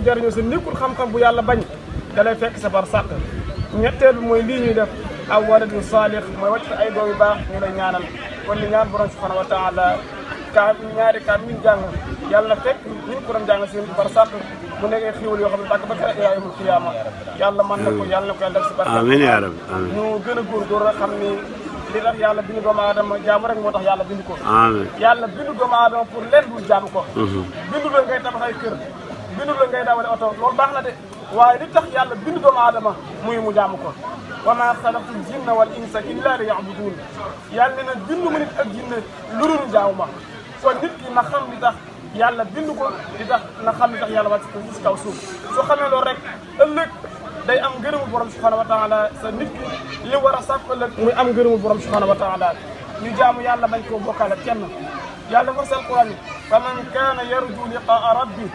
koy jariñoo sa nekkul xam-xam bu yàlla bañ da lay fekk sa bar sàq ñetteel bi mooy lii ñuy def aw waladin saalix mooy wàcc ay doom yu baax ñu lay ñaanal kon li ñaan borom subhanahu wa taala ka ñaari kaam yàlla fekk ñu ko doon jàng seen bar sàq mu nekkee yoo xam ne bàkk ba kera yaayumul na ko yàlla na ko def si barke amiin yaa rabbi amiin ñu gën a góorgóor a xam ni li tax yàlla bindu doomu aadama jaamu rek moo tax yàlla bindu ko amiin yàlla bindu doomu aadama pour leen dul jaamu ko mhm. bindu doon ngay tabax ay kër bindu la ngay dawale oto loolu baax na de waaye li tax yàlla bindu doomu aadama muy mu jaamu ko wa maa xalaqtu jinna wal insa illa li yabudun yàlla na bindu ma nit ak jinne lu dul jaamu ma kon nit ki na xam li tax yàlla bindu ko li tax na xam li tax yàlla wàcc ko ci kaw suuf soo xamee loolu rek ëllëg day am ngërëmu borom subhanahu wa taala sa nit ki li war a sàkk ëllëg muy am ngërëmu borom subhanahu wa taala ñu jaamu yàlla bañ koo bokkaale kenn yàlla dafa seen quran yi fa man kaana yarju liqaa rabbi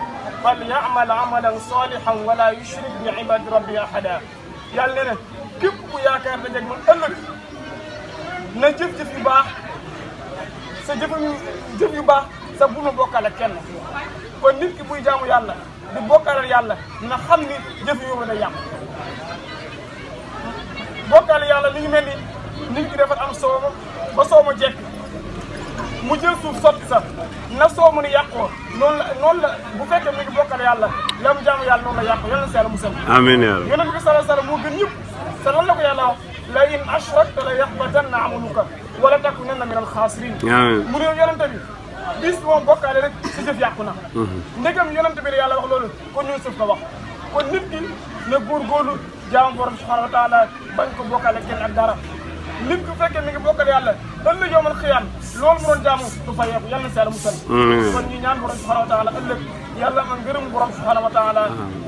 falyamal amalan salihan wala yushrik bi ibadi rabbi ahada yàlla ne képp ku yaakaar da jeg man ëllëg na jëf-jëf yu baax sa jëfam jëf yu baax sa bu nu bokkaale kenn kon nit ki buy jaamu yàlla di bokkaale yàlla na xam ni jëf yu mën a yàq bokkaale yàlla li ngi mel ni nit ki dafa am soow ma ba soow ma jekk mu jël suuf sotti sa na soo mën a yàqoo noonu la la bu fekkee mi ngi bokkal yàlla la mu jaamu yàlla noonu la yàqoo yal na si yaa rabbi yonent bi sallallahu alayhi wa sallam moo gën ñëpp te la ko yàlla wax la in ashrakta la yaxbatanna amaluka wala takunanna min alxaasirin mu ne yonent bi bis moom bokkaale rek sa jëf yàqu na. Mhm. ndegam yonent bi la yàlla wax loolu kon ñun suuf ko wax kon nit ki ne góorgóorlu jaamu borom subhanahu wa taala bañ ko bokkaale kenn ak dara. nit ku fekkee mi ngi bokkal yàlla ëllëg yow man xiyaan loolu mu doon jaamu du fayeeku yàlla na si yàlla musal kon ñu ñaan borom subhanahu wa taala ëllëg yàlla ma ngërëm borom subhanahu wa taala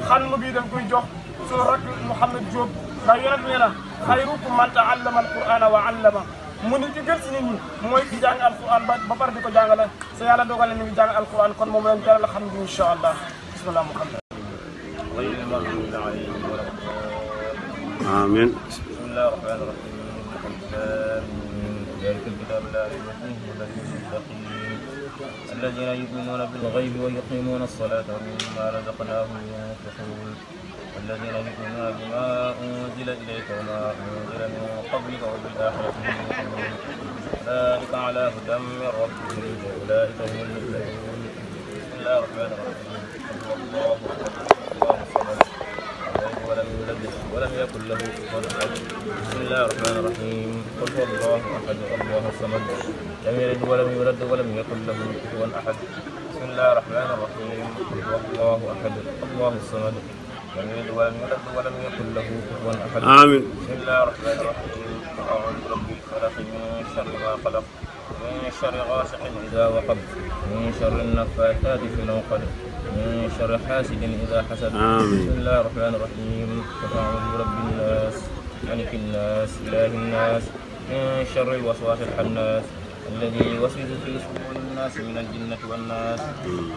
xan mu bii dañ koy jox soo rak Mouhamed Diop ndax yonent nee na xayrukum man taallama alqurana wa allama mu ni ki gën si nit ñi mooy ki jàng alquran ba ba pare di ko jàngale sa yàlla dogal na ñu ngi jàng alquran kon moom lañ jaral xam bi incha allah bismillah Mouhamed amin bismillah rahmaan rahim ذلك الكتاب لا ريب فيه هدى للمتقين الذين يؤمنون بالغيب ويقيمون الصلاة ومما رزقناهم ينفقون الذين يؤمنون بما أنزل إليك وما أنزل من قبلك وبالآخرة هم يؤمنون أولئك على هدى من ربهم وأولئك هم المفلحون بسم الله الرحمن الرحيم الله أكبر لم يلبس ولم يكن له كفوا احد بسم الله الرحمن الرحيم قل هو الله احد الله الصمد لم يلد ولم يولد ولم يكن له كفوا احد بسم الله الرحمن الرحيم قل هو الله احد الله الصمد لم يلد ولم يولد ولم يكن له كفوا احد امين بسم الله الرحمن الرحيم قل اعوذ برب الفلق من شر ما خلق من شر غاسق اذا وقب من شر النفاثات في العقد من شر حاسد إذا حسد آمين بسم الله الرحمن الرحيم قل أعوذ برب الناس ملك الناس إله الناس من شر الوسواس الخناس الذي يوسوس في صدور الناس من الجنة والناس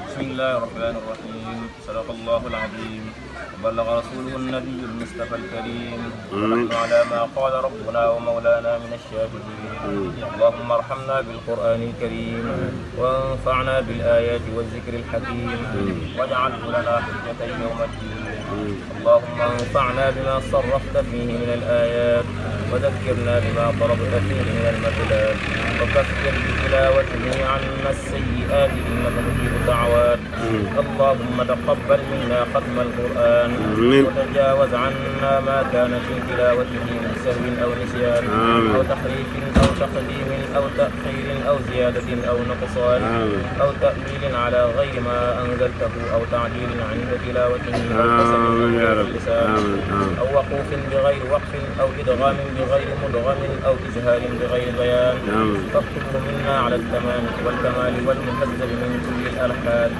بسم الله الرحمن الرحيم صدق الله العظيم وبلغ رسوله النبي المصطفى الكريم ونحن على ما قال ربنا ومولانا من الشاكرين اللهم ارحمنا بالقرآن الكريم وانفعنا بالآيات والذكر الحكيم واجعله لنا حجة يوم الدين اللهم انفعنا بما صرفت فيه من الآيات وذكرنا بما طلبت فيه من المثلات وكفر بتلاوته عنا السيئات القرآن إنك مجيب الدعوات اللهم تقبل منا ختم القرآن وتجاوز عنا ما كان في تلاوته من سهو أو نسيان أو تحريف أو تقديم أو تأخير أو زيادة أو نقصان أو تأويل على غير ما أنزلته أو تعديل عند تلاوته أو قسم يا أو وقوف بغير وقف أو إدغام بغير مدغم أو إجهال بغير بيان فاكتبه منا على التمام والكمال والمدى تلزم من كل الالحاد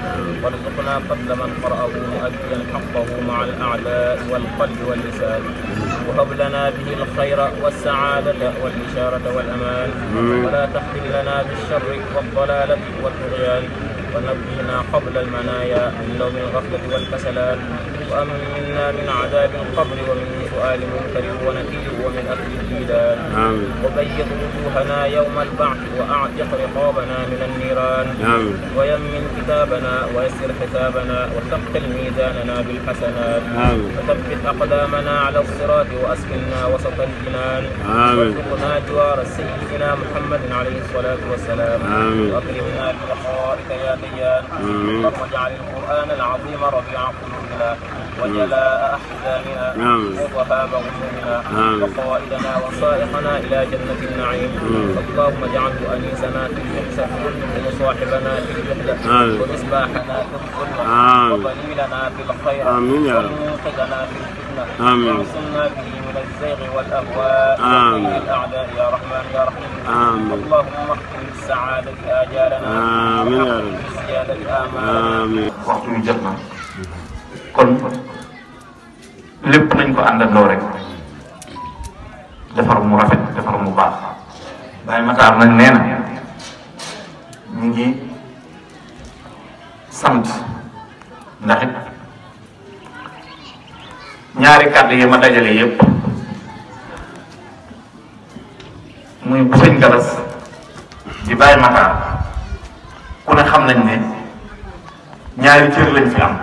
وارزقنا فضل من قراه مؤديا حقه مع الاعلاء والقلب واللسان وهب لنا به الخير والسعاده والبشاره والامان ولا تحمل لنا بالشر والضلاله والطغيان ونبينا قبل المنايا من لوم الغفله والكسلان وامنا من عذاب القبر ومن السؤال منكر ونكير ومن أكل الجيلان آمين وبيض وجوهنا يوم البعث وأعتق رقابنا من النيران آمين ويمن كتابنا ويسر حسابنا وثقل ميزاننا بالحسنات آمين وثبت أقدامنا على الصراط وأسكننا وسط الجنان آمين وارزقنا جوار سيدنا محمد عليه الصلاة والسلام آمين وأكرمنا بلقائك يا ديان آمين واجعل القرآن العظيم ربيع قلوبنا وجلاء أحزاننا وخاب غمومنا وقائدنا وسائقنا إلى جنة النعيم اللهم اجعل أنيسنا في الجنة وصاحبنا في الجنة ومصباحنا في الظلمة وقليلنا في الخير وموقدنا في الفتنة وانصرنا به من الزيغ والأهواء آمين الأعداء يا رحمن يا رحيم آمين اللهم اختم بالسعادة آجالنا آمين يا رب آمين وقت جنة kon lépp nañ ko àndandoo rek defar mu rafet defar mu baax Baye Matar nag nee na ñu ngi sant ndax ñaari kàddu yi ma dajale yépp muy bu sëñ galas di Baye Matar ku ne xam nañ ne ñaari cër lañ fi am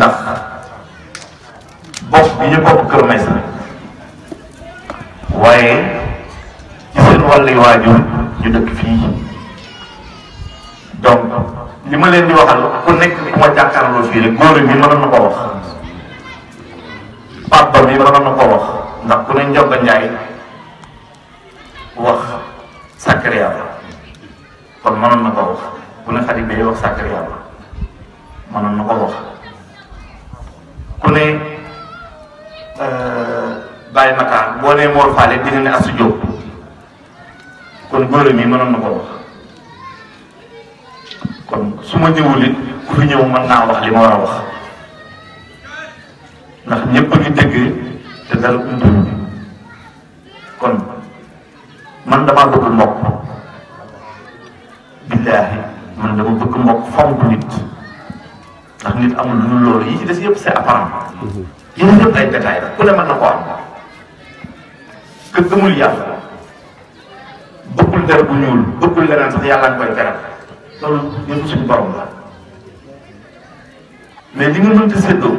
ndax bopp bi ñu bopp kër Maïssa waaye ci seen wàllu waajur ñu dëkk fii donc li ma leen di waxal ku nekk ku ma jàkkaarloo fii rek góor bi mënoon na ko wax papa bi mënoon na ko wax ndax ku ne Njoga Njaay wax sàkkar yàlla kon mënoon na ko wax ku ne xarit bi wax sàkkar yàlla mënoon na wax ku ne Euh, bàyyi Matar boo nee Mor Fale dina ne Assou kon góor mi mënoon na ko wax kon su ma ñëwul it ku ñëw mën naa wax li ma war a wax ndax ñëpp a ngi dégg te dara umtul kon man dama bëgg mbokk billaahi man dama bëgg mbokk fonk nit ndax nit amul lu loolu yi des yëpp c'est apparent mm-hmm. yooyu yëpp ay détails la ku ne mën na ko am que gëmul yàlla bëggul der bu ñuul bëggul leneen sax yàlla koy teral loolu yëpp suñu borom la mais li nga mënti séddoo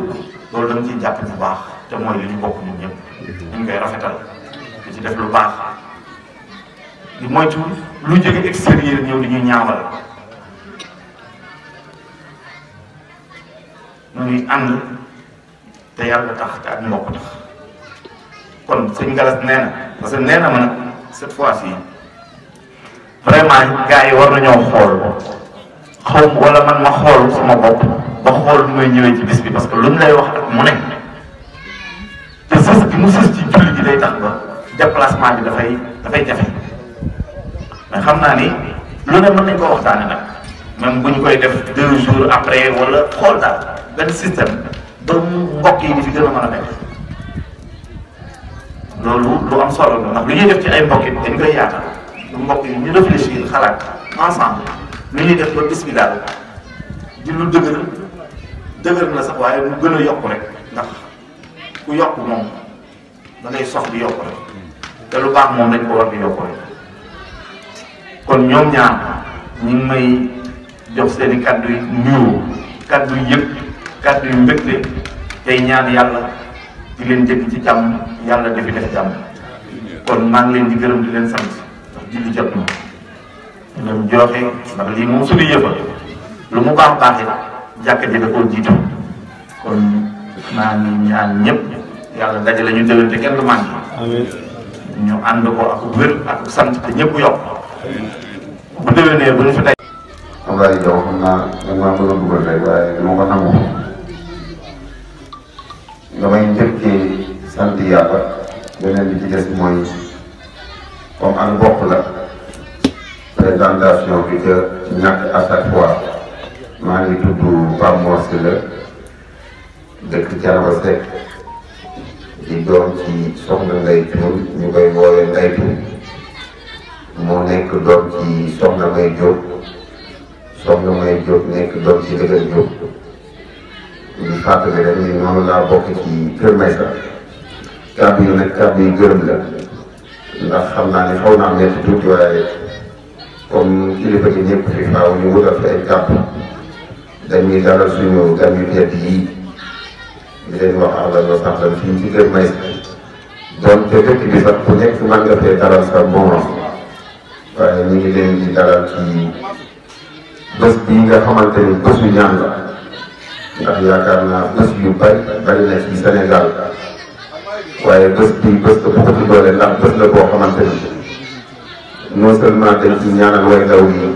loolu da nga jàpp bu baax te mooy li ñu bokk ñun ñëpp ñu koy rafetal di ci def lu baax mooy moytu lu jóge extérieur ñëw di ñu ñaawal nu ñuy ànd. te yàlla tax te àdduna moo ko tax kon sëñ Galas nee na parce ma nag cette fois si vraiment gars yi war nañoo xool xaw wala man ma xool sama bopp ba xool muy ñëwee ci bis bi parce que lu ñu lay wax ak mu ne te sës bi mu sës ci julli gi day tax ba déplacement bi dafay dafay jafe mais xam naa ni lu ne mën nañ ko waxtaane nag même bu ñu koy def deux jours après wala xool daal benn système. ba mbokk yi di fi gën a mën a nekk loolu lu am solo la lu ñuy def ci ay mbokk it dañ koy yaatal mbokk yi ñu réfléchir xalaat ensemble lu ñuy def ba bis bi daal di lu dëgër dëgër na sax waaye lu gën a yokk rek ndax ku yokk moom da ngay yokk rek te lu baax moom dañ ko war di yokk rek kon ñoom ñaar ñu may jox seen i kaddu yi nuyoo yëpp. kàddu yu mbégte tey ñaan yàlla di leen jëkk ci jàmm yàlla di fi def jàmm kon maa leen di gërëm di leen sant ndax julli jot na joxe ndax lii moom suñu yëfa lu mu baax baax it jàkka ji da koo kon maa ngi ñaan ñëpp yàlla dajale ñu déwén te kenn du manqué ñu ànd ko ak wér ak sant te yokk bu déwénee bu ñu fi tey. Abdoulaye Diaw xam naa da nga maa bëgg a dugal rek waaye dama ko nangu. damay njëkkee sant yàlla beneen bi ci des mooy comme ak bokk la présentation bi de ñàkk à chaque fois maa ngi tudd Pape Mor Sylla dëkk Thiénaba Seck di doom ci soxna Ndeye Tour ñu koy woowee Ndeye Tour nekk doom ci soxna May Diop soxna May Diop nekk doom ci dëgër Diop ñu fàttali rek ni noonu laa bokk ci Kër Maysa kàddu yi yi gërëm la xam naa ne xaw naa métti tuuti waaye comme kilifa gi ñëpp fi faaw ñu wutal fi ay suñu gan yu tedd di leen wax àllal wa saxlan fii ci Kër Maysa donte dëkk bi sax ku nekk mën nga fee dalal sa ngi leen di dalal ci bés bii nga xamante ni bésu ñaan ndax yaakaar naa bés yu bari bari na ci Sénégal waaye bés bi bés la bu ko ci doole ndax bés la boo xamante ni non dañ ci ñaanal way ndaw ñi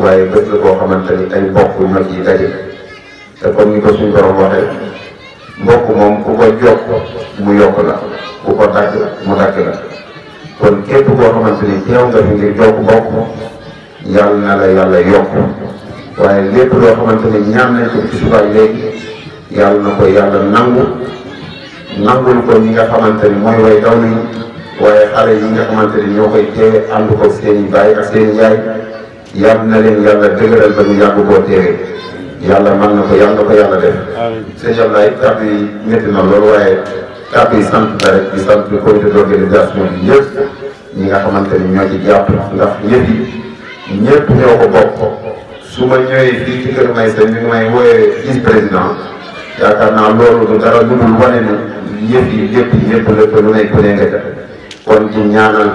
waaye bés la boo xamante ni ay mbokk yu mag yi daje te comme ni ko suñu borom waxee mbokk moom ku ko jokk mu yokk la ku ko dagg mu dagg la kon képp koo xamante ni nga fi ngir jokk mbokk yàlla na la yàlla yokk waaye lépp loo xamante ni ñaan nañ ko ci suba léegi yàlla na ko yàlla nangu nangul ko ñi nga xamante ni mooy way daw nañu waaye xale yi nga xamante ni ñoo koy ko seen yàlla na ba ñu yàgg na ko yàlla na ko yàlla def. sëñ Ablaye kàddu yi métti na loolu waaye kàddu yi sant la rek di sant le comité d' organisation bi ñi nga xamante ni ñoo ci jàpp ndax yëpp yi ñoo ko bokk. su ma ñëwee fii ci kër Maysa ñu ngi may wooyee vice président yaakaar naa loolu du dara lu dul wane ni yëf yi yëpp yëpp la te lu nekk ku ne nga def kon ci ñaanal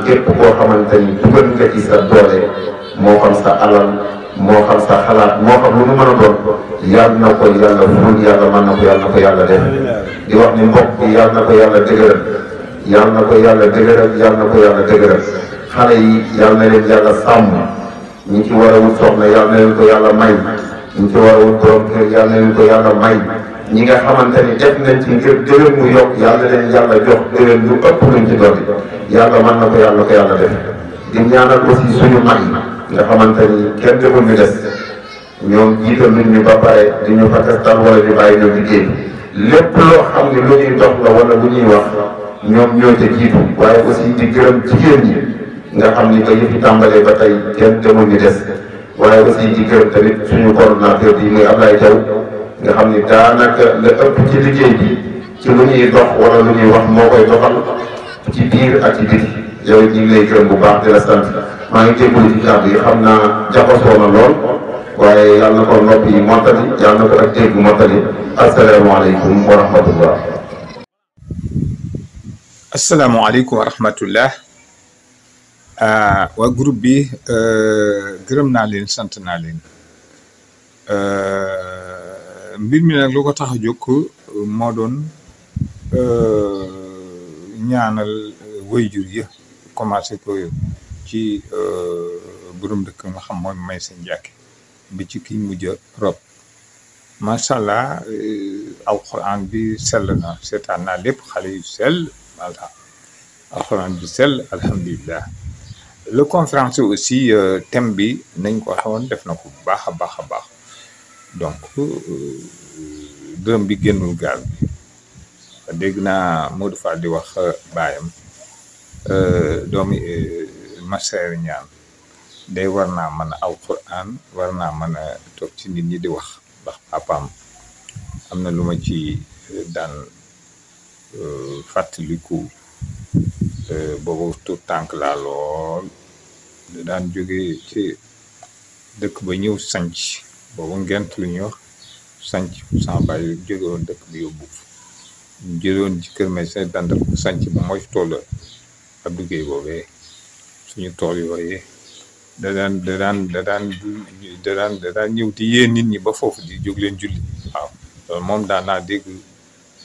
xamante ni dugal nga sa doole moo xam sa alal moo xam sa xalaat moo xam lu mu mën a doon yàlla na ko yàlla ful yàlla mën na ko yàlla na ko yàlla def wax ni mbokk yi yàlla na ko yàlla dëgëral yàlla na ko yàlla dëgëral yàlla na ko yàlla dëgëral xale yi yàlla na leen yàlla sàmm. ñu ci war a wut soxna yàlla na ko yàlla may ñu a wut borom kër ko yàlla may ñi nga xamante ni def nañ ci ngir dërëm mu yokk yàlla leen yàlla jox dërëm lu ëpp luñ ci dolli yàlla mën na ko yàlla ko yàlla def di ñaanal aussi suñu mag nga xamante ni kenn deful ñu des ñoom jiital nit ñu ba pare di ñu pakastal wala ñu bàyyi ñu liggéey lépp loo xam ne lu ñuy dox la wala lu ñuy wax ñoom ñoo ca jiitu waaye aussi di gërëm jigéen ñi nga xam ni que yëpp tàmbalee ba tey kenn demul ñu des waaye aussi di gërëm tamit suñu coordonnateur bi muy Ablaye Diaw nga xam ni daanaka la ci liggéey bi ci lu ñuy dox wala lu ñuy wax moo koy doxal ci biir ak ci biti yow ñu ngi lay gërëm bu baax di la sant maa ngi jégalu ci kàddu yi xam na lool waaye yàlla na ko noppi mottali yàlla na ko ak dégg mottali asalaamaaleykum wa rahmatullah. asalaamaaleykum wa rahmatullah. Ah, waa group bi euh, gërëm naa leen sant naa leen euh, mbir mi nag lu ko tax a jóg moo doon euh, ñaanal waajur yi commencé ko ci borom dëkk nga xam mooy may seen jàkke bi ci kiñ mujj a rob macha allah alquran bi sell na seetaan naa lépp xale yu sell voilà alquran bi sell alhamdulilah. le conférencier aussi euh, thème bi nañ ko waxoon def na ko bu baax a baax a baax donc dërëm euh, bi génnul gaal bi dégg naa Modou Fall di wax euh, baayam doomi master ñaan day war naa mën a aw Quran war naa mën a toog ci nit ñi di wax ndax papaam am na lu ma ci daan fàttaliku boobu tout tànk laa lool da daan jóge ci dëkk ba ñëw sanc boobu ngent lu ñuy wax sanc sama dëkk bi yóbbu ñu jëloon ci kër médecin danda sanc ba mooy toll ab duggéey boobee suñu tool ñëw di yee nit ñi ba foofu di jóg leen julli waaw loolu daan naa dégg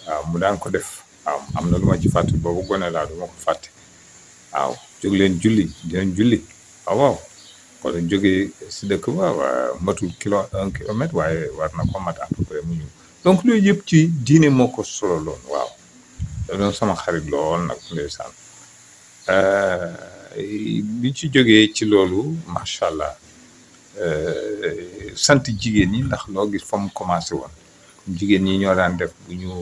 waaw mu daan ko def waaw am na lu ma ci fàtte boobu gone laa du ma ko fàtte waaw ah waaw kon jógee si dëkk ba matul kilo un kilomètre waaye war na ko mat à peu mu ñëw donc loolu yëpp ci diine moo ko solo loon waaw da sama xarit lool nag ndeysaan euh, bi ci jógee ci loolu macha allah euh, sant jigéen ñi ndax loo gis fa mu commencé woon jigéen ñi ñoo daan def bu ñu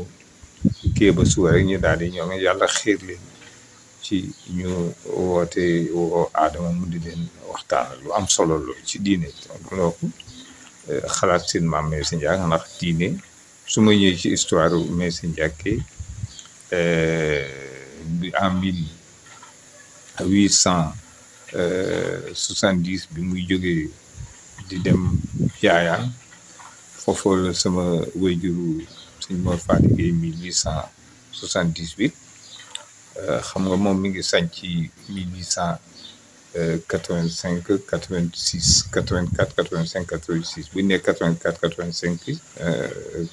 kii ba suba rek ñu daal di ñoom yàlla xiir leen ci ñu woote woo aadama mu di leen waxtaanal lu am solo ci diine donc looku euh, xalaat seen maam Meesin Njaak ndax diine su ma ñëwee ci histoire Meesin Njaak bi en mille huit cent euh, soixante dix bi muy jógee di dem yaayaan foofu la sama wéyjuru suñ Mor Faati Géey mille huit cent soixante dix huit Euh, xam nga moom mi ngi sañ ci mille huit cent euh, quatre-vingt-cinq quatre-vingt-six quatre vingt cinq bu ñu nee quatre-vingt-quatre quatre-vingt-cinq euh,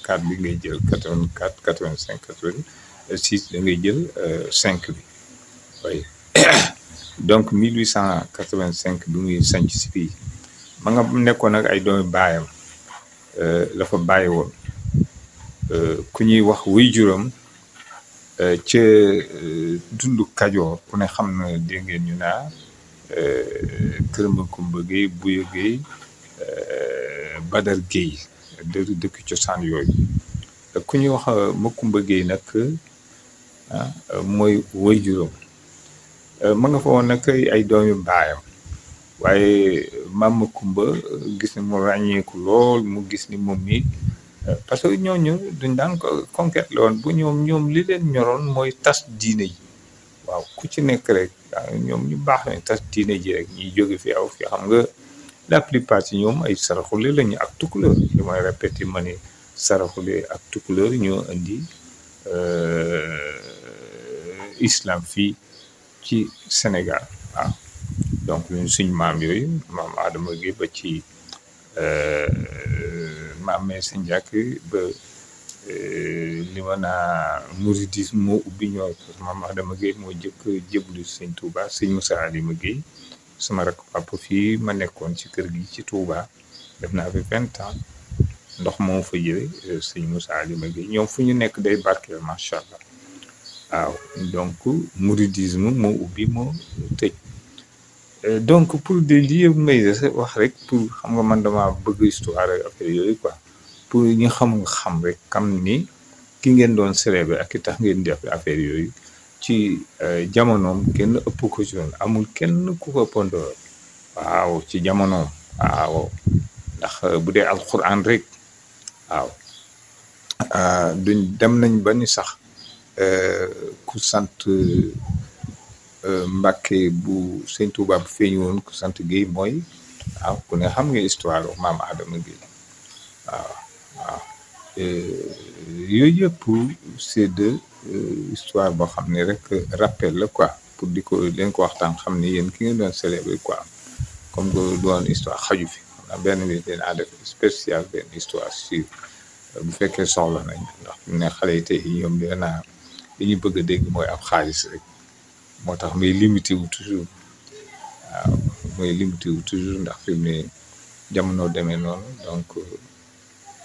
quatre bi nga jël quatre-vingt-quatre quatre-vingt-cinq quatre-vingt-six da jël cinq bi waaye donc mille huit cent quatre-vingt-cinq bi muy sañc si fii ma nga nekkoon ak ay doomi baayam la bàyyi woon ku ñuy wax wuy juróom ca euh, dundu kajoor ku ne xam na dégg ngeen naa euh, Kër Makumba Gueye Buya Gueye euh, Badar Gueye dëkk dëkk cosaan yooyu ku ñuy wax Makumba Gueye nag ah mooy woy juróom ma nga fa woon nag ay doomi baayam waaye maam Makumba gis ni mu ràññeeku lool mu gis ni moom mi parce que ñooñu duñ daan ko conquête la bu ñoom ñoom li leen ñoroon mooy tas diine ji waaw ku ci nekk rek ñoom ñu baax nañ tas diine ji rek ñuy jóge fi aw fi xam nga la plupart ci ñoom ay saraxule lañu ak tukulóor li may répété ma ne ak tukulóor ñoo indi euh, islam fii ci Sénégal waaw donc ñun maam yooyu maam Adama gi ba ci. Euh, ma amee sa njàkk ba euh, li ma naa mouridisme moo ubbi ñoo maam Adama Gueye moo jëkk jëblu sëñ Touba sëñ Moussa Alima Gueye sama rakk papa fii ma nekkoon ci kër gi ci Touba def naa fi vingt ans ndox moo fa jële euh, sëñ ma Alima ñoom fu ñu nekk day barkeel macha allah waaw donc mouridisme ubbi moo tëj Euh, donc pour de lii yëpp may wax rek pour xam nga man dama bëgg histoire ak affaire yooyu quoi pour ñu xamul xam rek kam ni ki ngeen doon célébrer ak ki tax ngeen def affaire yoyu ci euh, jamonoom kenn ëpp ko ci woon amul kenn ku ko ci jamonoom waaw ndax euh, bu dee alxuraan rek waaw duñ dem nañ ba ni sax ku sant Euh, Mbàkke bu sëñ Touba bu feeñu woon ku sant Guèye mooy waaw ku ne xam nga histoire maam Adama Guèye waaw waaw euh, yooyu yëpp c'est de euh, histoire boo xam ne rek rappel la quoi pour di ko leen ko waxtaan xam ne yéen ki nga doon célébrer quoi comme que doon histoire xaju fi benn bi leen a def spécial benn histoire sur bu fekkee soxla nañ ndax ne xale yi tey ñoom dina naa li ñu bëgg a dégg mooy ab xaalis rek. moo tax muy limité wu toujours waaw muy limité wu toujours ndax fi mu ne jamono demee noonu donc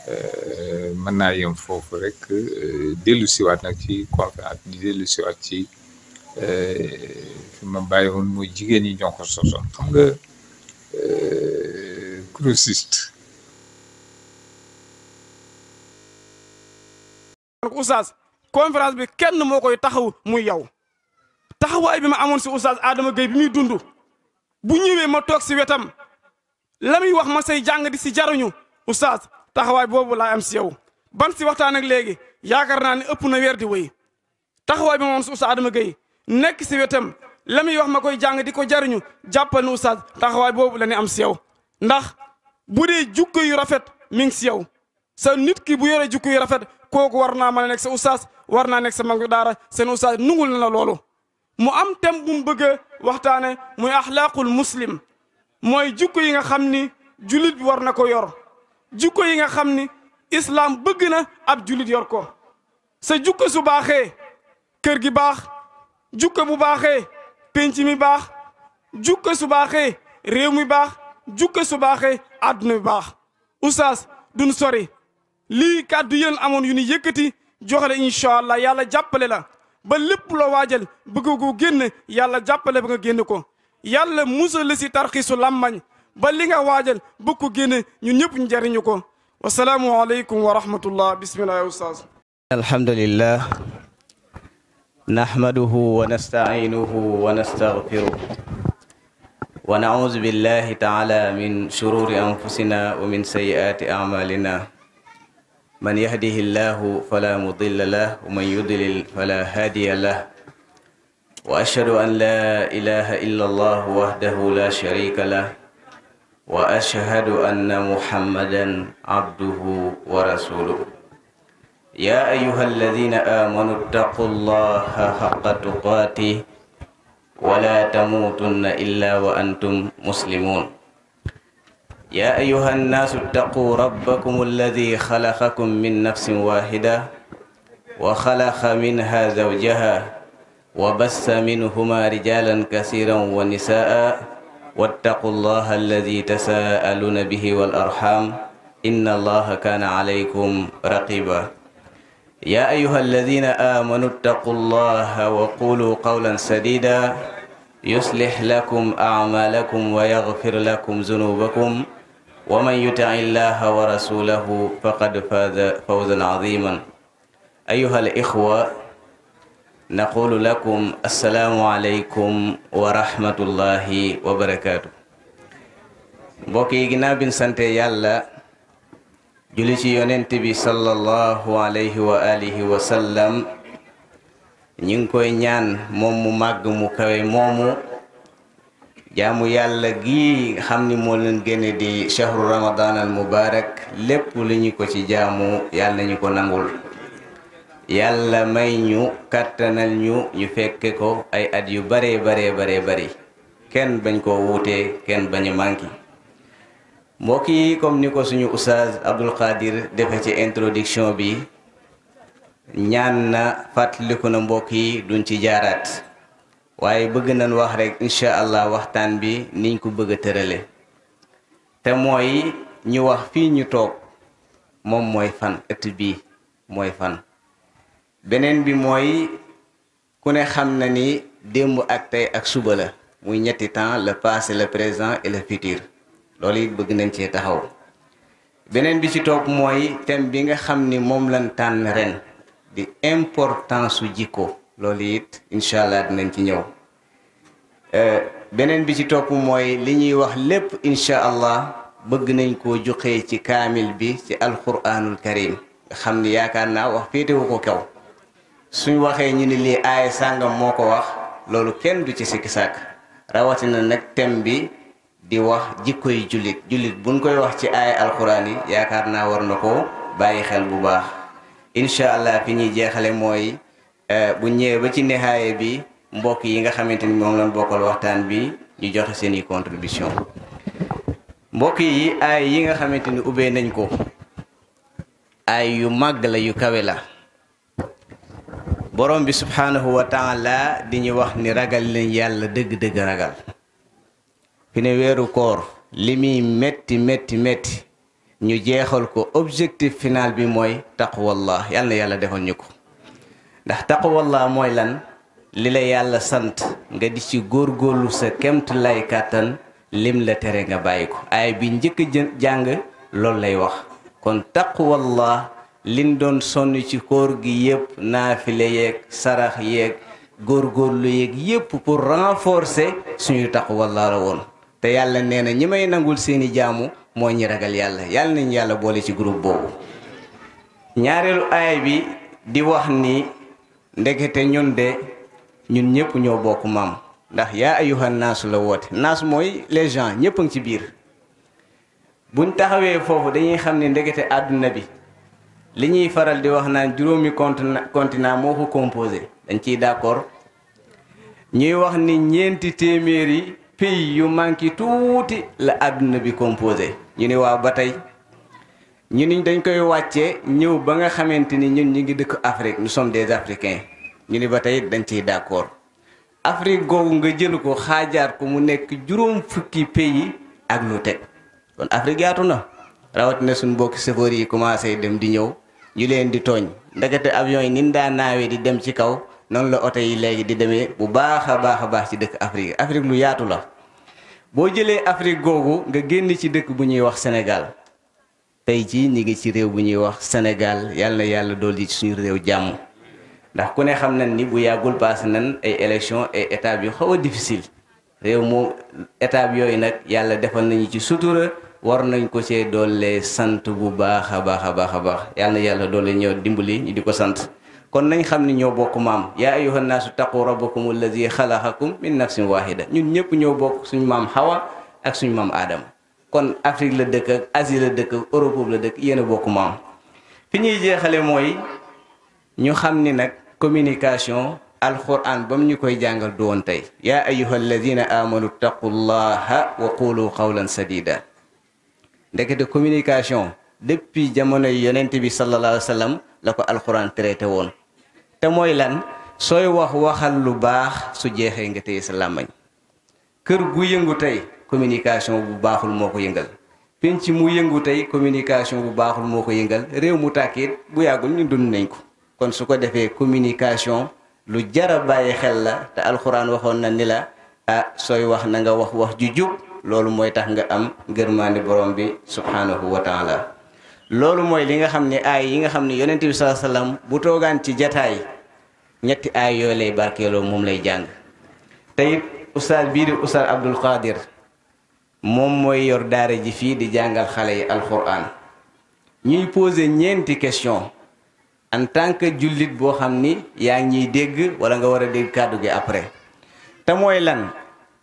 euh, mën naa yem foofu rek euh, dellu siwaat nag ci conférence di dellu siwaat ci euh, fi ma bàyyi woon mooy jigéen ñi ñoo ko sosoon xam nga grossiste oustaz conférence bi kenn moo koy taxaw muy yow taxawaay bi ma amoon si oustaz Adama Gueye bi muy dund bu ñëwee ma toog si wetam la muy wax ma sey jàng di si jaruñu oustaz taxawaay boobu laa am si ban si waxtaan ak léegi yaakaar naa ne ëpp na weer di wéy taxawaay bi ma amoon si Adama Gueye nekk si wetam la muy wax ma koy jàng di ko jaruñu jàppal ne oustaz taxawaay boobu la am si ndax bu dee jukko yu rafet mi ngi si yow sa nit ki bu yore jukko yu rafet kooku war naa mën nekk sa oustaz war naa nekk sa mag daara seen oustaz nungul na la loolu mu am thème bu bëgg a waxtaane muy axlaaqul muslim mooy jikko yi nga xam ni julit bi war na ko yor jikko yi nga xam ni islaam bëgg na ab julit yor ko sa jikko su baaxee kër gi baax jikko bu baaxee penc mi baax jikko su baaxee réew mi baax jikko su baaxee àdduna bi baax oustaz duñ sori lii kàddu yéen amoon yu ni yëkkati joxale incha allah yàlla jàppale la ba lépp loo waajal bëgg ko génn yàlla jàppale ba nga génn ko yàlla musal la si tarxiisu làmmañ ba li nga waajal bëgg ko génn ñun ñëpp ñu jariñu ko wasalaamu aleykum wa rahmatullah bismillahi ustaas alhamdulillah nahmaduhu wa nastainuhu wa nastaghfiruh wa naudu billahi taala min shururi anfusina wa min sayyiati amalina من يهده الله فلا مضل له ومن يضلل فلا هادي له واشهد ان لا اله الا الله وحده لا شريك له واشهد ان محمدا عبده ورسوله يا ايها الذين امنوا اتقوا الله حق تقاته ولا تموتن الا وانتم مسلمون يا أيها الناس اتقوا ربكم الذي خلقكم من نفس واحدة وخلق منها زوجها وبث منهما رجالا كثيرا ونساء واتقوا الله الذي تساءلون به والأرحام إن الله كان عليكم رقيبا يا أيها الذين آمنوا اتقوا الله وقولوا قولا سديدا يصلح لكم أعمالكم ويغفر لكم ذنوبكم ومن يطع الله ورسوله فقد فاز فوزا عظيما أيها الإخوة نقول لكم السلام عليكم ورحمة الله وبركاته بوكي جناب سنتي يالا julli ci yonent bi sallallahu alayhi wa alihi wa sallam ñu ngi koy ñaan moom mu màgg mu kawe moomu jaamu yàlla gi xam ni moo leen génne di shahru ramadan al mubarak lépp li ñu ko ci jaamu yàlla ñu ko nangul yàlla may ñu kàttanal ñu ñu fekke ko ay at yu bare bare bare bari kenn bañ koo wuute kenn bañu manki mbokk yi comme ni ko suñu oustaz Abdul Qadir defe ci introduction bi ñaan na fàttaliku na mbokk yi duñ ci jaaraat waaye bëgg nañ wax rek incha allah waxtaan bi niñ ko bëgg tërale te mooy ñu wax fii ñu toog moom mooy fan ëtt bii mooy fan beneen bi mooy ku ne xam na ni démb ak tey ak suba la muy ñetti temps la passé le présent et le futur loolu it bëgg nañ cee taxaw beneen bi ci toog mooy thème bi nga xam ni moom lañ tànn ren di importance su jikko loolu it incha allah dinañ ci ñëw Euh, beneen bi ci topp mooy li ñuy wax lépp incha allah bëgg nañ koo joxee ci kaamil bi ci alquranul karim nga xam ni yaakaar naa wax féetewu ko kaw suñ waxee ñu ni lii aaya sàngam moo ko wax loolu kenn du ci sikki sàkk rawatina nag thème bi di wax jikkoy jullit jullit buñ koy wax ci aaya alquran yi yaakaar naa war na ko bàyyi xel bu baax incha allah fi ñuy jeexale mooy euh, bu ñëwee ba ci nihaaye bi mbokk yi nga xamante ni moom lañ bokkal waxtaan bi ñu joxe seeni i contribution mbokk yi aay yi nga xamante ni ubbee nañ ko aay yu màgg la yu kawe la borom bi subhaanahu wa taala di ñu wax ni ragal leen yàlla dëgg-dëgg ragal fi ne weeru koor li muy metti metti metti ñu jeexal ko objectif final bi mooy taqwallah yàlla na yàlla defal ñu ko ndax taqwallah mooy lan li la yàlla sant nga di ci góor góorlu sa kemt lay kàttan lim la tere nga bàyyi ko aay bi njëkk a jàng loolu lay wax kon taqwallah liñ doon sonn ci kóor gi yépp naafile yéeg sarax yeeg góorgóorlu yéeg yépp pour renforcer suñu taqwallah la woon te yàlla nee na ñi may nangul seeni jaamu moo ñi ragal yàlla yàlla nañu yàlla boole ci groupe boobu ñaareelu aay bi di wax ni ndekete ñun de ñun ñëpp ñoo bokk maam ndax yaa ayuhan naasu la woote naas mooy les gens ñëpp a ci biir buñ taxawee foofu dañuy xam ni ndekete àdduna bi li ñuy faral di wax naan juróomi continent moo ko composé dañ ciy d'accord ñuy wax ni ñeenti téeméeri pays yu manqué tuuti la àdduna bi composé ñu ni waaw ba tey ñu ni dañ koy wàccee ñëw ba nga xamante ni ñun ñu ngi dëkk Afrique nous sommes des Africains ñu ni ba tey dañ ciy d'accord Afrique googu nga jël ko xaajaar ko mu nekk juróom fukki pays ak lu teg kon Afrique yaatu na rawatina suñu mbokki chauffeur yi commencé dem di ñëw ñu leen di tooñ ndekete avion yi nin daa naawee di dem ci kaw noonu la oto yi léegi di demee bu baax a baax a baax ci dëkk Afrique Afrique lu yaatu la boo jëlee Afrique googu nga génn ci dëkk bu ñuy wax senegal tey jii ñu ngi ci réew bu ñuy wax Sénégal yàlla yàlla dool yi ci suñu réew jàmm ndax ku ne xam na ni bu yàggul passé nañ ay élection ay étapes yu xaw a réew moom étapes yooyu nag yàlla defal nañu ci sutura war nañ ko cee doole sant bu baax a baax a baax a baax yàlla na yàlla doole ñëw dimbali ñu di ko sant kon nañ xam ni ñoo bokk maam yaa ayuha naasu taqu rabbakum allazi xalaqakum min nafsin wahida ñun ñëpp ñoo bokk suñu maam Hawa ak suñu maam Adama kon Afrique la dëkk ak Asie la dëkk ak Europe la dëkk yéen a bokk maam fi ñuy jeexale mooy ñu xam ni nag communication alquran ba mu ñu koy jàngal du woon tey yaa ayuha alladina amanu taqullaha wa qulu qawlan sadida ndekete communication depuis jamono yonent bi sallallahu alayhi wa sallam la ko alquran traité woon te mooy lan sooy wax waxal lu baax su jeexee nga tey sa làmmañ kër gu yëngu tey communication bu baaxul moo ko yëngal penc mu yëngu tey communication bu baaxul moo ko yëngal réew mu tàkkiit bu yàggul ñu dund nañ ko kon su ko defee communication lu jara bàyyi xel la te alxuraan waxoon na ni la ah sooy wax na nga wax wax ju jub loolu mooy tax nga am ngërmaande borom bi subhaanahu wa taala loolu mooy li nga xam ne aay yi nga xam ni yonent bi sallallahu alayhi bu toogaan ci jataay ñetti aay yooyu lay barkeeloo moom lay jàng tey it ustaas bii di Abdul Qadir moom mooy yor daare ji fii di jàngal xale yi alxuraan ñuy posé ñeenti question en tant que jullit boo xam ni yaa ngiy dégg wala nga war a dégg kàddu gi après te mooy lan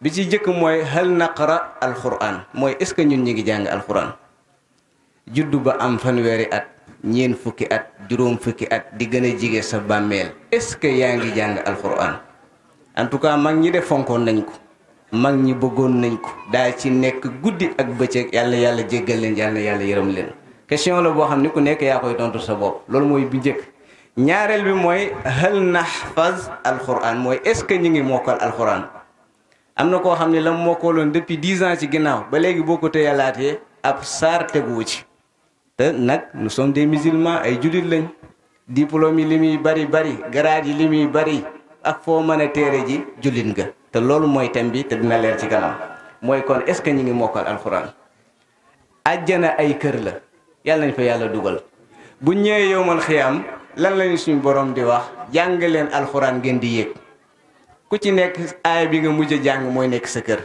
bi ci jëkk mooy hal naqara alquran mooy est ce que ñun ñi ngi jàng alquran juddu ba am fanweeri at ñeen fukki at juróom fukki at di gën a jige sa bàmmeel est ce que yaa ngi jàng alquran en tout cas mag ñi def fonkoon nañ ko mag ñi bëggoon nañ ko daa ci nekk guddi ak bëccëg yàlla yàlla jéggal leen yàlla yàlla yërëm leen question la boo xam ni ku nekk yaa koy tontu sa bopp loolu mooy bu njëkk ñaareel bi mooy hal nahfaz alquran mooy est-ce que ñu ngi mokkal alxuraan am na koo xam ne la mokkaloon depuis dix ans ci ginnaaw ba léegi boo ko tëyalaatee ab saar teguwu ci te nag nous sommes des ay jullit lañ diplôme yi li muy bari bari garaar yi li muy bari ak foo mën a téere ji jullit ga te loolu mooy thème bi te dina leer ci kanam mooy kon est-ce que ñu ngi mokkal alquran ajjana ay kër la yàlla nañ fa yàlla dugal bu ñëwee yowmal xiyaam lan lañu suñu boroom di wax jàng leen alxuraan ngeen di yéeg ku ci nekk aay bi nga mujj jàng mooy nekk sa kër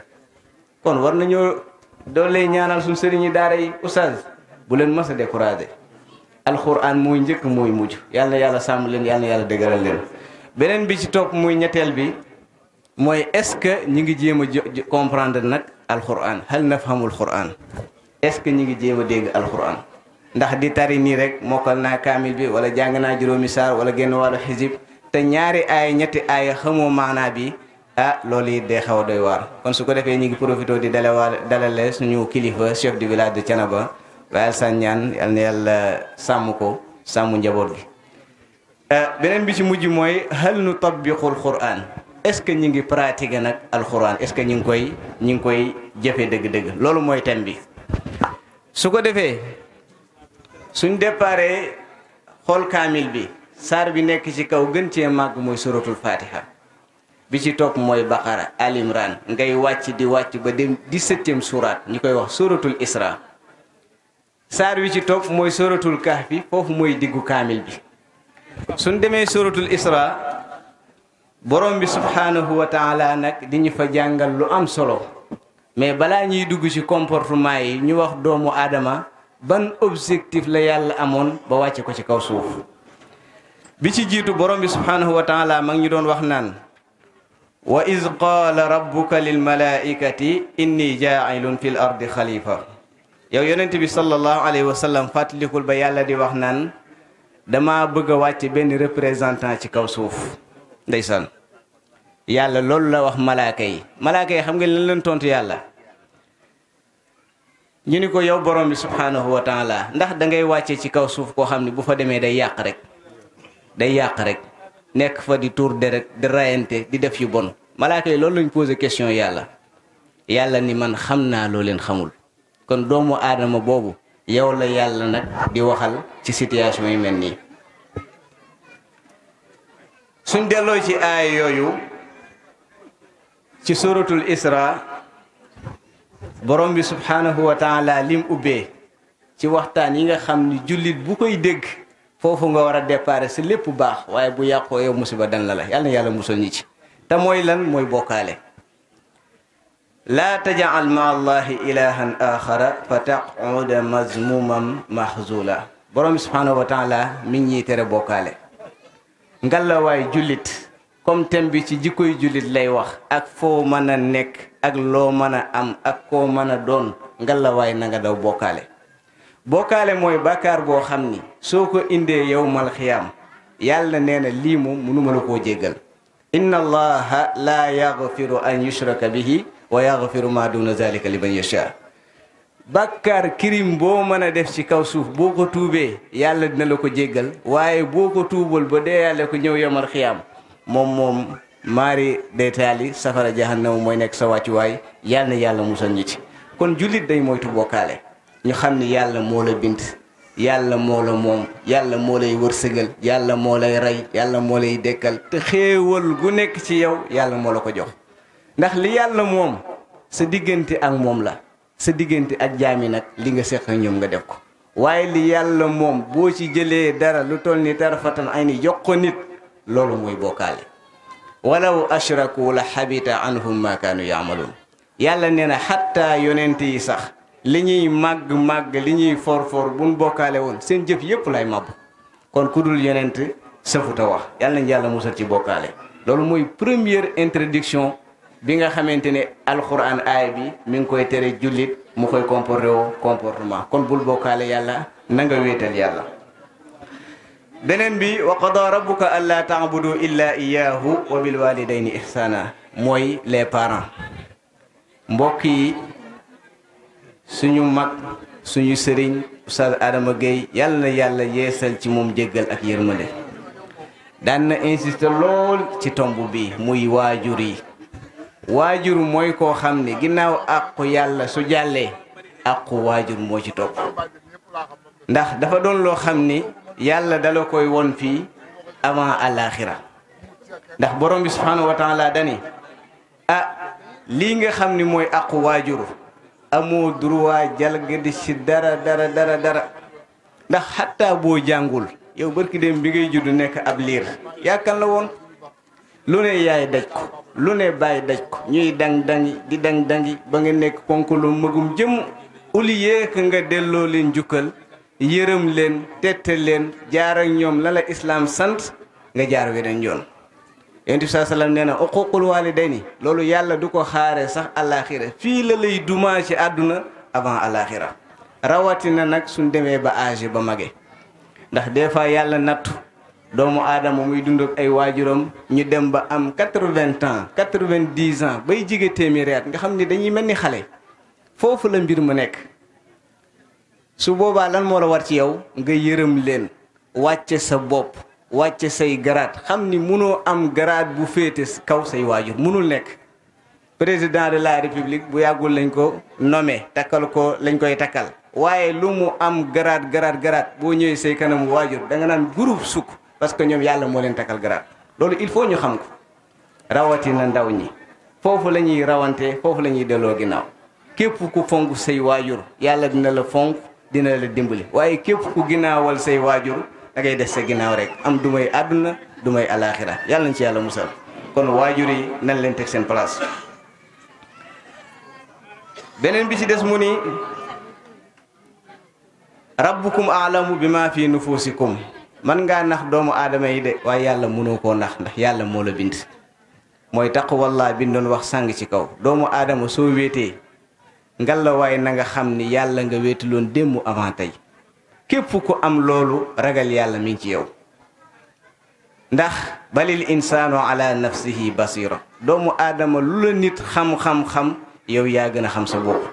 kon war nañoo doole ñaanal suñu sëriñi daara yi oustaz bu leen mës a découragé alxuraan mooy njëkk mooy mujj yàlla yàlla sàmm leen yàlla na yàlla dëgëral leen beneen bi ci topp muy ñetteel bi mooy est-ce que ñi ngi jéem a comprendre nag alxuraan hal nafhamul xuraan est-ce que ñi ngi jéem a dégg alxuraan ndax di tari nii rek mokkal naa kaamil bi wala jàng naa juróomi saar wala génn wàllu xisib te ñaari aaya ñetti aaya xamoo maanaa bi ah loolu yi day xaw doy waar kon su ko defee ñu ngi profité di dalewaal dalale suñu kilifa chef du village de Thiénaba Baye Alassane Niane sàmm ko sàmm njaboot gi eh, beneen bi ci mujj mooy hal nu tabbiqul quran est-ce que ñu ngi pratiquer nag alxuraan est-ce que ñu ngi koy ñu ngi koy jëfe dëgg-dëgg loolu mooy thème bi su ko defee suñ déparee xool kaamil bi saar bi nekk ci kaw gën cee màgg mooy suratul fatiha bi ci topp mooy baqara al imran ngay wàcc di wàcc ba dem di septième surat ñu koy wax suratul isra saar wi ci topp mooy suratul kahfi foofu mooy diggu kaamil bi suñ demee suratul isra borom bi subhaanahu wa taala nag di ñu fa jàngal lu am solo mais balaa ñuy dugg ci comportement yi ñu wax doomu aadama ban objectif la yàlla amoon ba wàcce ko ci kaw suuf bi ci jiitu borom bi subhaanahu wa taala ma ngi doon wax naan wa iz qaala rabbuka lil malaikati inni jaailun fil ardi xalifa yow yonent bi sallallahu alayhi wa sallam fàttalikul ba yàlla di wax naan dama bëgg a wàcce benn représentant ci kaw suuf ndeysaan yàlla loolu la wax malaaka yi xam nga leen leen tontu yàlla ñu ni ko yow borom bi subhaanahu wa taala ndax da ngay wàcce ci kaw suuf koo xam ne bu fa demee day yàq rek day yàq rek nekk fa di tuur deret di rayante di def yu bon malaaka yi loolu lañ posé question yàlla yàlla ni man xam naa loo leen xamul kon doomu aadama boobu yow la yàlla nag di waxal ci situation yu mel nii suñ delloo ci aaya yooyu ci suratul isra borom bi subhaanahu wa taala lim ubbe ci waxtaan yi nga xam ni jullit bu koy dégg foofu nga war a déparé si lépp baax waaye bu yàqoo yow musiba dan la la yàlla yàlla musal ñi ci te mooy lan mooy bokkaale laa tajal ma allahi ilahan axara fa taquda mazmumam mahzula borom bi subhaanahu mi ngi ñuy bokkaale ngalla waay jullit comme thème bi ci jikkoy jullit lay wax ak foo mën a nekk ak loo mën a am ak koo mën a doon ngalawaay na nga daw bokkaale bokkaale mooy bakkaar boo xam ni soo ko indee yowmal xiyaam yàlla nee na lii moom mënuma la koo jéggal inna allaha laa yaghfiru an yushraka bihi wa yaghfiru ma duna zalika liman yasha bàkkaar kirim boo mën a def ci kaw suuf boo ko tuubee yàlla dina la ko jéggal waaye boo ko tuubal ba dee yàlla ko ñëw yowmal xiyaam moom moom maari day taali safara jahannama mooy nekk sa wàccuwaay yàlla na yàlla musal ñi ci kon jullit day moytu bokkaale ñu xam ni yàlla moo la bint yàlla moo la moom yàlla moo lay wërsëgal yàlla moo lay rey yàlla moo lay dekkal te xéewal gu nekk ci yow yàlla moo la ko jox ndax li yàlla moom sa diggante ak moom la sa diggante ak jaami nag li nga seq ak ñoom nga def ko waaye li yàlla moom boo ci jëlee dara lu toll ni tarafatal ay ni jox nit loolu mooy bokkaale walaw ashraku la xabita anhum ma kaanu yaamaloon yàlla nee na xattaa yonent yi sax li ñuy màgg màgg li ñuy for bu buñ bokkaale woon seen jëf yëpp lay màbb kon ku dul yonent safuta wax yàlla nañ yàlla musal ci bokkaale loolu mooy première introduction bi nga xamante ne alxuraan aay bi mi ngi koy tere jullit mu koy comporté woo comportement kon bul bokkaale yàlla nanga nga wéetal yàlla beneen bi wa qada rabbuka alla taabudu illa iyahu wa bil walidayni ihsana mooy les parents mbokk yi suñu mag suñu sëriñ Oustaz Adama Gueye yàlla na yàlla yeesal ci moom jéggal ak yërmande daan na insister lool ci tomb bi muy waajur yi waajur mooy koo xam ne ginnaaw àqu yàlla su jàllee àqu waajur moo ci topp ndax dafa doon loo xam ni yàlla dala koy won fii avant àllaaxira ndax borom bi subhanahu wa dani ah lii nga xam ni mooy aqu waajur amoo droit jalgadi si dara dara dara ndax xataa boo jàngul yow barki dem bi ngay judd nekk ab liir yaakan la woon lu ne yaay daj ko lu ne bàyyi daj ko ñuy dang dangi di dang dangi ba nga nekk ponk lu magum jëmm uli yeek nga delloo leen njukkal yërëm leen tette leen jaar ñoom lala la islaam sant nga jaar weneen yoon yonent bi saa salaam nee na uququl waalidayni loolu yàlla du ko xaare sax alaxira fii la lay dumaa ci àdduna avant alaxira na nag suñu demee ba âge ba mage ndax des fois yàlla nattu doomu aadama muy dund ak ay waajuram ñu dem ba am quatre-vingts ans quatre-vingt-dix ans bay jige téeméeri nga xam ni dañuy mel ni xale foofu la mbir mu nekk su boobaa lan moo la war ci yow nga yërëm leen wàcce sa bopp wàcce say garaat xam ni mënoo am garaat bu féete kaw say waajur mënul nekk président de la république bu yàggul lañ ko nommé takkal ko lañ koy takkal waaye lu mu am garaat garaat garaat boo ñëwee say kanamu waajur da nga naan groupe sukk parce que ñoom yàlla moo leen takkal garaat loolu il faut ñu xam ko rawatina ndaw ñi foofu la ñuy rawante foofu la ñuy delloo ginnaaw képp ku fonk say waajur yàlla dina la fonk dina la dimbali waaye képp ku ginnaawal say waajur da des sa ginnaaw rek am du may àdduna du may alaaxira yàlla nañ ci yàlla musal kon waajur yi nañ leen teg seen place beneen bi ci des mu ni ràbbukum aalamu bi maa fi nufusikum man ngaa nax doomu aadama yi de waaye yàlla mënoo koo nax ndax yàlla moo la bind mooy taqwallaa bi ñu doon wax sàng ci kaw doomu aadama soo wéetee ngallaawaay na nga xam ni yàlla nga loon démb avant tey képp ku am loolu ragal yàlla mi ci yow ndax balil insaanu ala nafsihi basira doomu aadama lu la nit xam-xam-xam yow yaa gën a xam sa bopp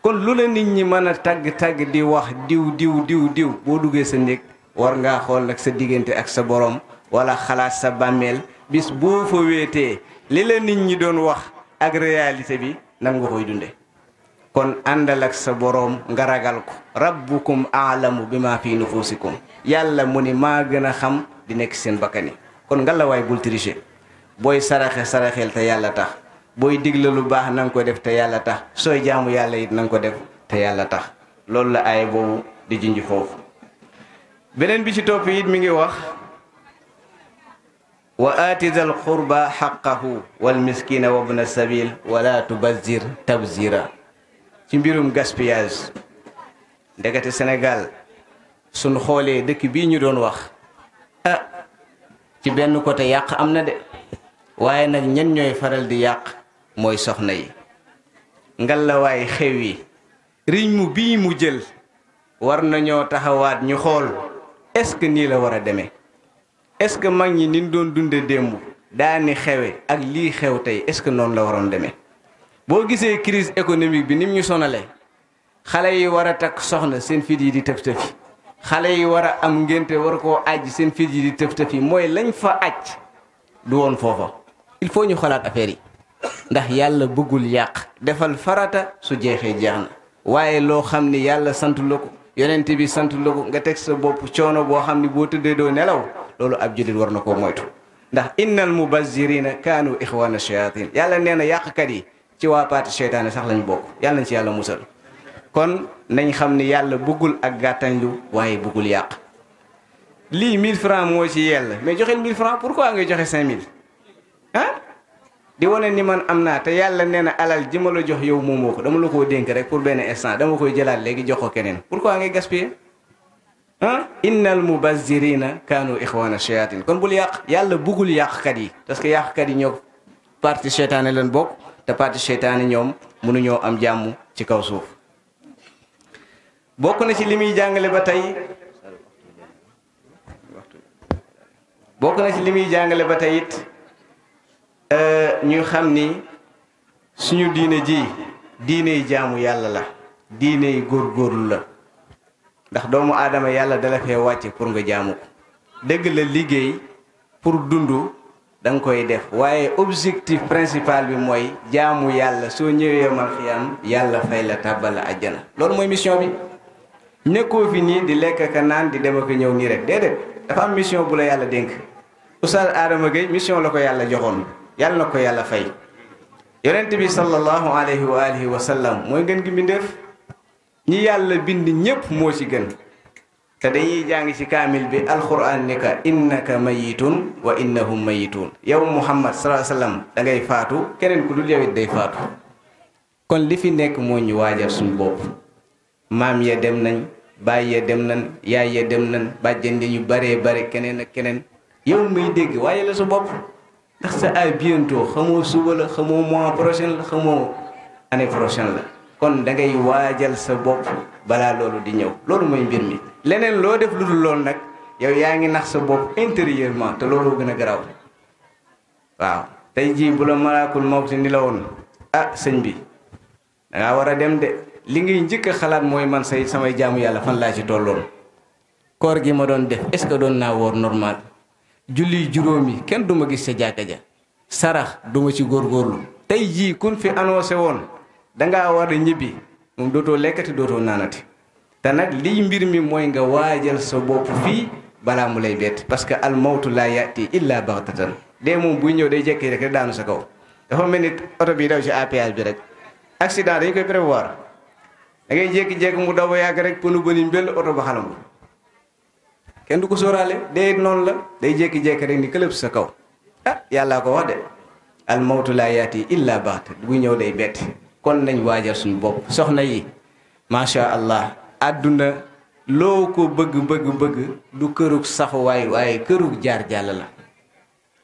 kon lu la nit ñi mën a tàgg tàgg di wax diw diw diw diw boo duggee sa néeg war ngaa xool nag sa diggante ak sa borom wala xalaat sa bàmmeel bis boo fa wéetee li la nit ñi doon wax ak réalité bi nan nga koy dunde kon àndal ak sa boroom nga ragal ko rabbukum aalamu bi ma fi nufuusikum yàlla mu ni maa gën a xam di nekk seen bakkani kon ngalawaay bul tricher booy saraxe saraxel te yàlla tax booy digle lu baax na ko def te yàlla tax sooy jaamu yàlla it na ko def te yàlla tax loolu la aaya boobu di junj foofu beneen bi ci topp it mi ngi wax wa aati zal qurba xaqahu wal miskina wabna sabil wala tubazir tabzira ci mbirum gaspillage ndegete Sénégal sunu xoolee dëkk bii ñu doon wax ah ci benn côté yàq am na de waaye nag ñen ñooy faral di yàq mooy soxna yi ngalawaay xew yi riñ mu bii mu jël war nañoo taxawaat ñu xool est-ce que nii la war a demee est-ce que mag ñi niñ doon dunde démb daani xewe ak lii xew tey est-ce que noonu la waroon demee boo gisee crise économique bi nim ñu sonalee xale yi war a takk soxna seen fit yi di tëf tëfi xale yi war a am ngénte war koo aj seen fit yi di tëf tëfi mooy lañ fa aj du woon foofa il faut ñu xalaat affaire yi ndax yàlla bëggul yàq defal farata su jeexee jeex na waaye loo xam ni yàlla sant la ko yonent bi sant la ko nga teg sa bopp coono boo xam ni boo tëddee doo nelaw loolu ab jullit war na koo moytu ndax innal mubazzirina kaanu ixwaana shayatin yàlla nee na yàqkat yi ci waa parti seytaane sax lañ bokk yàlla nañ ci yàlla musal kon nañ xam ni yàlla bëggul ak gàttañlu waaye bëggul yàq lii 1000 francs moo ci yell mais joxe 1000 francs pourquoi ngay joxe 5000 ah di wane ni man am naa te yàlla nee na alal ji jox yow moomoo ko dama la koo dénk rek pour benn instant dama koy jëlaat léegi jox ko keneen pourquoi ngay gaspiller ah innal mubazzirina kaanu ixwaana shayatin kon bul yàq yàlla bëggul yàqkat yi parce que yàqkat yi ñoo parti seytaane leen bokk te parti seytaane ñoom mënuñoo am jàmm ci kaw suuf bokk na ci li muy jàngale ba tey bokk na ci li muy jàngale ba tey it euh, ñu xam ni suñu diine ji diiney jaamu yàlla la diiney góorgóorlu la ndax doomu aadama yàlla dala fee wàcce pour nga jaamu ko dëgg la liggéey pour dund danga koy def waaye objectif principal bi mooy jaamu yàlla soo ñëwee mal yàlla fay la tàbbal la àjjana loolu mooy mission bi nekkoo fi nii di lekk ka naan di dem ak ñëw nii rek déedéet dafa am mission bu la yàlla dénk Oustaz Adama Gueye mission la ko yàlla joxoon yàlla na ko yàlla fay yonent bi sallallahu alayhi wa alihi wa sallam mooy ngeen gi mbindeef ñi yàlla bind ñépp moo ci gën te dañuy jàng ci kaamil bi alxuraan ni ka innaka mayitun wa innahum mayitun yow muhammad salaa sallam da ngay faatu keneen ku dul yow it day faatu kon li fi nekk moo ñu waajal suñu bopp maam ya dem nañ bàyyee dem nañ yaay ya dem nañ bàjjen ñu baree bare keneen ak keneen yow muy dégg waaye la sa bopp ndax sa à bientôt xamoo suba la xamoo mois prochain la xamoo année prochaine la kon da ngay waajal sa bopp balaa loolu di ñëw loolu mooy mbir mi leneen loo def lu dul loolu nag yow yaa ngi nax sa bopp intérieurement te loolu gën a garaaw waaw tey jii bu la malaakul mawti ni la woon a ah, sëñ bi dangaa war a dem de li ngay njëkk xalaat mooy man say samay jaamu yàlla fan laa ci tolloon koor gi ma doon def est-ce que doon naa woor normal julli juróomi kenn duma gis sa jàkka ja sarax duma ci góorlu tey jii kun fi annoncé woon dangaa war a ñibbi moom dootoo lekkati dootoo naanati te nag lii mbir mi mooy nga waajal sa bopp fii balaa mu lay bett parce que al mawtu laa yaati illa baxtatan dee moom buy ñëw day jekki rek daanu sa kaw dafa mel ni oto bii daw ci APS bi rek accident dañ koy prévoir da ngay jékki-jékki mu daw ba yàgg rek pënu bëni mbël oto ba xalam kenn du ko sóoraale dee noonu la day jékki-jékki rek ni këlëb sa kaw a ah, yàllaa ko wax de al mawtu laa yaati illa baxta buy ñëw day bett kon nañ waajal suñu bopp soxna yi macha allah àdduna loo ko bëgg bëgg bëgg du kërug saxuwaay waaye kërug jaar jàll la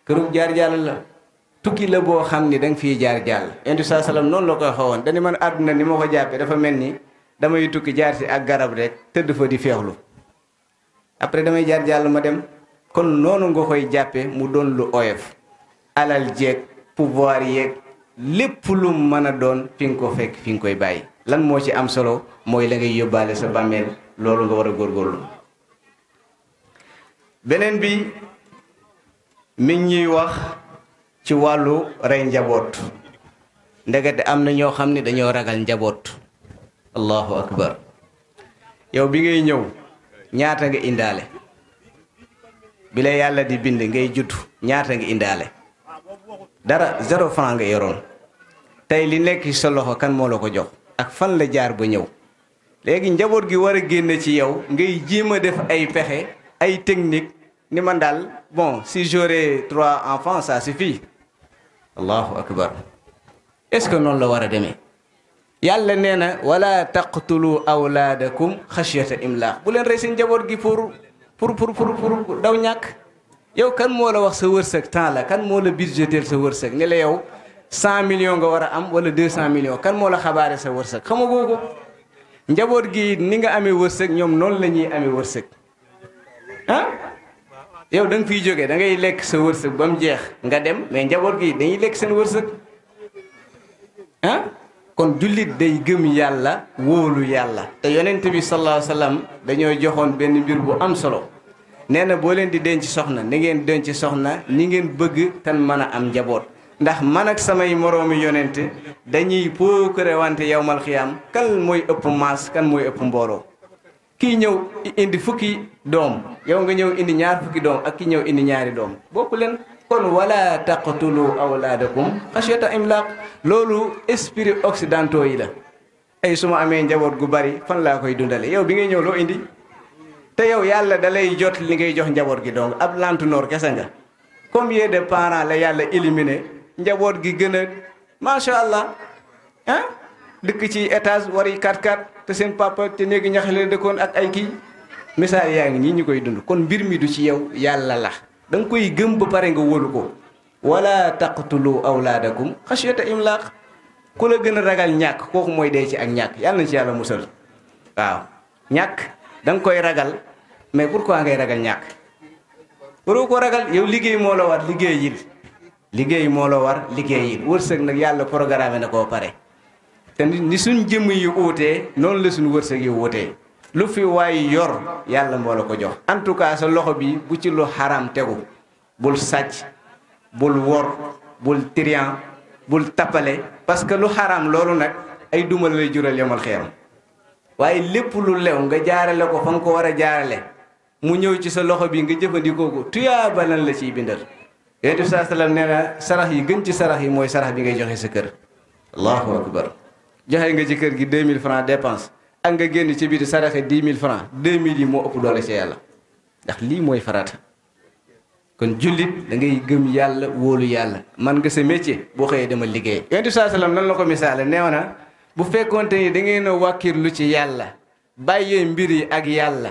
kërug jaar jàll la tukki la boo xam ni da fiy jaar jàll indi saa salaam noonu la koy xawoon dañu man àdduna ni ma ko jàppee dafa mel ni damay tukki jaar si ak garab rek tëdd fa di feexlu après damay jaar jàll ma dem kon noonu nga koy jàppee mu doon lu oyof alal jeeg pouvoir yéeg lépp lu mën a doon fi ko fekk fi nga koy bàyyi lan moo ci am solo mooy la ngay yóbbaale sa bàmmeel loolu nga war a góorgóorlu beneen bi mi ñuy wax ci wàllu rey njaboot ndegete am na ñoo xam ne dañoo ragal njaboot allahu akbar yow bi ngay ñëw ñaata nga indaale bi la yàlla di bind ngay judd ñaata nga indaale dara zéro franc nga yoroon tey li nekk sa loxo kan moo la ko jox ak fan la jaar ba ñëw léegi njaboot gi war a génn ci yow ngay jéem a def ay pexe ay technique ni man daal bon si j'aurais trois enfants ça suffit allahu akbar est-ce que noonu la war a demee yàlla nee na wala taqtulu awlaadakum xashyata imlaaq bu leen rey seen njaboot gi pour pour pour pour pour daw ñàkk yow kan moo la wax sa wërsëg temps la kan moo la budgété sa wërsëg ne la yow cent millions nga war a am wala deux cent millions kan moo la xabaare sa wërsëg xamagoo ko njaboot gi ni nga amee wërsëg ñoom noonu la ñuy amee wërsëg ah yow da fiy jóge da ngay lekk sa wërsëg ba mu jeex nga dem mais njaboot gi dañuy lekk seen wërsëg ah kon jullit day gëm yàlla wóolu yàlla te yonent bi sallallahu alayhi wa sallam joxoon benn mbir bu am solo nee na boo leen di denc soxna ni ngeen denc soxna ni ngeen bëgg tan mën a am njaboot ndax man ak samay moroomi yonent dañuy pookare wante yowmal xiyaam kan mooy ëpp maas kan mooy ëpp mbooloo kii ñëw indi fukki doom yow nga ñëw indi ñaar fukki doom ak ki ñëw indi ñaari doom bokku leen kon wala taqtulu awlaadakum xashyata imlaaq loolu esprit occidentaux yi la ay su ma amee njaboot gu bari fan laa koy dundale yow bi ngay ñëw loo indi te yow yàlla da lay jot li ngay jox njaboot gi donc ab lantinoor kese nga combien de parents la yàlla éliminé njaboot gi gën a macha allah ah dëkk ci étage wari 4-4 te seen papa te néegi ñax la dëkkoon ak ay kii misaal yaa ngi ñii ñu koy dund kon mbir mi du ci yow yàlla la danga koy gëm ba pare nga wóolu ko walla wala taqtulu awlaadakum xashyata imlaaq ku la gën a ragal ñàkk kooku mooy dee ci ak ñàkk yàlla na ci yàlla musal waaw ñàkk da nga koy ragal mais pourquoi ngay ragal ñàkk waru ko ragal yow liggéey moo la war liggéey liggéey moo la war liggéey yil wërsëg nag yàlla programme na koo pare te ni suñ jëmm yi uutee noonu la suñ wërsëg yi uutee lu fi waay yor yàlla moo la ko jox en tout cas sa loxo bi bu ci lu xaram tegu bul sàcc bul wor bul trian bul tappale parce que lu xaram loolu nag ay duma lay jural yomal xeeram waaye lépp lu lew nga jaarale ko fa nga ko war a jaarale mu ñëw ci sa loxo bi nga jëfandikoo ko tuyaaba lan la ciy bindal yonent bi saa salaam nee sarax yi gën ci sarax yi mooy sarax bi ngay joxe sa kër allahu akbar joxe nga ci kër gi 2000 francs dépense ak nga génn ci biir saraxe 10 000 francs 2000 yi moo ëpp doole ci yàlla ndax lii mooy farata kon jullit da ngay gëm yàlla wóolu yàlla man nga sa métier boo xëyee dama liggéey yonent bi saa salaam lan la ko misaale neew na bu fekkoonte ni da ngeen a wàkkirlu ci yàlla bàyyee mbir yi ak yàlla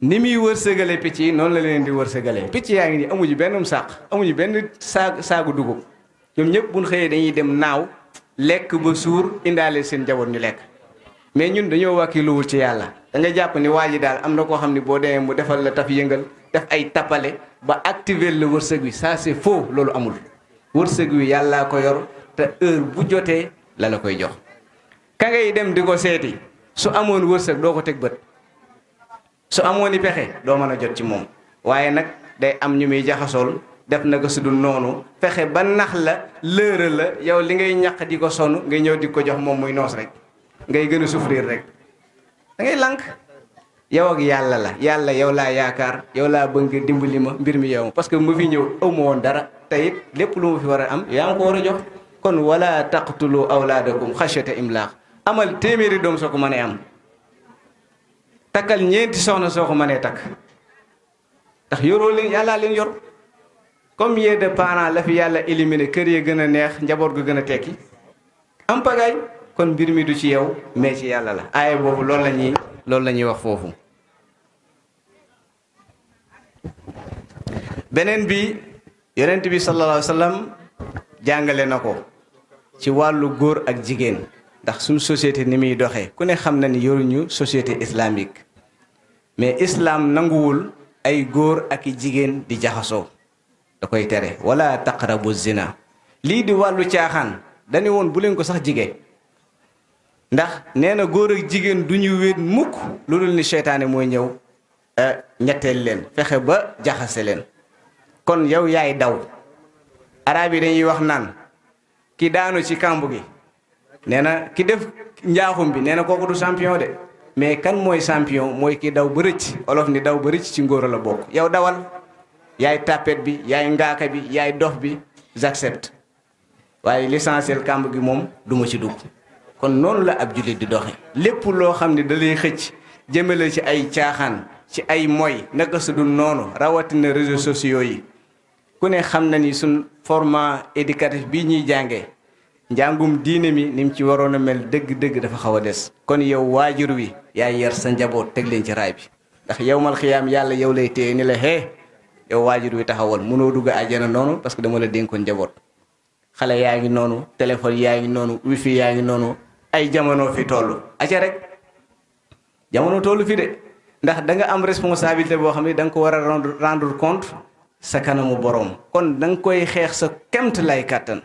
ni muy wërsëgale picc yi noonu la leen di wërsëgale picc yaa ngi nii amuñu benn sàq amuñu benn saag saagu dugub ñoom ñëpp buñ xëyee dañuy dem naaw lekk ba suur indaale seen jaboot ñu lekk mais ñun dañoo wàkkiluwul ci yàlla danga jàpp ni waa ji daal am na koo xam ne boo demee mu defal la taf yëngal def ay tappale ba activer le wërsëg wi ça c'est faux loolu amul wërsëg wi yàllaa ko yor te bu jotee la la koy jox ka ngay dem di ko seeti su amoon wërsëg doo ko teg bët su amoon i pexe doo mën a jot ci moom waaye nag day am ñu muy jaxasool def na ko su dul noonu fexe ba nax la lëëra la yow li ngay ñaq di ko sonn ngay ñëw di ko jox moom muy noos rek ngay gën a souffrir rek da ngay lànk yow ak yàlla la yàlla yow laa yaakaar yow laa bëgg dimbali ma mbir mi yow parce que mu fi ñëw aw woon dara tey it lépp lu ma fi war a am yaa ngi ko war a jox kon wala taqtulu awlaadakum xashyata imlaaq amal téeméeri doom soo ko mënee am takkal ñeenti soxna soo ko mënee takk ndax yoroo leen yàllaa leen yor comme yee de parents la fi yàlla éliminé kër yi gën a neex njaboot gu gën a tekki am pagaay kon mbir mi du ci yow mais ci yàlla la aaye boobu lool la ñuy loolu la ñuy wax foofu beneen bi yonent bi sallallahu alayhi sallam jàngale na ko ci wàllu góor ak jigéen ndax suñ société ni muy doxee ku ne xam na ni yoruñu société islamique mais islam nanguwul ay góor ak i jigéen di jaxasoo da koy tere wala taqrabu zina lii di wàllu caaxaan dañu woon bu leen ko sax jigéen ndax nee na góor ak jigéen du ñu wéet mukk lu dul ni seytaane mooy ñëw eh, ñetteel leen fexe ba jaxase leen kon yow yaay daw arab yi dañuy wax naan ki daanu ci kàmb gi nee na ki def njaaxum bi nee na kooku du champion de mais kan mooy champion mooy kii daw ba rëcc olof ni daw ba rëcc ci ngóor la bokk yow dawal yaay tapet bi yaay ngaaka bi yaay dox bi j'accepte waaye l'essentiel kàmb gi moom duma ci dugg kon noonu la ab jullit di doxe lépp loo xam ne da lay xëcc jëmale ci ay caaxaan ci ay moy naka su dul noonu rawatina réseaux sociaux yi ku ne xam na ni su format éducatif bii ñuy jàngee njàngum diine mi ni mu ci waroon a mel dëgg-dëgg dafa xaw a des kon yow waajur wi yaay yar sa njaboot teg leen ci raay bi ndax yowmal xiyaam yàlla yow lay téye ni la hee yow waajur wi taxawal mënoo dugg àjjana noonu parce que dama la dénkoon njaboot xale yaa ngi noonu téléphone yaa ngi noonu wifi yaa ngi noonu ay jamono fi toll aca rek jamono tollu fii de ndax da nga am responsabilité boo xam ne da nga ko war a rendre rendre compte sa kanamu borom kon da nga koy xeex sa kemt lay kàttan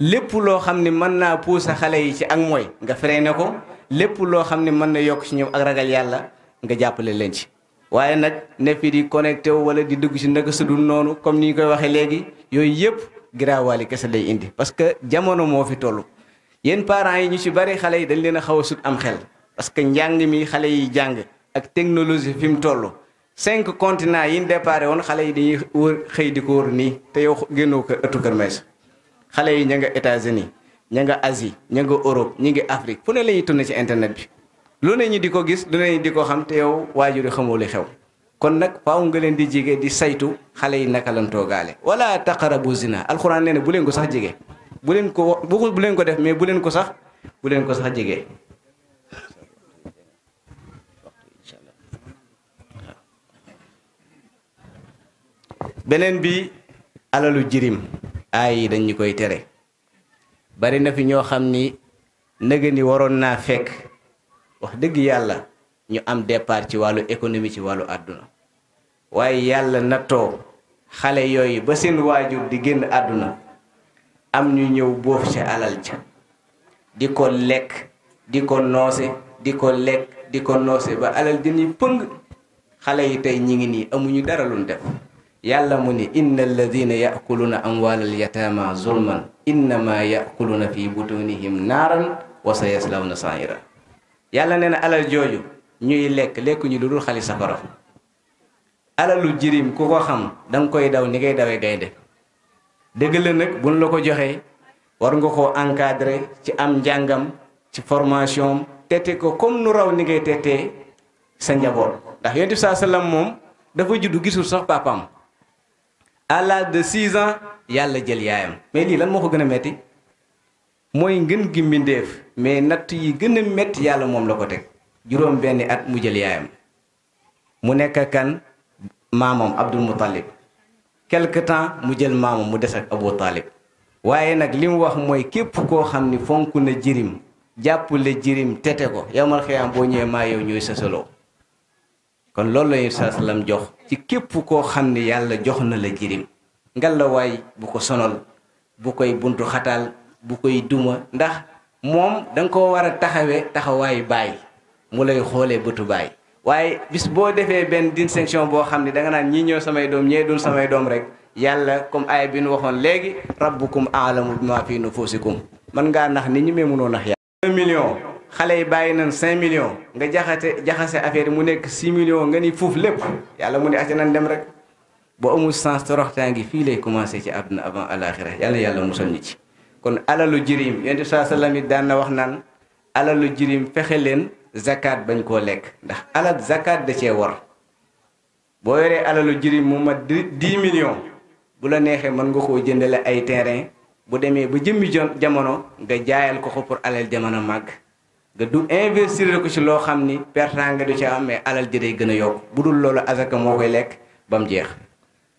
lépp loo xam ne mën naa puusa xale yi ci ak mooy nga freiné ko lépp loo xam ne mën na yokk ci ñoom ak ragal yàlla nga jàppale leen ci waaye nag ne fi di connecté wu wala di dugg ci naka sudul noonu comme ni ñu koy waxee léegi yooyu yëpp giraawaali kese day indi parce que jamono moo fi tollu yéen parents yi ñu ci bari xale yi dañ leen a xaw a am xel parce que njàng mi xale yi jàng ak technologie fi mu toll cinq continents yi ñu woon xale yi dañuy wër xëy di ko wër nii te yow génnoo ko ëttu Kër Maysa xale yi ña nga États-Unis ña nga Asie ña nga Europe ñi ngi Afrique fu ne la ñuy tourné ci internet bi lu ne ñu di ko gis lu ne ñu di ko xam te yow waajur yi xamoo li xew kon nag faaw nga leen di jige di saytu xale yi naka lan toogaale wala taqarabu zina alxuraan nee na bu leen ko sax jige bu leen ko bu bu leen ko def mais bu leen ko sax bu ko sax jige beneen bi alalu jirim aay yi dañu koy tere bari na fi ñoo xam ni nëga ni waroon naa fekk wax dëgg yàlla ñu am départ ci wàllu économie ci wàllu àdduna waaye yàlla na toog xale yooyu ba seen waajur di génn àdduna am ñu ñëw boof ca alal ja di ko lekk di ko noose di ko lekk di ko noose ba alal ji ni pëng xale yi tey ñi ngi nii amuñu dara luñ def yàlla mu ni inna alladina yaakuluuna amwaalal yataama zulman innama yaakuluuna fi butunihim naaran wa sa yaslawna saira yàlla nee na alal jooju ñuy lekk lekk ñu lu dul xali safara alalu jirim ku ko xam danga koy daw ni ngay dawee gaynde dëgg la nag buñ la ko joxee war nga ko encadrer ci am njàngam ci formation tete ko comme nu raw ni ngay tettee sa njaboot ndax yonent bi saa sallam moom dafa juddu gisul sax papaam à l'âge de six ans yàlla jël yaayam mais lii lan moo ko gën a metti mooy ngën gi mais natt yi gën a metti yàlla moom la ko teg juróom benni at mu jël yaayam mu nekk kan maamam Abdul Muttalib quelque temps mu jël maamam mu des ak Abu Talib waaye nag li mu wax mooy képp koo xam ni fonk na jirim jàppale jirim tete ko yow mal xiyaam boo ñëwee maa yow ñooy sasaloo kon loolu la sas lam jox ci képp koo xam ne yàlla jox na la jirim ngalawaay bu ko sonol bu koy buntu xataal bu koy duma ndax moom danga koo war a taxawee taxawaayu baay mu lay xoolee bëtu baay waaye bis boo defee benn distinction boo xam ne danga naan ñii ñëw samay doom ñee dul samay doom rek yàlla comme aaya bi nu waxoon léegi rabbukum aalamu bima fi nufusikum man ngaa nax ni ñu mais mënoo nax yàlla un million xale yi bàyyi nañ 5 million nga jaxate jaxase affaire mu nekk 6 millions nga ni fuuf lépp yàlla mu ne acca nan dem rek boo amul sens toroxtaa ngi fii lay commencé ci àdduna avant alaxira yàlla yàlla musal ñu ci kon alalu jirim yonent bi saa sallam it daan na wax naan alalu jirim fexe leen zakat bañ koo lekk ndax alal zakat da cee war boo yoree alalu jirim mu mat dix million bu la neexee mën nga koo jëndale ay terrain bu demee ba jëmmi jamono nga jaayal ko ko pour alal jamono màgg nga du investir ko ci loo xam ni perte nga du ci amee mais alal ji day gën a yokk bu dul loolu asaka moo koy lekk ba mu jeex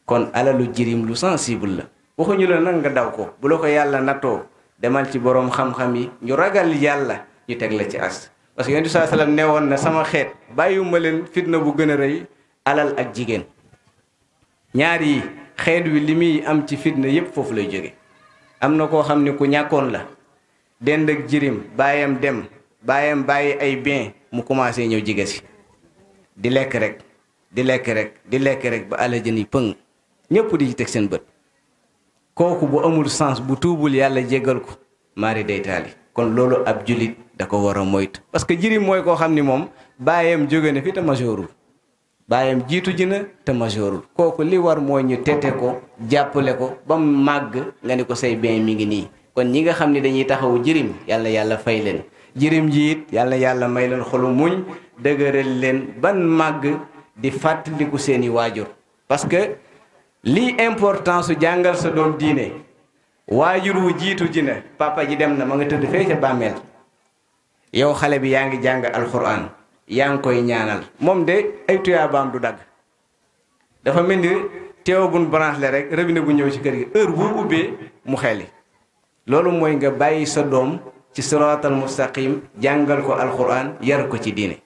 kon alalu jirim lu sensible la waxuñu la nag nga daw ko bu la ko yàlla nattoo demal ci boroom xam-xam yi ñu ragal yàlla ñu teg la ci as parce que yonent ne woon na sama xeet bàyyiwuma leen fitna bu gën a rëy alal ak jigéen ñaar yi xeet wi li muy am ci fitna yépp foofu lay jóge am na koo xam ne ku ñàkkoon la dend ak jirim baayam dem baayam bàyyi ay bien mu commencé ñëw jige si di lekk rek di lekk rek di lekk rek ba jën yi pëng ñëpp di ci teg seen bët kooku bu amul sens bu tuubul yàlla jéggal ko maari day taali kon loolu ab julit da ko war a moytu parce que jirim mooy koo xam ni moom baayam jóge na fi te majoorul baayam jiitu ji na te majoorul kooku li war mooy ñu tete ko jàppale ko ba mu màgg nga ni ko say bien mi ngi nii kon ñi nga xam ne dañuy taxawu jirim yàlla yàlla fay leen jirim ji yàlla yàlla may leen xolu muñ dëgëral leen ban màgg di fàttaliku seeni waajur parce que lii importance su jàngal sa doom diine waajur wu jiitu ji ne papa ji dem na ma nga tëdd fee ca bàmmeel yow xale bi yaa ngi jàng alxuraan yaa ngi koy ñaanal moom de ay tuyaabaam du dagg dafa mel ni teewagun branche la rek robinet bu ñëw ci kër gi heure bu ubbee mu xeli loolu mooy nga bàyyi sa doom ci siraatal mustaqim jàngal ko alxuraan yar ko ci diine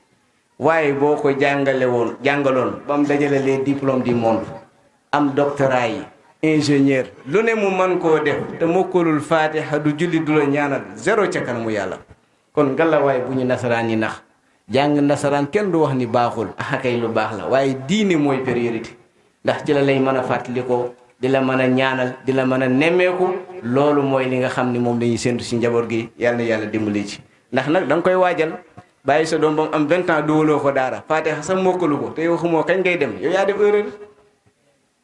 waaye boo ko jàngale woon jàngaloon ba mu dajale les diplômes di monde am doctorat yi ingénieur lu ne mu man koo def te mokkalul faatiha du julli du la ñaanal zéro ca kanamu yàlla kon ngalawaay bu ñu nasaraan yi nax jàng nasaraan kenn du wax ni baaxul axakay ah lu baax la waaye diine mooy priorité ndax ci la lay mën a fàttalikoo di la mën a ñaanal di la mën a nemmeeku loolu mooy li nga xam ni moom lañuy séntu si njaboot gi yàlla na yàlla dimbali ci ndax nag da nga koy waajal bàyyi sa doom ba mu am vingt ans duwaloo ko daara fatiha sax mokkalu ko te yow xamoo kañ ngay dem yow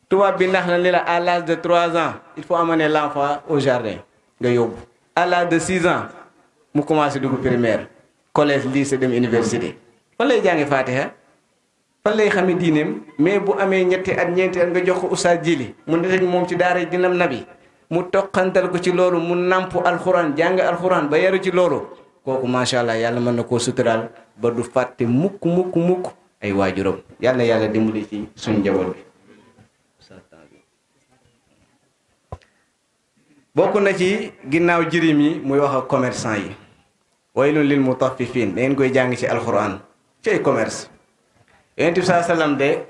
tubaab bi ndax na li la à l'âge trois ans il faut amener l'enfant au jardin nga yóbbu à la de six ans mu commencé dugg primaire collège lycée dem université fan lay jàngi fatiha fan lay xamee diineem mais bu amee ñetti at ñeenti at nga jox ko Oustaz Jili mu ne rek moom ci daara dinam nabi mu toqantal ko ci loolu mu nàmp alxuraan jàng alxuraan ba yaru ci loolu kooku macha allah yàlla mën na koo suturaal ba du fàtte mukk mukk mukk ay waajuram yàlla yàlla dimbali ci suñ njaboot bi. bokk na ci ginnaaw jirim yi muy wax ak commerçant yi waylun lil mutaffifin da ngeen koy jàng ci alxuraan ci ay commerce yonent bi de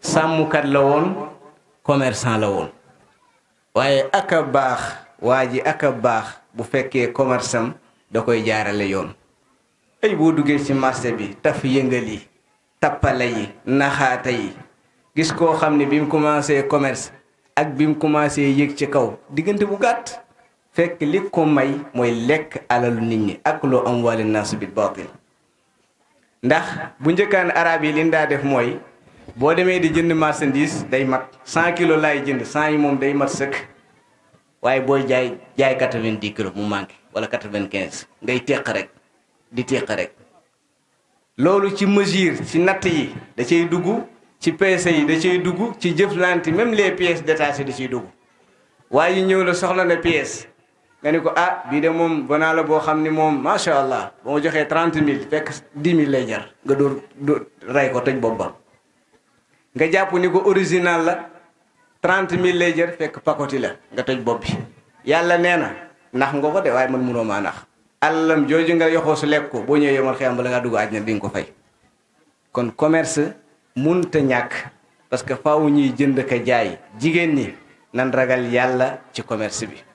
sàmmkat la woon commerçant la woon waaye ak baax waa ji ak baax bu fekkee commerce da koy jaarale yoon ay boo duggee ci marché bi taf yëngal yi tappale yi naxaata yi gis koo xam ne bi mu commencé commerce ak bi mu commencé yëg ci kaw diggante bu gàtt fekk li ko may mooy lekk alalu nit ñi ak loo am wàllu naas bi baatil ndax bu njëkkaan arab yi liñ daa def mooy boo demee di jënd marchandise day mat 100 kilos laay jënd 100 yi moom day mat sëkk waaye booy jaay jaay 90 kilos mu manqué wala quinze ngay teq rek di teq rek. loolu ci mesure ci natt yi da ciy dugg ci peese yi da ciy dugg ci jëflante même les pièces détachées da ciy dugg waaye ñëw la soxla na pièce nga ni ko ah bii de moom bonaa la boo xam ni moom macha allah ba ma joxee trente mille fekk dix mille lay jar nga dóor dóor rey ko tëj boppam nga jàpp ni ko original la trente mille lay jar fekk pakoti la nga tëj bopp bi yàlla nee na nax nga ko de waaye man mënoo maa nax alalam jooju nga yoxoo su lekk ko boo ñëwee yomal xiyam bala ngaa dugg àjjana di nga ko fay kon commerce mun ta ñàkk parce que faaw ñuy jënd ka jaay jigéen ñi nan ragal yàlla ci commerce bi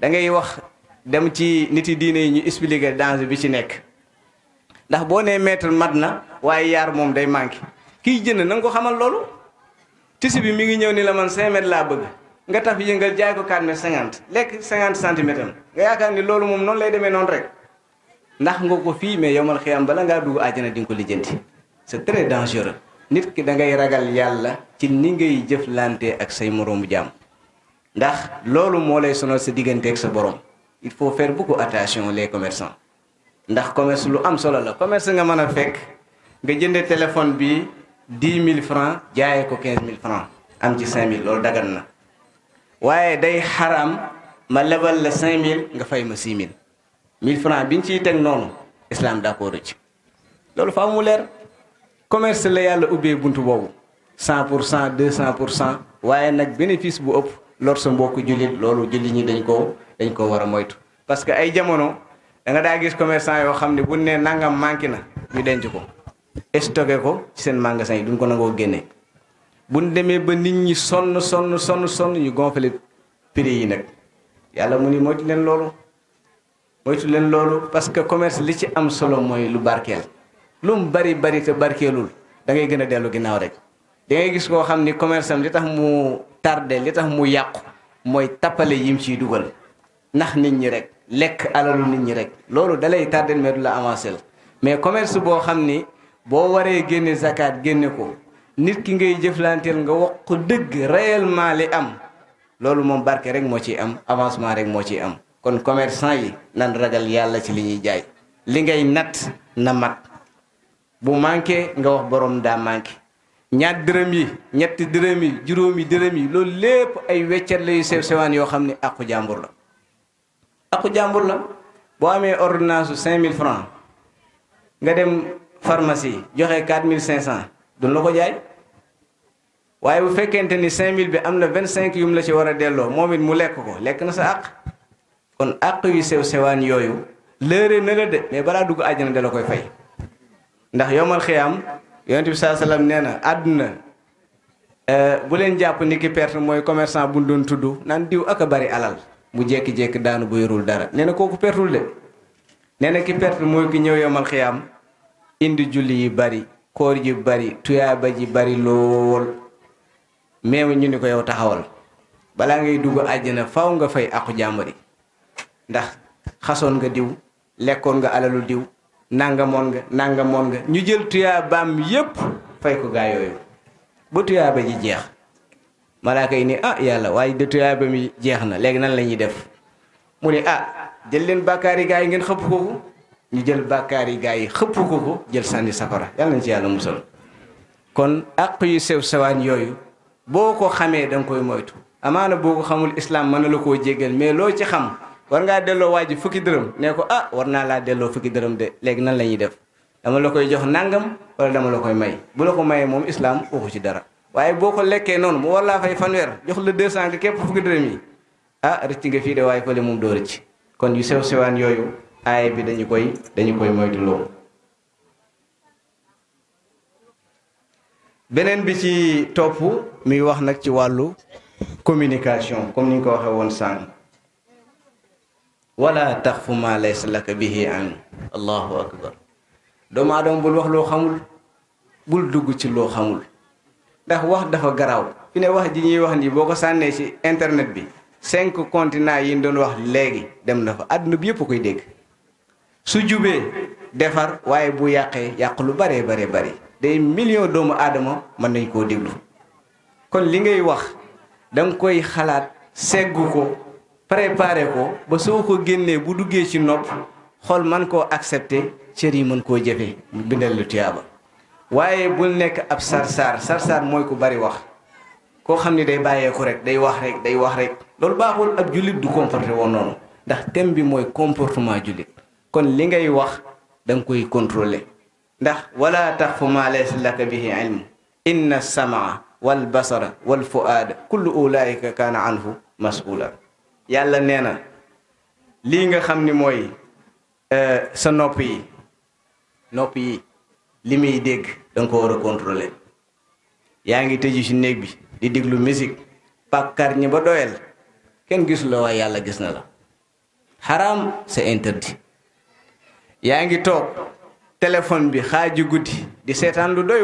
da ngay wax dem ci nit yi diine yi ñu expliquer danger bi ci nekk ndax boo nee mètre mat na waaye yaar moom day manqué kiy jënd na nga ko xamal loolu tisi bi mu ngi ñëw ni la man 5 mètres laa bëgg nga taf yëngal jaay ko 4 mètres 50 lekk 50 centimètres am nga yaakaar ni loolu moom noonu lay demee noonu rek ndax nga ko fii mais yomal xiyam bala ngaa dugg àjjana di nga ko lijjanti c'est très dangereux nit ki dangay ragal yàlla ci ni ngay lante ak say moroomu jaam ndax loolu moo lay sonal sa diggante ak sa borom il faut bu ko attention les commerçants ndax commerce lu am solo la commerce nga mën a fekk nga jënde téléphone bi dix mille francs jaayee ko quinze mille francs am ci cinq mille loolu dagan na waaye day xaraam ma lebal la cinq mille nga fay ma six mille mille francs bi ñu ciy teg noonu islam d'accord ci loolu faaw mu commerce la yàlla ubbee bunt boobu cent pour cent deux cent pour cent waaye nag bénéfice bu ëpp lor sa mbokku jullit loolu jullit ñi dañ koo dañ koo war a moytu. parce que ay jamono da daa gis commerçant yoo xam ne bu nee nangam manqué na ñu denc ko stocké ko ci seen magasin yi duñ ko nangoo génne bu ñu demee ba nit ñi sonn sonn sonn sonn ñu gonfale prix yi nag yàlla mu ni moytu leen loolu moytu leen loolu parce que commerce li ci am solo mooy lu barkeel lu mu bari bari te barkeelul da ngay gën a dellu ginnaaw rek da gis koo xam ni commerce li tax mu. tardé li tax mu yàqu mooy tappale yim ciy dugal ndax nit ñi rek lekk alalu nit ñi rek loolu dalay tardé mais du la avancé la mais commerce boo xam ni boo waree génne zakat génne ko nit ki ngay jëflanteel nga wax ko dëgg réellement li am loolu moom barke rek moo ciy am avancement rek moo ciy am kon commerçant yi nan ragal yàlla ci li ñuy jaay li ngay nat na mat bu manqué nga wax borom daa manqué ñaar dërëm yi ñetti dërëm yi juróomi dërëm yi loolu lépp ay weccat lay sew sewaan yoo xam ni àqu jàmbur la àqu jàmbur la boo amee ordonnance su 5000 francs nga dem pharmacie joxe 4500 duñ la ko jaay waaye bu fekkente ni 5000 bi am na vingt 25 yum la ci war a delloo moom it mu lekk ko lekk na sa àq kon àq yu sew sewaan yooyu lëre na la de mais balaa dugg àjjana da la koy fay ndax yomal xiyaam yonent bi saa salaam nee na àdduna eh, bu leen jàpp ni ki perte mooy commerçant bu doon tudd naan diw ak a bari alal mu jékki-jékki daanu bu yorul dara nee na kooku pertul de nee na ki perte mooy ki ñëw yomal am indi julli yi bari koor ji bari tuyaaba ji bari lool meew ñu ni ko yow taxawal balaa ngay dugg àjjana faw nga fay aqu jàmbari ndax xasoon nga diw lekkoon nga alalu diw nangamoon nga nangamoon nga ñu jël tuyaabaam yépp fay ko gaa yooyu ba tuyaaba ji jeex malaaka yi nii ah yàlla waaye de tuyaaba mi jeex na léegi nan lañuy def mu ne ah jël leen bàkkaar yi gaa yi ngeen xëpp ko ko ñu jël bàkkaar yi gaa yi xëpp ko ko jël sànni safara yàlla nañ ci yàlla musal kon àq yu sew sewaan yooyu boo ko xamee danga koy moytu amaana boo ko xamul islaam mën na la koo jéggal mais loo ci xam war ngaa delloo waa ji fukki dërëm ne ko ah war naa laa delloo fukki dërëm de léegi nan la ñuy def dama la koy jox nangam wala dama la koy may bu la ko mayee moom islaam waxu ci dara waaye boo ko lekkee noonu mu war laa fay fanweer jox la 200 nga képp fukki dërëm yi ah rëcc nga fii de waaye fële moom doo rëcc kon yu sew sewaan yooyu aaye bi dañu koy dañu koy moytuloo beneen bi ci topp muy wax nag ci wàllu communication comme ni ñu ko waxee woon sànq. wala taxfu ma laysa laka bihi ilm allahu akbar doomu aadama bul wax loo xamul bul dugg ci loo xamul ndax wax dafa garaw fi ne wax ji ñuy wax nii boo ko sànnee ci internet bi cinq continents yi doon wax léegi dem na fa àdduna bi yëpp a koy dégg su jubee defar waaye bu yàqee yàq lu baree bare bari de million doomu aadama mën nañ koo déglu kon li ngay wax danga koy xalaat seggu ko préparé ko ba soo ko génnee bu duggee ci nopp xool man koo accepté cer yi mën koo jëfe mu bindal lu tiyaaba waaye bul nekk ab sar-sar mooy ko bari wax koo xam ni day bàyyeeku rek day wax rek day wax rek loolu baaxul ab jullit du comporté woon noonu ndax thème bi mooy comportement jullit kon li ngay wax danga koy contrôler ndax wala tax fu ma laysa laka bihi ilm inna samaa wal basara wal fuaada kullu ulaika kaana anhu mas'uula yàlla nee na lii nga xam ni mooy euh, sa nopp yi nopp yi li muy dégg danga ko war a contrôler yaa ngi tëju ci néeg bi di déglu misik pàkkar ñi ba doyal kenn gisu la waaye yàlla gis na la xaraam c'est interdit yaa ngi toog téléphone bi xaaju guddi di seetaan lu doy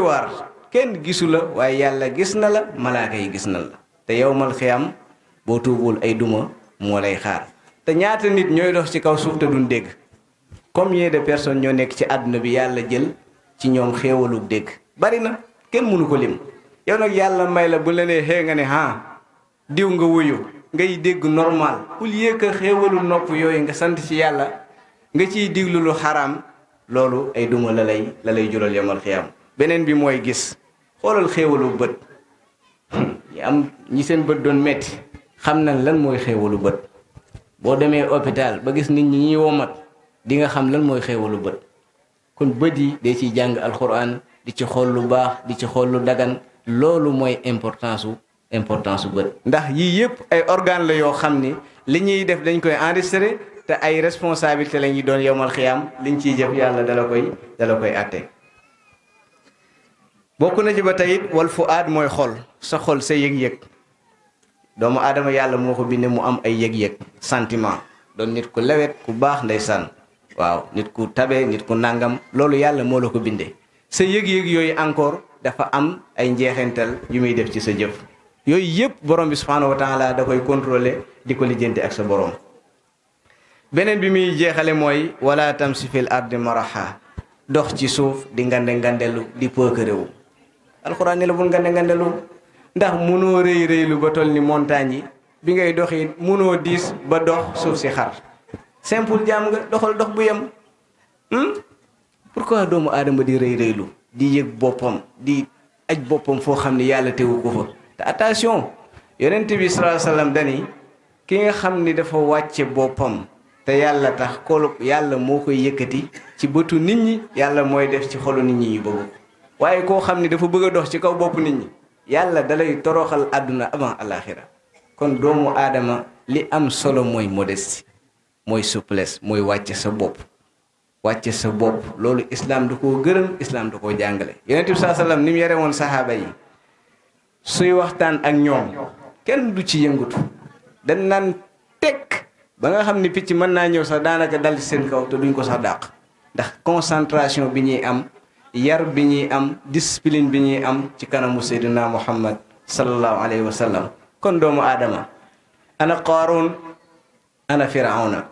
kenn gisu la waaye yàlla gis na la malaaka yi gis na la te yowmal xiyam boo tuubul ay duma moo lay xaar te ñaata nit ñooy dox ci kaw suuf te duñ dégg combien de personnes ñoo nekk ci àdduna bi yàlla jël ci ñoom xéewalug dégg bari na kenn mënu ko lim yow nag yàlla may la bu la nee xee nga ne ah diw nga wuyu ngay dégg normal au lieu que xéewalu nopp yooyu nga sant ci yàlla nga ciy diglulu lu xaraam loolu ay duma la lay la lay jural yomal am beneen bi mooy gis xoolal xéewalu bët ñi hmm, am ñi seen bët doon metti xam na lan mooy xéewalu bët boo demee hôpital ba gis nit ñi ñuy womat di nga xam lan mooy xéewalu bët kon bët yi day ciy jàng alxuraan di ci xool lu baax di ci xool lu dagan loolu mooy importance su importance su bët. ndax yii yëpp ay organe la yoo xam ni li ñuy def dañ koy enregistré te ay responsabilité la ñuy doon yowmal xiyaam liñ ciy jëf yàlla dala koy dala koy àtte. bokk na ci ba tey wal fu aad mooy xol sa xol sa yëg-yëg. doomu aadama yàlla moo ko bindee mu am ay yëg-yëg sentiment doon nit ku lewet ku baax ndeysaan waaw nit ku tabe nit ku nàngam loolu yàlla moo la ko bindee sa yëg-yëg yooyu encore dafa am ay njeexental yu muy def ci sa jëf yooyu yëpp borom bi subhaanahu wa taala da koy contrôler di ko lijjante ak sa borom beneen bi muy jeexale mooy wala tamsi fil ardi dox ci suuf di ngande ngandelu di pëkkëréwu alxuraan bul ngande ngandelu ndax mënoo rëy rëylu ba toll ni montagne yi bi ngay dox it munoo diis ba dox suuf si xar simple jaam nga doxal dox bu yem pour hmm? pourquoi doomu aadama di rëy rëylu di yëg boppam di aj boppam foo xam ne yàlla tewu ko fa te attention yonent bi sallallahu dani ki nga xam ni dafa wàcce boppam te yàlla tax kolu yàlla moo koy yëkkati ci bëtu nit ñi yàlla mooy def ci xolu nit ñi yu bëgg waaye koo xam ni dafa bëgg a dox ci kaw bopp nit ñi yàlla dalay toroxal àdduna avant alaxira kon doomu aadama li am solo mooy modestie mooy souplesse mooy wàcce sa bopp wàcce sa bopp loolu islam da koo gërëm islam da koo jàngale yonent bi saa sallam ni mu yare woon saxaaba yi suy waxtaan ak ñoom kenn du ci yëngatu dañ naan tekk ba nga xam ni picc mën naa ñëw sax daanaka dal ci seen kaw te duñ ko sax dàq ndax concentration bi ñuy am yar bi ñuy am discipline bi ñuy am ci kanamu seydina muhammad sallallahu alayhi wa sallam kon doomu aadama ana qaaroon ana firawna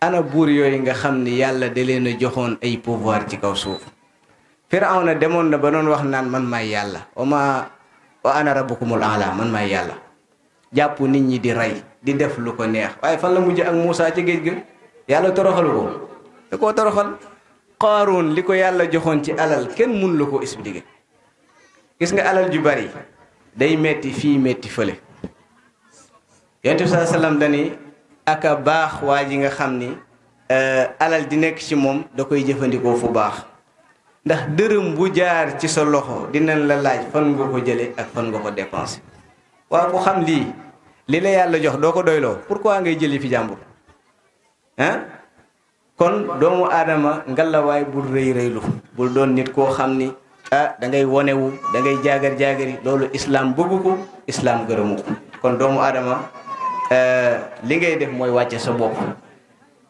ana buur yooyu nga xam ni yàlla da leen a joxoon ay pouvoir ci kaw suuf firawna demoon na ba noon wax naan man maay yàlla wa ma wa ana rabbukumul ala man maay yàlla jàpp nit ñi di rey di def lu ko neex waaye fan la mujj ak Moussa ci géej gi yàlla toroxal ko da koo toroxal qaaroon li ko yàlla joxoon ci alal kenn mun la koo expliquer gis nga alal ju bari day metti fii metti fële yonent bi saa dani aka baax waa ji nga xam ni eh, alal di nekk ci moom da koy jëfandikoo fu baax ndax dërëm bu jaar ci sa loxo dinañ la laaj fan nga ko jële ak fan nga ko dépensé waa ku xam lii li la yàlla jox doo ko doyloo pourquoi ngay jëli fi jàmbur ah kon doomu aadama ngalawaay bul rëy rëylu bul doon nit koo xam ni ah da ngay wonewu da ngay jaagar jaagari loolu islam bëggu ko islam gërëmu ko kon doomu aadama eh, li ngay def mooy wàcce sa bopp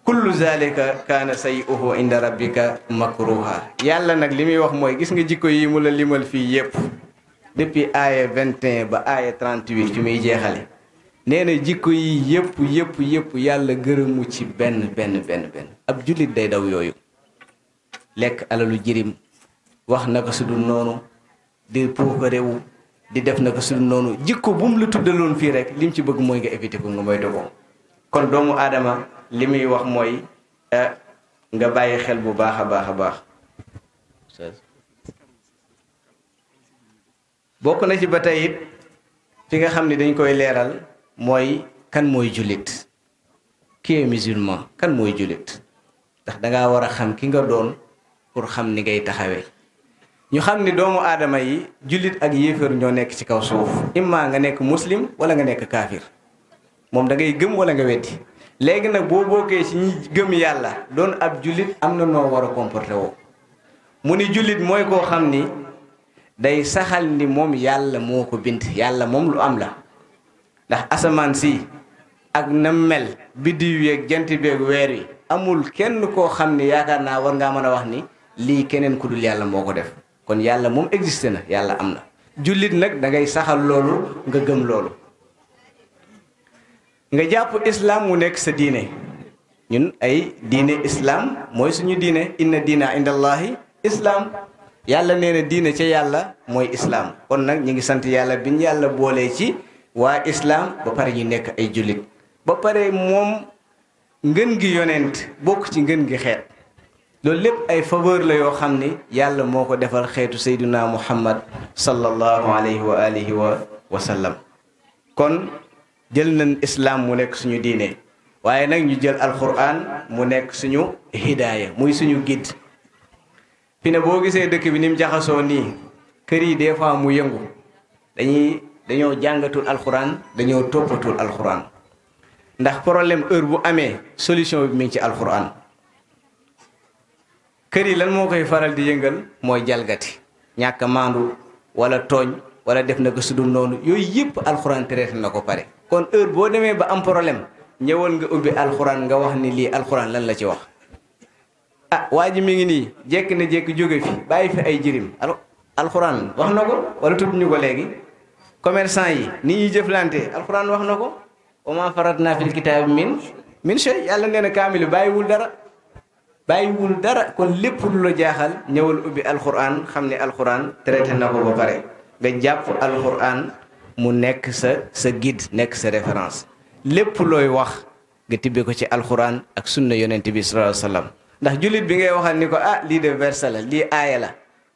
kullu zalika kaana sayuhu inda rabbika makruha yàlla nag li muy wax mooy gis nga jikko yi mu la limal fii yépp depuis aaya 21 ba aaya 38 fi muy jeexale neena na jikko yi yépp yëpp yëpp yàlla gërëmu ci benn benn benn benn ab jullit day daw yooyu lekk alalu jirim wax naka su dul noonu di puukarewu di def naka su dul noonu jikko bu mu la tuddaloon fii rek lim ci bëgg mooy nga éviter ko nga moytu ko kon doomu aadama li muy wax mooy eh, nga bàyyi xel bu baax a baax a baax bokk na ci ba tey it fi nga xam ni dañ koy leeral mooy kan mooy jullit qui est musulman kan mooy jullit ndax dangaa war a xam ki nga doon pour xam ni ngay taxawe ñu xam ni doomu aadama yi jullit ak yéefar ñoo nekk ci kaw suuf imma nga nekk muslim wala nga nekk kaafir moom da ngay gëm walla nga weddi léegi nag boo bokkee ci ñi gëm yàlla doon ab jullit am na noo war a comporté woo mu ni jullit mooy koo xam ni day saxal ni moom yàlla moo ko bind yàlla moom lu am la ndax asamaan si ak na mel biddiw yeeg jant beeg weer wi amul kenn koo xam ni yaakaar naa war ngaa mën a wax ni lii keneen ku dul yàlla moo ko def kon yàlla moom existé na yàlla am na jullit nag dangay saxal loolu nga gëm loolu nga jàpp islaam mu nekk sa diine ñun ay diine islaam mooy suñu diine inna diina indallahi islaam yàlla nee na diine ca yàlla mooy islaam kon nag ñu ngi sant yàlla biñ yàlla boolee ci waa islaam ba pare ñu nekk ay jullit ba pare moom ngën gi yonent bokk ci ngën gi xeet loolu lépp ay faveur la yoo xam ni yàlla moo ko defal xeetu sayduna muhammad sallallahu alayhi wa alihi wa wa sallam kon jël nañ islaam mu nekk suñu diine waaye nag ñu jël alquran mu nekk suñu hidaaya muy suñu guide fi ne boo gisee dëkk bi ni mu jaxasoo nii kër yi des fois mu yëngu dañuy dañoo jàngatul alxuraan dañoo toppatul alxuraan ndax problème heure bu amee solution bi mi ngi ci alxuraan kër yi lan moo koy faral di yëngal mooy jalgati ñàkk maandu wala tooñ wala def na ko sudul noonu yooyu yëpp alxuraan traité na ko pare kon heure boo demee ba am problème ñëwal nga ubbi alxuraan nga wax ni lii alxuraan lan la ci wax ah waa ji mi ngi nii jekk na jekk jóge fi bàyyi fi ay jirim alxuraan wax na ko wala tudd ñu ko léegi commerçant yi ni ñuy jëflante alxuraan wax na ko wa maa faratnaa fil kitaabi min min shay yàlla nee na kaamil bàyyiwul dara bàyyiwul dara kon lépp lu la jaaxal ñëwal ubbi alxuraan xam ne alxuraan traité na ko ba pare nga jàpp alxuraan mu nekk sa sa guide nekk sa référence lépp looy wax nga tibbe ko ci alxuraan ak sunna yonent bi sallallahu alayhi ndax jullit bi ngay waxal ni ko ah lii de verset la lii aaya la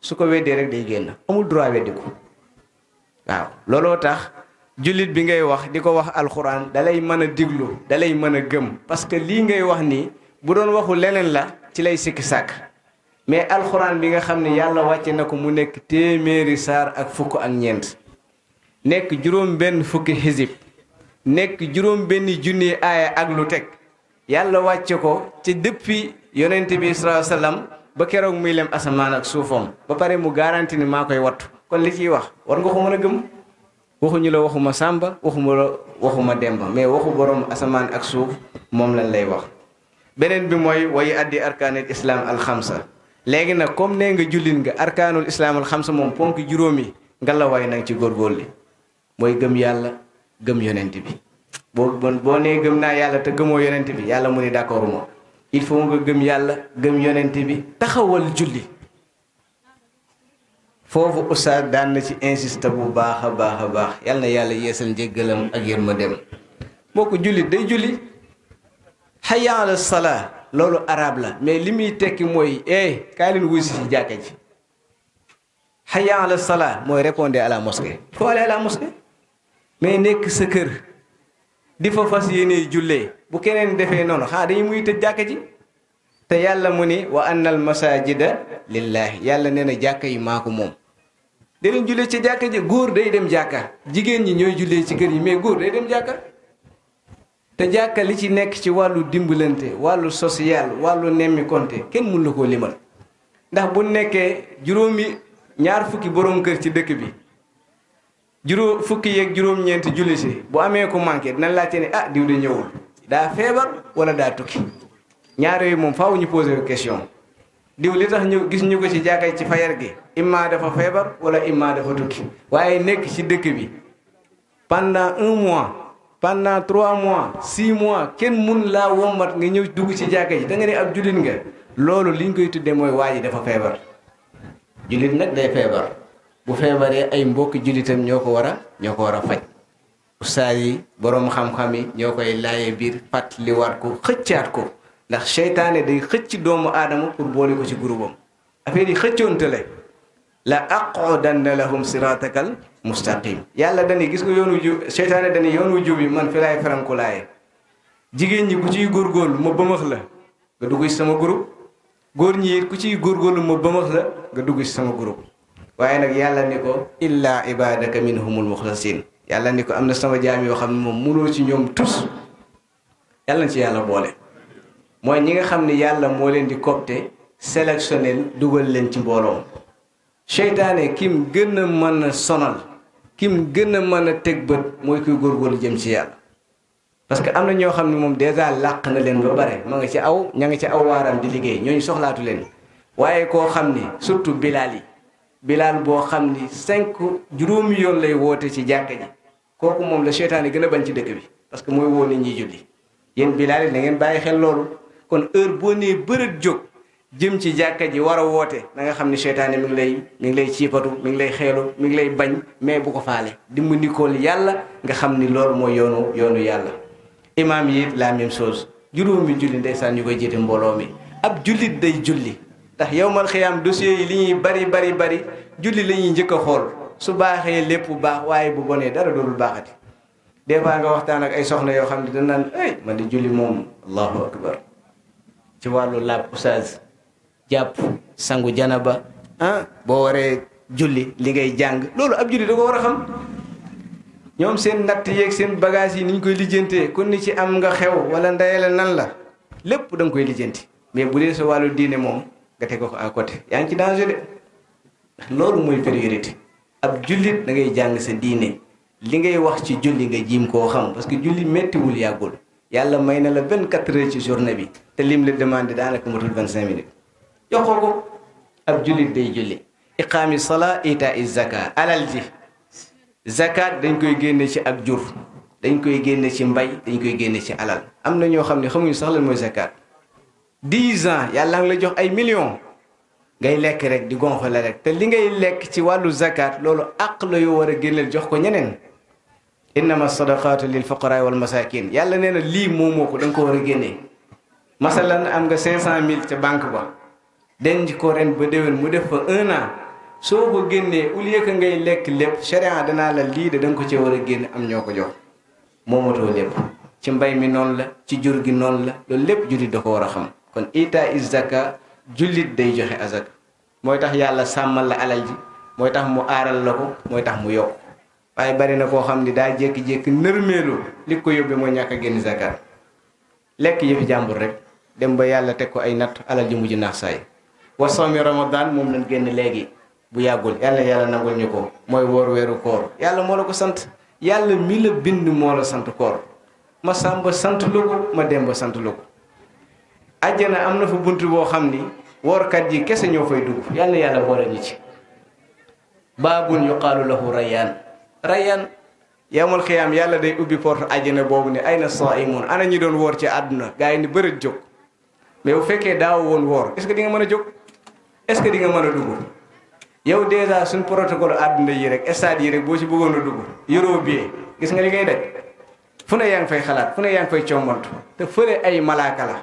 su ko weddee rek day génn amul droit weddi ko waaw looloo tax jullit bi ngay wax di ko wax alxuraan dalay mën a diglu dalay mën a gëm parce que lii ngay wax nii bu doon waxu leneen la ci lay sikki sàkk mais alxuraan bi nga xam ne yàlla wàcce na ko mu nekk téeméeri saar ak fukk ak ñeent nekk juróom benn fukki xisib nekk juróom benn junni aaya ak lu teg yàlla wàcce ko ci depuis yonent bi sallallahu ba keroog muy lem asamaan ak suufam ba pare mu garanti ni maa koy wattu kon li ciy wax war nga ko mën a gëm waxuñu la waxuma sàmba waxuma la waxuma demba mais waxu borom asamaan ak suuf moom lañ lay wax beneen bi mooy wayu addi arkaanul islaam alxamsa léegi nag comme nee nga jullit nga arkaanul islaam alxamsa moom ponk juróomi nga la waay nag ci góorgóorlu mooy gëm yàlla gëm yonent bi boo boo nee gëm naa yàlla te gëmoo yonent bi yàlla mu ne d'accord ma il faut nga gëm yàlla gëm yonent bi taxawal julli foofu oustaz daan ci insister bu baax a baax a baax yàlla na yàlla yeesal njéggalam ak yërmandeem moo ko julli day julli hayya ala salaa loolu arab la mais li muy tekki mooy eh kaay leen ci jàkka ji hayya ala salaa mooy répondre à la mosquée foo aller à la mosquée mais nekk sa kër di fa fas yéene jullee bu keneen defee noonu xaa dañu muy tëj jàkka ji te yàlla mu ni wa annal masajida lillahi yàlla nee na jàkka yi maa moom danañ jullee ci jàkka ji góor day dem jàkka jigéen ñi ñooy jullee ci kër yi mais góor day dem jàkka te jàkka li ci nekk ci wàllu dimbalante wàllu social wàllu nemmi konte kenn mun la koo limal ndax bu nekkee juróomi ñaar fukki borom kër ci dëkk bi juróom fukki yeeg juróom-ñeenti julli si bu amee ko manqué dina laajte ne ah diw de ñëwul daa feebar wala daa tukki ñaar yooyu moom faaw ñu posé question diw li tax ñëw gis ñu ko ci jàkkay ci fajar gi imma dafa feebar wala imma dafa tukki waaye nekk ci dëkk bi pendant un mois pendant trois mois six mois kenn mun laa wommat nga ñëw dugg ci jàkka ji da nga ne ab jullit nga loolu liñ koy tuddee mooy waa ji dafa feebar jullit nag day feebar bu feebaree ay mbokk jullitam ñoo ko war a ñoo ko war a faj ustaas yi boroom xam-xam yi ñoo koy laaye biir fàttaliwaat ko xëccaat ko ndax seytaane day xëcc doomu aadama pour boole ko ci groupam affaire yi xëccoonte la la aqudanna lahum siratakal mustaqim yàlla dañuy gis nga yoonu ju seytaane dañuy yoonu jub yi man fi laay farankulaaye jigéen ñi ku ciy góorgóorlu ma bëmax la nga dugg sama groupe góor ñi ku ciy góorgóorlu ma bëmax la nga dugg ci sama groupe waaye nag yàlla ni ko illa ibadaka minhumul muxlasin yàlla ni ko am na sama jaam yoo xam ne moom mënoo ci ñoom tus yàlla na ci yàlla boole mooy ñi nga xam ni yàlla moo leen di copte sélectionné dugal leen ci mbooloo seytaane kim gën a mën a sonal kim gën a mën a teg bët mooy kuy góorgóorlu jëm ci yàlla parce que am na ñoo xam ne moom dèjà làq na leen ba bare moo ngi ci aw ña ngi ci aw waaram di liggéey ñooñu soxlaatu leen waaye koo xam ni surtout bilaal yi bilaal boo xam ni cinq juróomi yoon lay woote ci jàkka ji kooku moom la seytaane gën a bañ ci dëkk bi parce que mooy woo nit ñi kon heure boo nee bërët jóg jëm ci jàkka ji war a woote da nga xam ne seytaane mi ngi lay mi ngi lay ciipatu mi ngi lay xeelu mi ngi lay bañ mais bu ko faale dimbandikool yàlla nga xam ni loolu mooy yoonu yoonu yàlla imaam yi laa même chose juróomi julli ndeysaan ñu koy jiite mbooloo mi ab jullit day julli ndax yowmal xiyaam dossier yi li ñuy bari bari bari julli la ñuy njëkk a xool su baaxee lépp bu baax waaye bu bonee dara doolul baaxati des fois nga waxtaan ak ay soxna yoo xam ne dañ naan ay man di julli moom ci wàllu laab oustaz jàpp sangu janaba ah boo waree julli li ngay jàng loolu ab julli da ko war a xam ñoom seen natt yeeg seen bagage yi ni koy lijjantee kon ni ci am nga xew wala ndeyale nan la lépp da nga koy lijjanti mais bu dee sa wàllu diine moom nga teg ko à côté yaa ngi ci danger de loolu mooy priorité jullit da ngay jàng sa diine li ngay wax ci julli nga jiim koo xam parce que julli méttiwul yàggul yàlla may na la vingt-quatre heures ci journée bi te lim la demandé daanaka matul vingt cinq minutes yokkoo ko ab jullit day julli iqaami salaa ita i zaka alal ji zakat dañ koy génne ci ak jur dañ koy génne ci mbay dañ koy génne ci alal am na ñoo xam ne xamuñu sax lan mooy zakat dix ans yàlla nga la jox ay millions ngay lekk rek di gonfale rek te li ngay lekk ci wàllu zakat loolu àq la yoo war a génneel jox ko ñeneen innama sadaqaatu lil fuqaraa wal masakin yàlla nee na lii moomoo ko da ko war a génnee masalan am nga 500000 ca banque ba denc ko ren ba déwén mu def fa un soo ko génnee au lieu que ngay lekk lépp sharia danaa la lii de da nga ko cee war a génn am ñoo ko jox moomatoo lépp ci mbay mi noonu la ci jur gi noonu la loolu lépp jullit da ko war a xam kon ita izaka jullit day joxe azaka mooy tax yàlla sàmmal la alal ji mooy tax mu aaral la ko mooy tax mu yokk waaye bari na koo xam ni daa jékki-jékki nërmeelu li ko yóbbee mooy ñàkk a génn zakat lekk yëfi jàmbur rek dem ba yàlla teg ko ay natt alal ji mujj naax saay wa soomi ramadan moom lañ génn léegi bu yàggul yàlla yàlla nangul ñu ko mooy woor weeru koor yàlla moo la ko sant yàlla mi la bind moo la sant koor ma sàmba sant la ko ma demba sant la ko àjjana am na fa bunt boo xam ni woorkat ji kese ñoo fay dugg yàlla yàlla boole ñu ci baabun yuqaalu lahu rayyaan rayyaan yawmal xiyaam yàlla day ubbi porte àjjana boobu ne ay na saimun ana ñi doon woor ci àdduna gaa mais bu fekkee daaw woon woor est-ce que nga mën a jóg est-ce que di nga mën a dugg yow déjà suñ protocole àdduna yi rek stade yi rek boo ci bëggoon a dugg yoroo billet gis nga li ngay daj fu ne yaa ngi fay xalaat fu ne yaa ngi fay combantu te fële ay malaaka la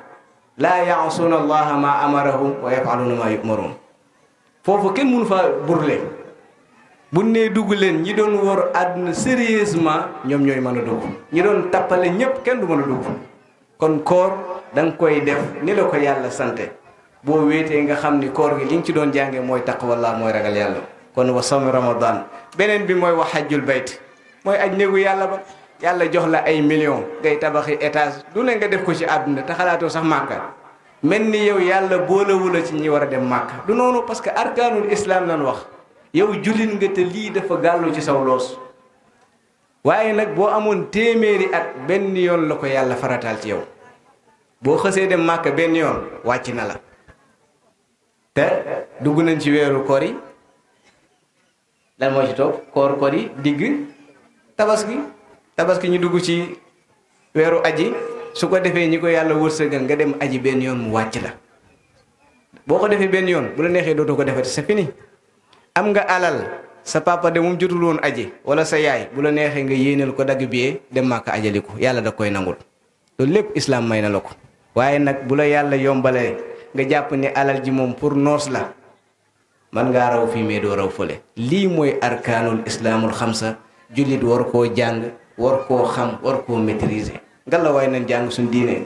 laa yaasuuna allaha ma amarahum wa yafaluuna ma yu yumaruun foofu kenn mënu fa burle bu ne dugg leen ñi doon wor àdduna sérieusement ñoom ñooy mën a dugg ñi doon tappale ñépp kenn du mën a dugg kon da nga koy def ni la ko yàlla sante boo wéetee nga xam ni koor gi li ci doon jàngee mooy taqwallah mooy ragal yàlla kon wa sawmi ramadan beneen bi mooy wax hajjul bayt mooy aj néegu yàlla ba yàlla jox la ay millions ngay tabaxi étage du ne nga def ko ci àdduna te xalaatoo sax màkka mel ni yow yàlla boolewu la ci ñi war a dem màkka du noonu parce que arkaanul islam lan wax yow jullit nga te lii dafa gàllu ci saw loos waaye nag boo amoon téeméeri at benn yoon la ko yàlla farataal ci yow boo xësee dem màkk benn yoon wàcc na la te dugg nañ ci weeru koor yi lan moo ci topp koor koor digg tabaski tabaski ñu dugg ci weeru aji su ko defee ñi ko yàlla wërsëgal nga dem aji benn yoon mu wàcc la boo ko defee benn yoon bu la neexee dootoo ko defati c'est fini am nga alal sa papa de moom jotul woon aji wala sa yaay bu la neexee nga yéenal ko dagg biyee dem màkk ajali ko yàlla da koy nangul loolu lépp islaam may na la ko waaye nag bu la yàlla yombalee nga jàpp ni alal ji moom pour noos la man ngaa raw fii mais doo raw fole lii mooy arkaanul islaamul xamsa jullit war koo jàng war koo xam war koo maîtriser nga la waay nañ jàng suñ diine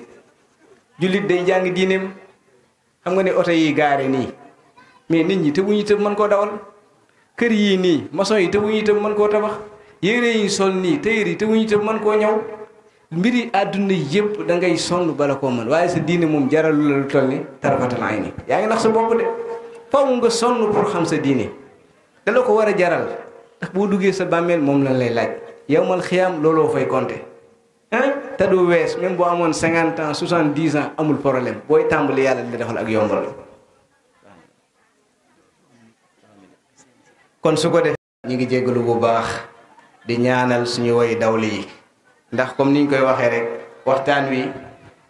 jullit day jàng diineem xam nga ne oto yi gaare nii mais nit ñi tëbuñu tëb mën koo dawal kër yii nii maçon yi tëbuñu tëb mën koo tabax yére yi sol nii téyër yi tëbuñu tëb mën koo ñëw mbiri àdduna yëpp da ngay sonn bala koo man waaye sa diine moom jaralu la lu toll ni tarafatal ay ni yaa ngi nax sa bopp de faw nga sonn pour xam sa diine da la ko war a jaral ndax boo duggee sa bàmmeel moom lan lay laaj yowmal xiyaam looloo fay compter ah te du boo amoon cinquante ans soixante dix amul problème booy tàmbali yàlla di defal ak yombal kon su ko def ñu ngi jégalu bu baax di ñaanal suñu woy dawli yi ndax comme ni ñu koy waxee rek waxtaan wi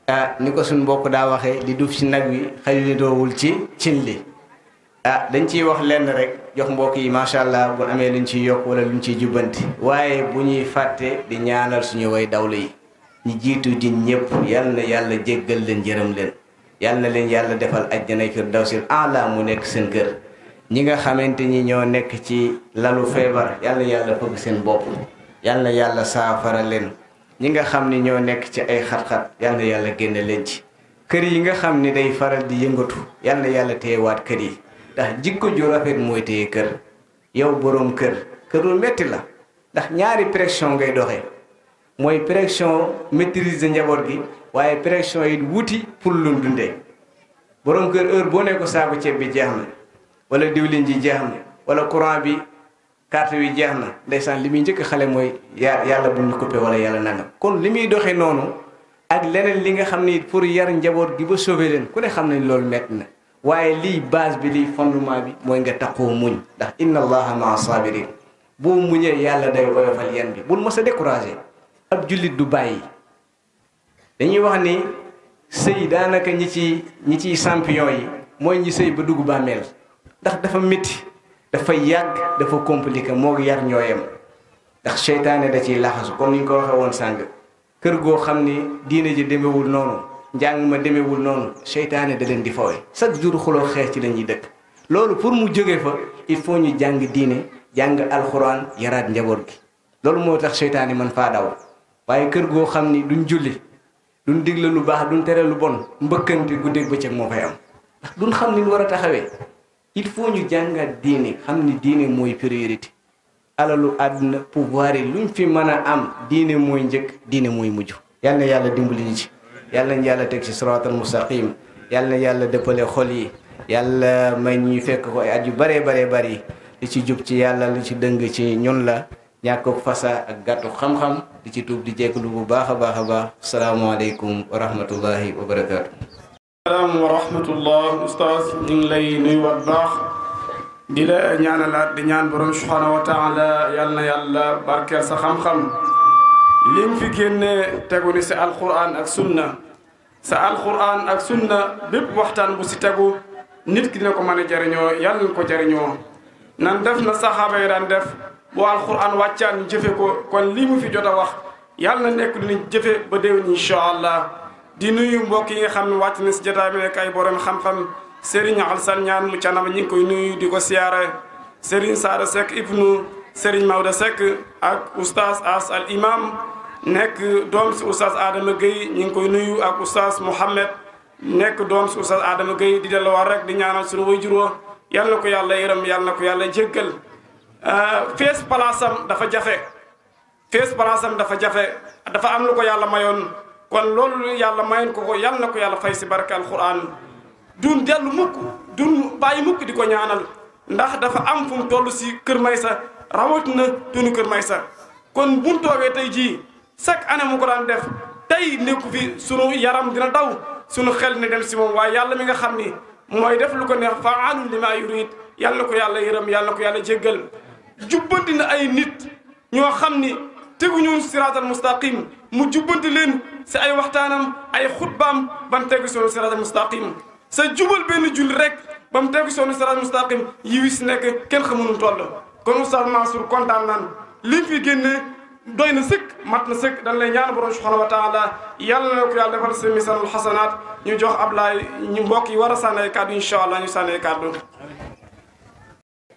ah ni ko suñ mbokk daa waxee di duuf ci nag wi xëy li ci cin li ah dañ ciy wax lenn rek jox mbokk yi macha allah bu amee luñ ciy yokk wala luñ ciy jubbanti waaye bu ñuy fàtte di ñaalal suñu woy dawle yi ñu jiitu di ñëpp yal na yàlla jéggal leen jërëm leen yal na leen yàlla defal ajjana firdawsil aala mu nekk seen kër ñi nga xamante ni ñoo nekk ci lalu feebar yal yàlla fëgg seen bopp yal yàlla saafara leen ñi nga xam ni ñoo nekk ci ay xat-xat yal yàlla génn leen ci kër yi nga xam ni day faral di yëngatu yal na yàlla téyewaat kër yi ndax jikko ju rafet mooy téye kër yow boroom kër kër lu metti la ndax ñaari pression ngay doxee mooy pression maîtriser njaboot gi waaye pression yi wuti pour lu dundee borom kër heure boo ne ko saaku ceeb bi jeex na wala diwlin ji jeex na wala bi carte wi jeex na ndeysaan li muy njëkk xale mooy yaa yàlla bu ñu coupé wala yàlla nangam kon li muy doxee noonu ak leneen li nga xam ni pour yar njaboot gi ba sauver leen ku ne xam nañ loolu metti na waaye lii base bi lii fondement bi mooy nga taqoo muñ ndax inna allaha maa sabirin boo muñee yàlla day woyofal yan bi bul mës a découragé ab jullit du bàyyi dañuy wax ni sëy daanaka ñi ci ñi ciy champion yi mooy ñi sëy ba dugg bàmmeel ndax dafa métti dafa yàgg dafa compliqué moo yar ñooyam ndax seytaane da ciy laxasu comme ni ñu ko waxee woon sàng kër goo xam ni diine ji demewul noonu njàng ma demewul noonu seytaane da leen di fawe chaque jour xuloo xeex ci lañuy dëkk loolu pour mu jóge fa il faut ñu jàng diine jàng alxuraan yaraat njaboot gi loolu moo tax seytaane man faa daw waaye kër goo xam ni duñ julli duñ digle lu baax duñ tere lu bon mbëkkante guddeeg bëccëg moo fay am ndax duñ xam ni war a il faut ñu jàngat diine xam ni diine mooy priorité alalu àdduna pouvoir yi luñ fi mën a am diine mooy njëkk diine mooy mujj yal yàlla dimbali ñu ci yal yàlla teg ci siraatal mustaqim yal na yàlla dëppale xol yi yàlla may ñuy fekk ko ay at yu baree baree bari li ci jub ci yàlla li ci dëng ci ñun la ñàkkook fasa ak gàttu xam-xam di ci tuub di jekkalu bu baax a baax a baax salaamaaleykum wa rahmatullahi wa salaam wa rahmatullah ustaas ñu lay nuyu waat baax di la ñaanalaat di ñaan borom subhaanahu wa taala yal na yàlla barkeel sa xam-xam lim fi génne tegu ni si alquran ak sunna sa alquran ak sunna bépp waxtaan bu si tegu nit ki dina ko mën jariñoo yàlla na ko jariñoo nan def na saxaaba yi daan def bu alquran wàccaan ñu jëfe ko kon lii mu fi jot a wax yàlla na nekk dina jëfe ba déwén incha di nuyu mbokk yi nga xam ne wàcc na si jotaay bi nekk ay borom xam-xam Serigne Alassane Niane mu canama ñu ngi koy nuyu di ko siyaare Serigne Sada Seck ibnu Serigne Maodo Seck ak oustaz As al imam nekk doom si oustaz Adama Gueye ñu ngi koy nuyu ak oustaz Mouhamed nekk doom si oustaz Adama Gueye di delloo war rek di ñaanal suñu way juró yal na ko yàlla yërëm yal na ko yàlla jéggal euh, fees palaasam dafa jafe fees palaasam dafa jafe dafa am lu ko yàlla mayoon kon loolu yàlla mayoon ko ko yàlla na ko yàlla fay si barke alxuraan duun dellu mukk duun bàyyi mukk di ko ñaanal ndax dafa am fu mu toll si Kër Maysa rawatina tunu Kër Maysa kon bu ñu tey jii chaque année mu ko daan def tey nekku fi sunu yaram dina daw sunu xel ne dem si moom waaye yàlla mi nga xam ni mooy def lu ko neex fa'aalun limaa yuriid yàlla na ko yàlla yërëm yàlla ko yàlla jéggal jubbanti na ay nit ñoo xam ni teguñu siraatal mustaqim mu jubbanti leen si ay waxtaanam ay xutbaam ba mu tegu sunu siraat mustaqim sa jubal benn julli rek ba mu tegu sunu siraat mustaqim yi wi si nekk kenn xamuñu toll kon Oustaz Mansour kontaan naan li fi génnee doy na sëkk mat na sëkk dañ lay ñaan borom subhanahu wa taala yàlla na ko yàlla defal sa misaanul xasanaat ñu jox Ablaye ñu mbokk yi war a sànnee kàddu incha allah ñu sànnee kàddu.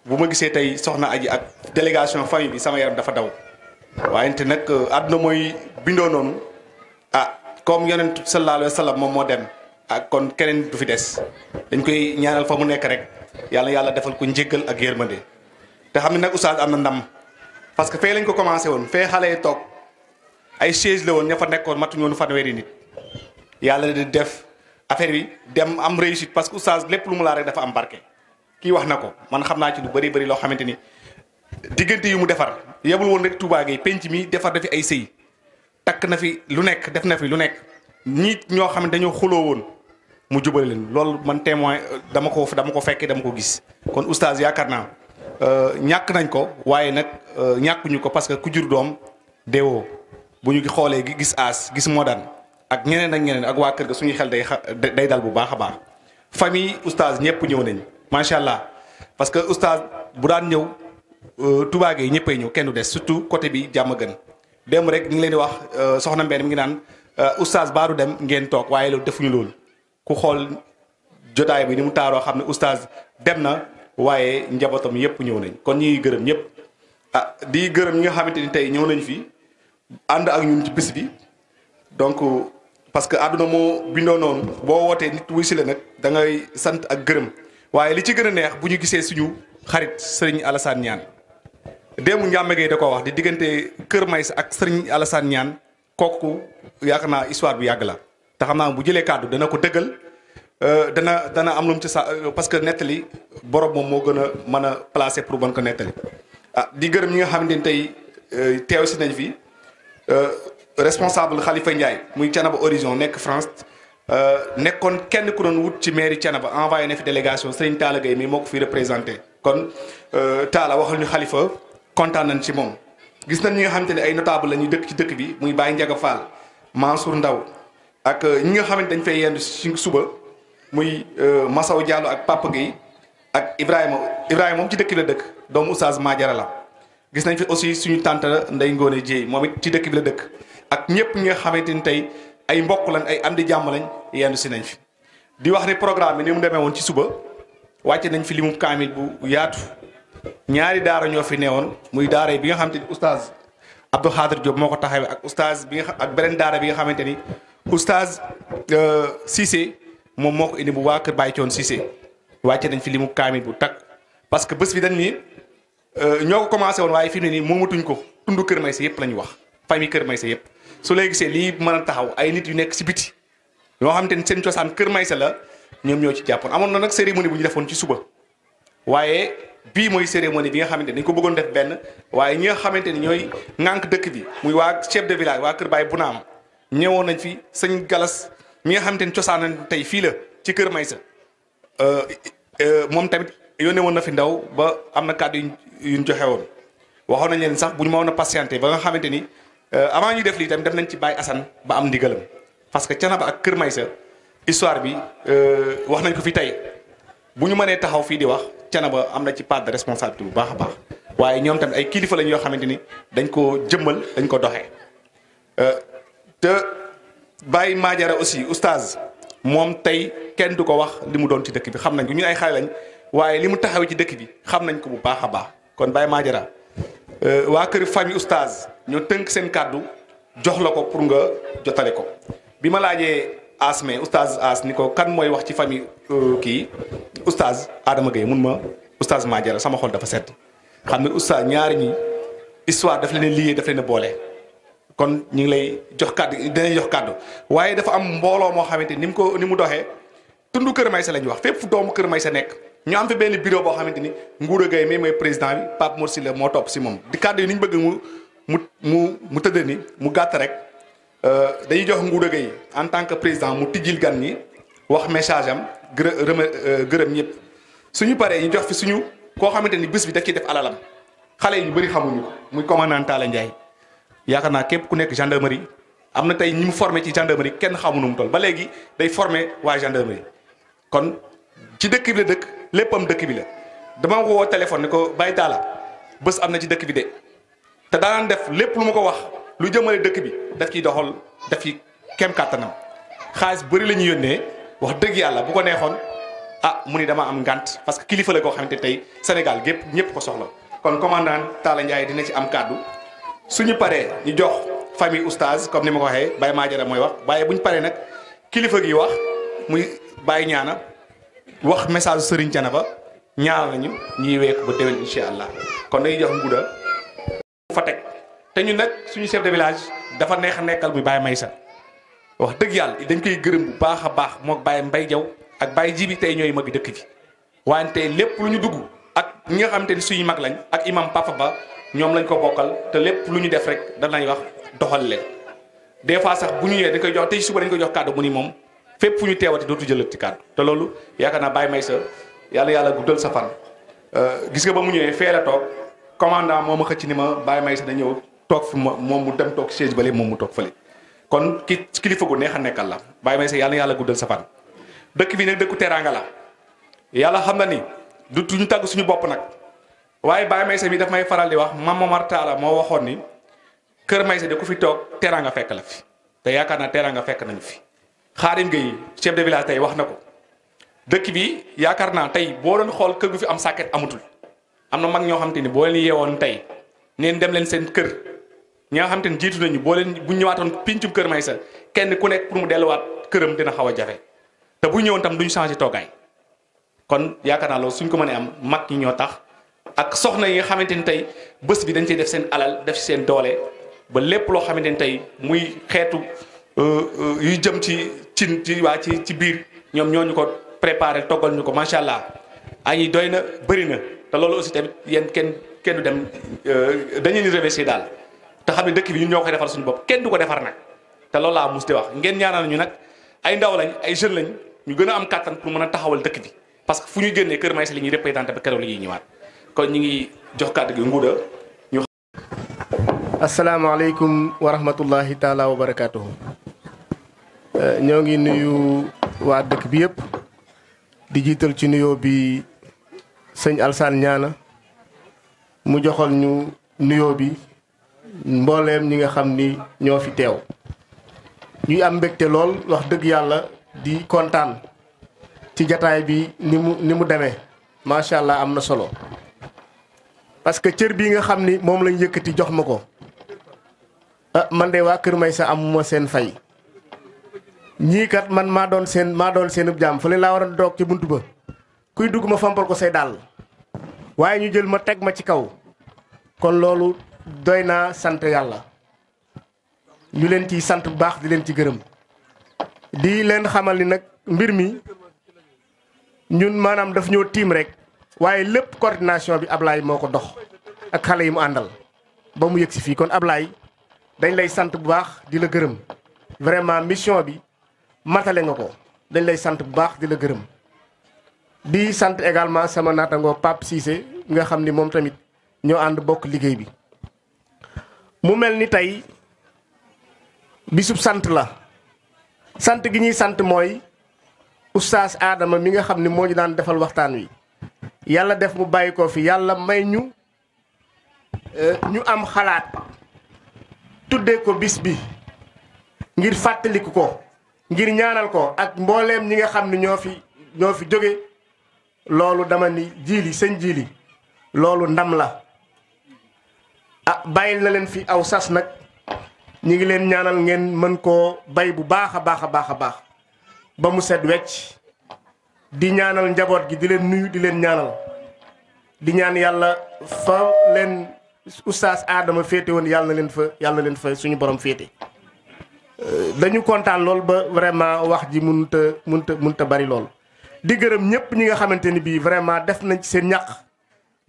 bu ma gisee tey soxna aji ak délégation famille bi sama yaram dafa daw. waayente nag euh, àdduna mooy bindoo noonu ah comme yonent sallallahu alayhi wa sallam moom moo dem ak ah, kon keneen du fi des dañ koy ñaanal fa mu nekk rek yàlla yàlla defal ko njéggal ak yërmande te xam ne nag oustaz am na ndam parce que fee lañ ko commencé woon fee xale yi toog ay chaise la woon ña fa nekkoon matuñu woon fanweeri nit yàlla di def affaire bi dem am réussite parce que oustaz lépp lu mu laa rek dafa am barke kii wax na ko man xam naa ci lu bëri bëri loo xamante ni diggante yu mu defar yebul woon rek tubaa Gueye penc mi defar dafi ay sëy takk na fi lu nekk def na fi lu nekk ñi ñoo xam ne dañoo xuloo woon mu jubale leen lool man témoin dama ko dama ko fekkee dama ko gis. kon oustaz yaakaar naa euh, ñàkk nañ ko waaye nag euh, ñàkkuñu ko parce que ku jur doom deewoo bu ñu xoolee gis aas gis moo daan ak ñeneen ak ñeneen ak waa kër ga suñu xel day day dal bu baax a baax famille oustaz ñëpp ñëw nañ macha allah parce que oustaz bu daan ñëw. Euh, Touba Gueye ñëppay ñëw kenn du des surtout côté bi jàmm gën dem rek ñu leen di wax euh, soxna Mbène mi ngi naan euh, oustaz baaru dem ngeen toog waaye loolu defuñu loolu ku xool jotaay bi ni mu taaroo xam ne oustaz dem na waaye njabootam yëpp ñëw nañ kon ñi gërëm ñëpp a ah, di gërëm ñi nga xamante ni tey ñëw nañ fi ànd ak ñun ci bis bi donc parce que àdduna moo bindoo noonu boo wootee nit wuy si la nag dangay sant ak gërëm waaye li ci gën a neex bu ñu gisee suñu. xarit sëriñ Alassane Niane démb Ndiambé Gueye da ko wax di diggante Kër Maïs ak sëriñ Alassane Niane kooku yaakaar naa histoire bu yàgg la te xam naa bu jëlee kàddu dana ko dëggal euh, dana dana am lu mu ci sa euh, parce que nettali borom moom moo gën a mën a placé pour mën ko nettali. ah di gërëm ñi nga xamante ni tey euh, teew si nañ fi responsable xalifa Ndiaye muy Thiénaba Horizon nekk France. nekkoon kenn ku doon wut ci mairie Thiénaba envoyé na fi délégation Serigne Talla Gueye moo ko fi représenté kon euh, taala waxal ñu xalifa kontaan nañ ci moom gis nañ ñi nga xamante ni ay notable la ñuy dëkk ci dëkk bi muy Baye Ndiaga Fall Mansour Ndaw ak euh, ñi nga xamante dañ fay yendu ci suba muy euh, Massaw Diallo ak Papa Guèye ak Ibrahima Ibrahima moom ci dëkk bi la dëkk doomu Oustaz Madiara la gis nañ fi suñu tante Ndeye Ngone Dieye moom ci dëkk la dëkk ak ñëpp ñi nga xamante ni tey ay mbokk lañ ay am di jàmm lañ yendu si nañ fi di wax ne programme bi ni mu demee woon ci suba. wàcce nañ fi limub kaamil bu yaatu ñaari daara ñoo fi newoon muy daara bi nga xamante ni oustaz Abdou Khadir Diop moo ko taxawee ak oustaz bi nga ak beneen daara bi nga xamante ni oustaz euh, Cissé moom moo ko indi bu waa kër Baye Thion Cissé wàcce nañ fi limub kaamil bu takk parce que bés bi dañ ni euh, ñoo ko commencé woon waaye fi mu ne nii moomatuñ ko tund Kër Maysa yëpp la ñu wax famille Kër Maysa yëpp su lay gisee lii mën a taxaw ay nit yu nekk si biti yoo xamante ni seen cosaan Kër Maysa la. ñoom ñoo ci jàppoon amoon na nag cérémonie bu ñu defoon ci suba waaye bii mooy cérémonie bi nga xamante ni dañ ko bëggoon def benn waaye ñi nga xamante ni ñooy ŋànk dëkk bi muy waa chef de village waa Kër Baay Bunaam ñëwoon nañ fi sëñ Galas mi nga xamante ni cosaan tey fii la ci Kër Maysa euh, euh, moom tamit yónnee woon na fi ndaw ba am na kaat yu ñu joxe woon waxoon nañ leen sax bu ñu ma woon a patienté ba nga xamante ni euh, avant ñuy def lii tamit dem nañ ci Baye Assane ba am ndigalam parce que Canaba ak Kër Maysa histoire bi euh, wax nañ ko fi tey bu ñu mënee taxaw fii di wax Thiénaba am na ci part de responsabilité bu baax a baax waaye ñoom tamit ay kilifa lañ yoo xamante ni dañ ko jëmmal dañ ko doxee euh, te Baye Madiara aussi oustaz moom tey kenn du ko wax li mu doon ci dëkk bi xam nañ ko ñun ay xale lañ waaye li mu taxawee ci dëkk bi xam nañ ko bu baax a baax kon Baye Madiara euh, waa kër famille oustaz ñoo tënk seen kàddu jox la ko pour nga jotale ko bi ma laajee as mais oustaz as ni ko kan mooy wax ci famille euh, kii oustaz Adama Gueye mun ma oustaz maa sama xol dafa sedd xam ne oustaz ñaari ñi histoire daf leen a lié daf leen a boole kon ñu ngi lay jox kadd dinañ jox kaddu waaye dafa am mbooloo moo xamante ni mu ko ni mu doxee tund Kër Maysa la ñu wax fépp fu doomu Kër may sa nekk ñu am fi benn bureau boo xamante ni Nguura Gueye mi mooy président bi Pape Mor Sylla moo topp si moom di kàddu yi ni ñu bëgg mu mu mu mu tëdd mu gàtt rek. Euh, dañuy jox Nguuda Gueye en tant que président mu tijjil gan ñi wax message am gërë euh, gërëm ñëpp suñu paree ñu jox fi suñu koo xamante ni bés bi da ciy def alalam xale yi ñu bëri xamuñu ko muy commandant Talla Ndiaye yaakaar naa képp ku nekk gendarmerie am na tey ñi mu formé ci gendarmerie kenn xamuñu mu toll ba léegi day formé waa gendarmerie kon ci dëkk bi la dëkk léppam dëkk bi la dama ko woo téléphone ni ko bàyyi Talla bés am na ci dëkk bi de te daan def lépp lu ko wax. lu jëmale dëkk bi daf ciy doxal daf ci kem kàttanam xaalis bëri la ñuy yónnee wax dëgg yàlla bu ko neexoon ah mu ni dama am ngant parce que kilifa la koo xamante tey Sénégal gépp ñëpp ko soxla kon commandant Talla Ndiaye dina ci am kàddu suñu paree ñu jox famille oustaz comme ni ma ko waxee Baye Maajara mooy wax Baye buñ paree nag kilifa gi wax muy Baye ñaana wax message Serigne Thiénaba ñaar nañu ñuy week ba déwén incha allah kon dañuy jox nguda fa teg te ñun nag suñu chef de village dafa neex a nekkal muy Baye Maysa wax dëgg yàlla dañ koy gërëm bu baax a baax moo Baye Mbay Jaw ak Baye Jibi tey ñooy mag dëkk bi wante lépp lu ñu dugg ak ñi nga xamante ni suñu mag lañ ak imam Papa Ba ñoom lañ ko bokkal te lépp lu ñu def rek danañ wax doxal leen. des fois sax bu ñu ñëwee dañ koy jox tey suba dañ koy jox kàddu mu ni moom fépp fu ñu teewati dootu jëlati kàddu te loolu yaakaar naa Baye Maysa yàlla yàlla guddal sa fan. Euh, gis nga ba mu ñëwee fee la toog commandant moo ma xëcc ni ma Baye Maysa da ñëw toog fi moom mu dem toog chaise bële moom mu toog fële kon ki kilifa gu neex a nekkal la bàyyi may yàlla na yàlla guddal sa fan dëkk bi nag dëkku teraanga la yàlla xam na ni du ñu tàgg suñu bopp nag waaye bàyyi may sa mi daf may faral di wax Mame Momar Talla moo waxoon ni kër may sa de ku fi toog teraanga fekk la fi te yaakaar naa teraanga fekk nañu fi xaariñ Gueye chef de village tey wax na ko dëkk bi yaakaar naa tey boo doon xool kër gu fi am sàkket amatul am na mag ñoo xam ni boo leen yeewoon tey neen dem leen seen kër ñaa nga xam te jiitu nañu boo leen bu ñëwaatoon pincum kër Maysa kenn ku nekk pour mu delluwaat këram dina xaw a jafe te bu ñëwoon tam duñ changé toogaay kon yaakaar naa loolu suñ ko mënee am mag ñi ñoo tax ak soxna yi nga xamante ni tey bés bi dañ cey def seen alal def seen doole ba lépp loo xamante ni tey muy xeetu euh, euh, yuy jëm ci ci waa ci ci biir ñoom ñoo ñu ko préparé toggal ñu ko macha allah añi doy na bëri na te loolu aussi tamit yéen kenn kenn du dem euh, dañu ñu remercier daal. te xam ne dëkk bi ñun ñoo koy defar suñu bopp kenn du ko defar nag te loolu laa mus di wax ngeen ñaanal ñu nag ay ndaw lañ ay jeunes lañ ñu gën a am kàttan pour mën a taxawal dëkk bi parce que fu ñu génnee Kër Maysa li ñuy représenté ba keroog la ñuy ñëwaat kon ñu ngi jox kàddu gi nguuda ñu asalaamaaleykum wa rahmatullahi taala wa barakaatuhu euh, ñoo ngi nuyu waa dëkk bi yëpp di jiital ci nuyoo bi sëñ Alsaan ñaana mu joxal ñu nuyoo bi mbooleem ñi nga xam ni ñoo fi teew ñuy am mbégte lool wax dëgg yàlla di kontaan ci jataay bi ni mu ni mu demee macha allah am na solo parce que cër bii nga xam ni moom lañ yëkkati jox ma ko ah man de waa Kër may Maysa amuma seen fay ñii kat man maa doon seen maa doon seenub jaam fële laa war a doog ci buntu ba kuy dugg ma fampal ko sey daal waaye ñu jël ma teg ma ci kaw kon loolu doy naa sant yàlla ñu leen ci sant bu baax di leen ci gërëm di leen xamal ni nag mbir mi ñun maanaam daf ñoo tiim rek waaye lépp coordination bi Ablaye moo ko dox ak xale yi mu àndal ba mu yëg si fii kon Ablaye dañ lay sant bu baax di la gërëm vraiment mission bi matale nga ko dañ lay sant bu baax di la gërëm di sant également sama naatangoo Pape Cissé nga xam ni moom tamit ñoo ànd bokk liggéey bi mu mel ni tey bisub sant la sant gi ñuy sant mooy oustaz aadama mi nga xam ni moo ñu daan defal waxtaan wi yàlla def mu bàyyi ko fi yàlla may ñu euh, ñu am xalaat tuddee ko bis bi ngir fàttaliku ko ngir ñaanal ko ak mbooleem ñi nga xam ni ñoo fi ñoo fi jóge loolu dama ni jiili sëñ jiili loolu ndam la ah bàyyil na leen fi aw sas nag ñu ngi leen ñaanal ngeen mën koo bay bu baax a baax a baax a baax ba mu set wecc di ñaanal njaboot gi di leen nuyu di leen ñaanal di ñaan yàlla fa leen oustaz aadama féete woon yàlla leen fa yàlla leen fa suñu borom féete. Euh, dañu kontaan lool ba vraiment wax ji mënut a mënut a mënut a bari lool di gërëm ñëpp ñi nga xamante ni bii vraiment def nañ ci seen ñàq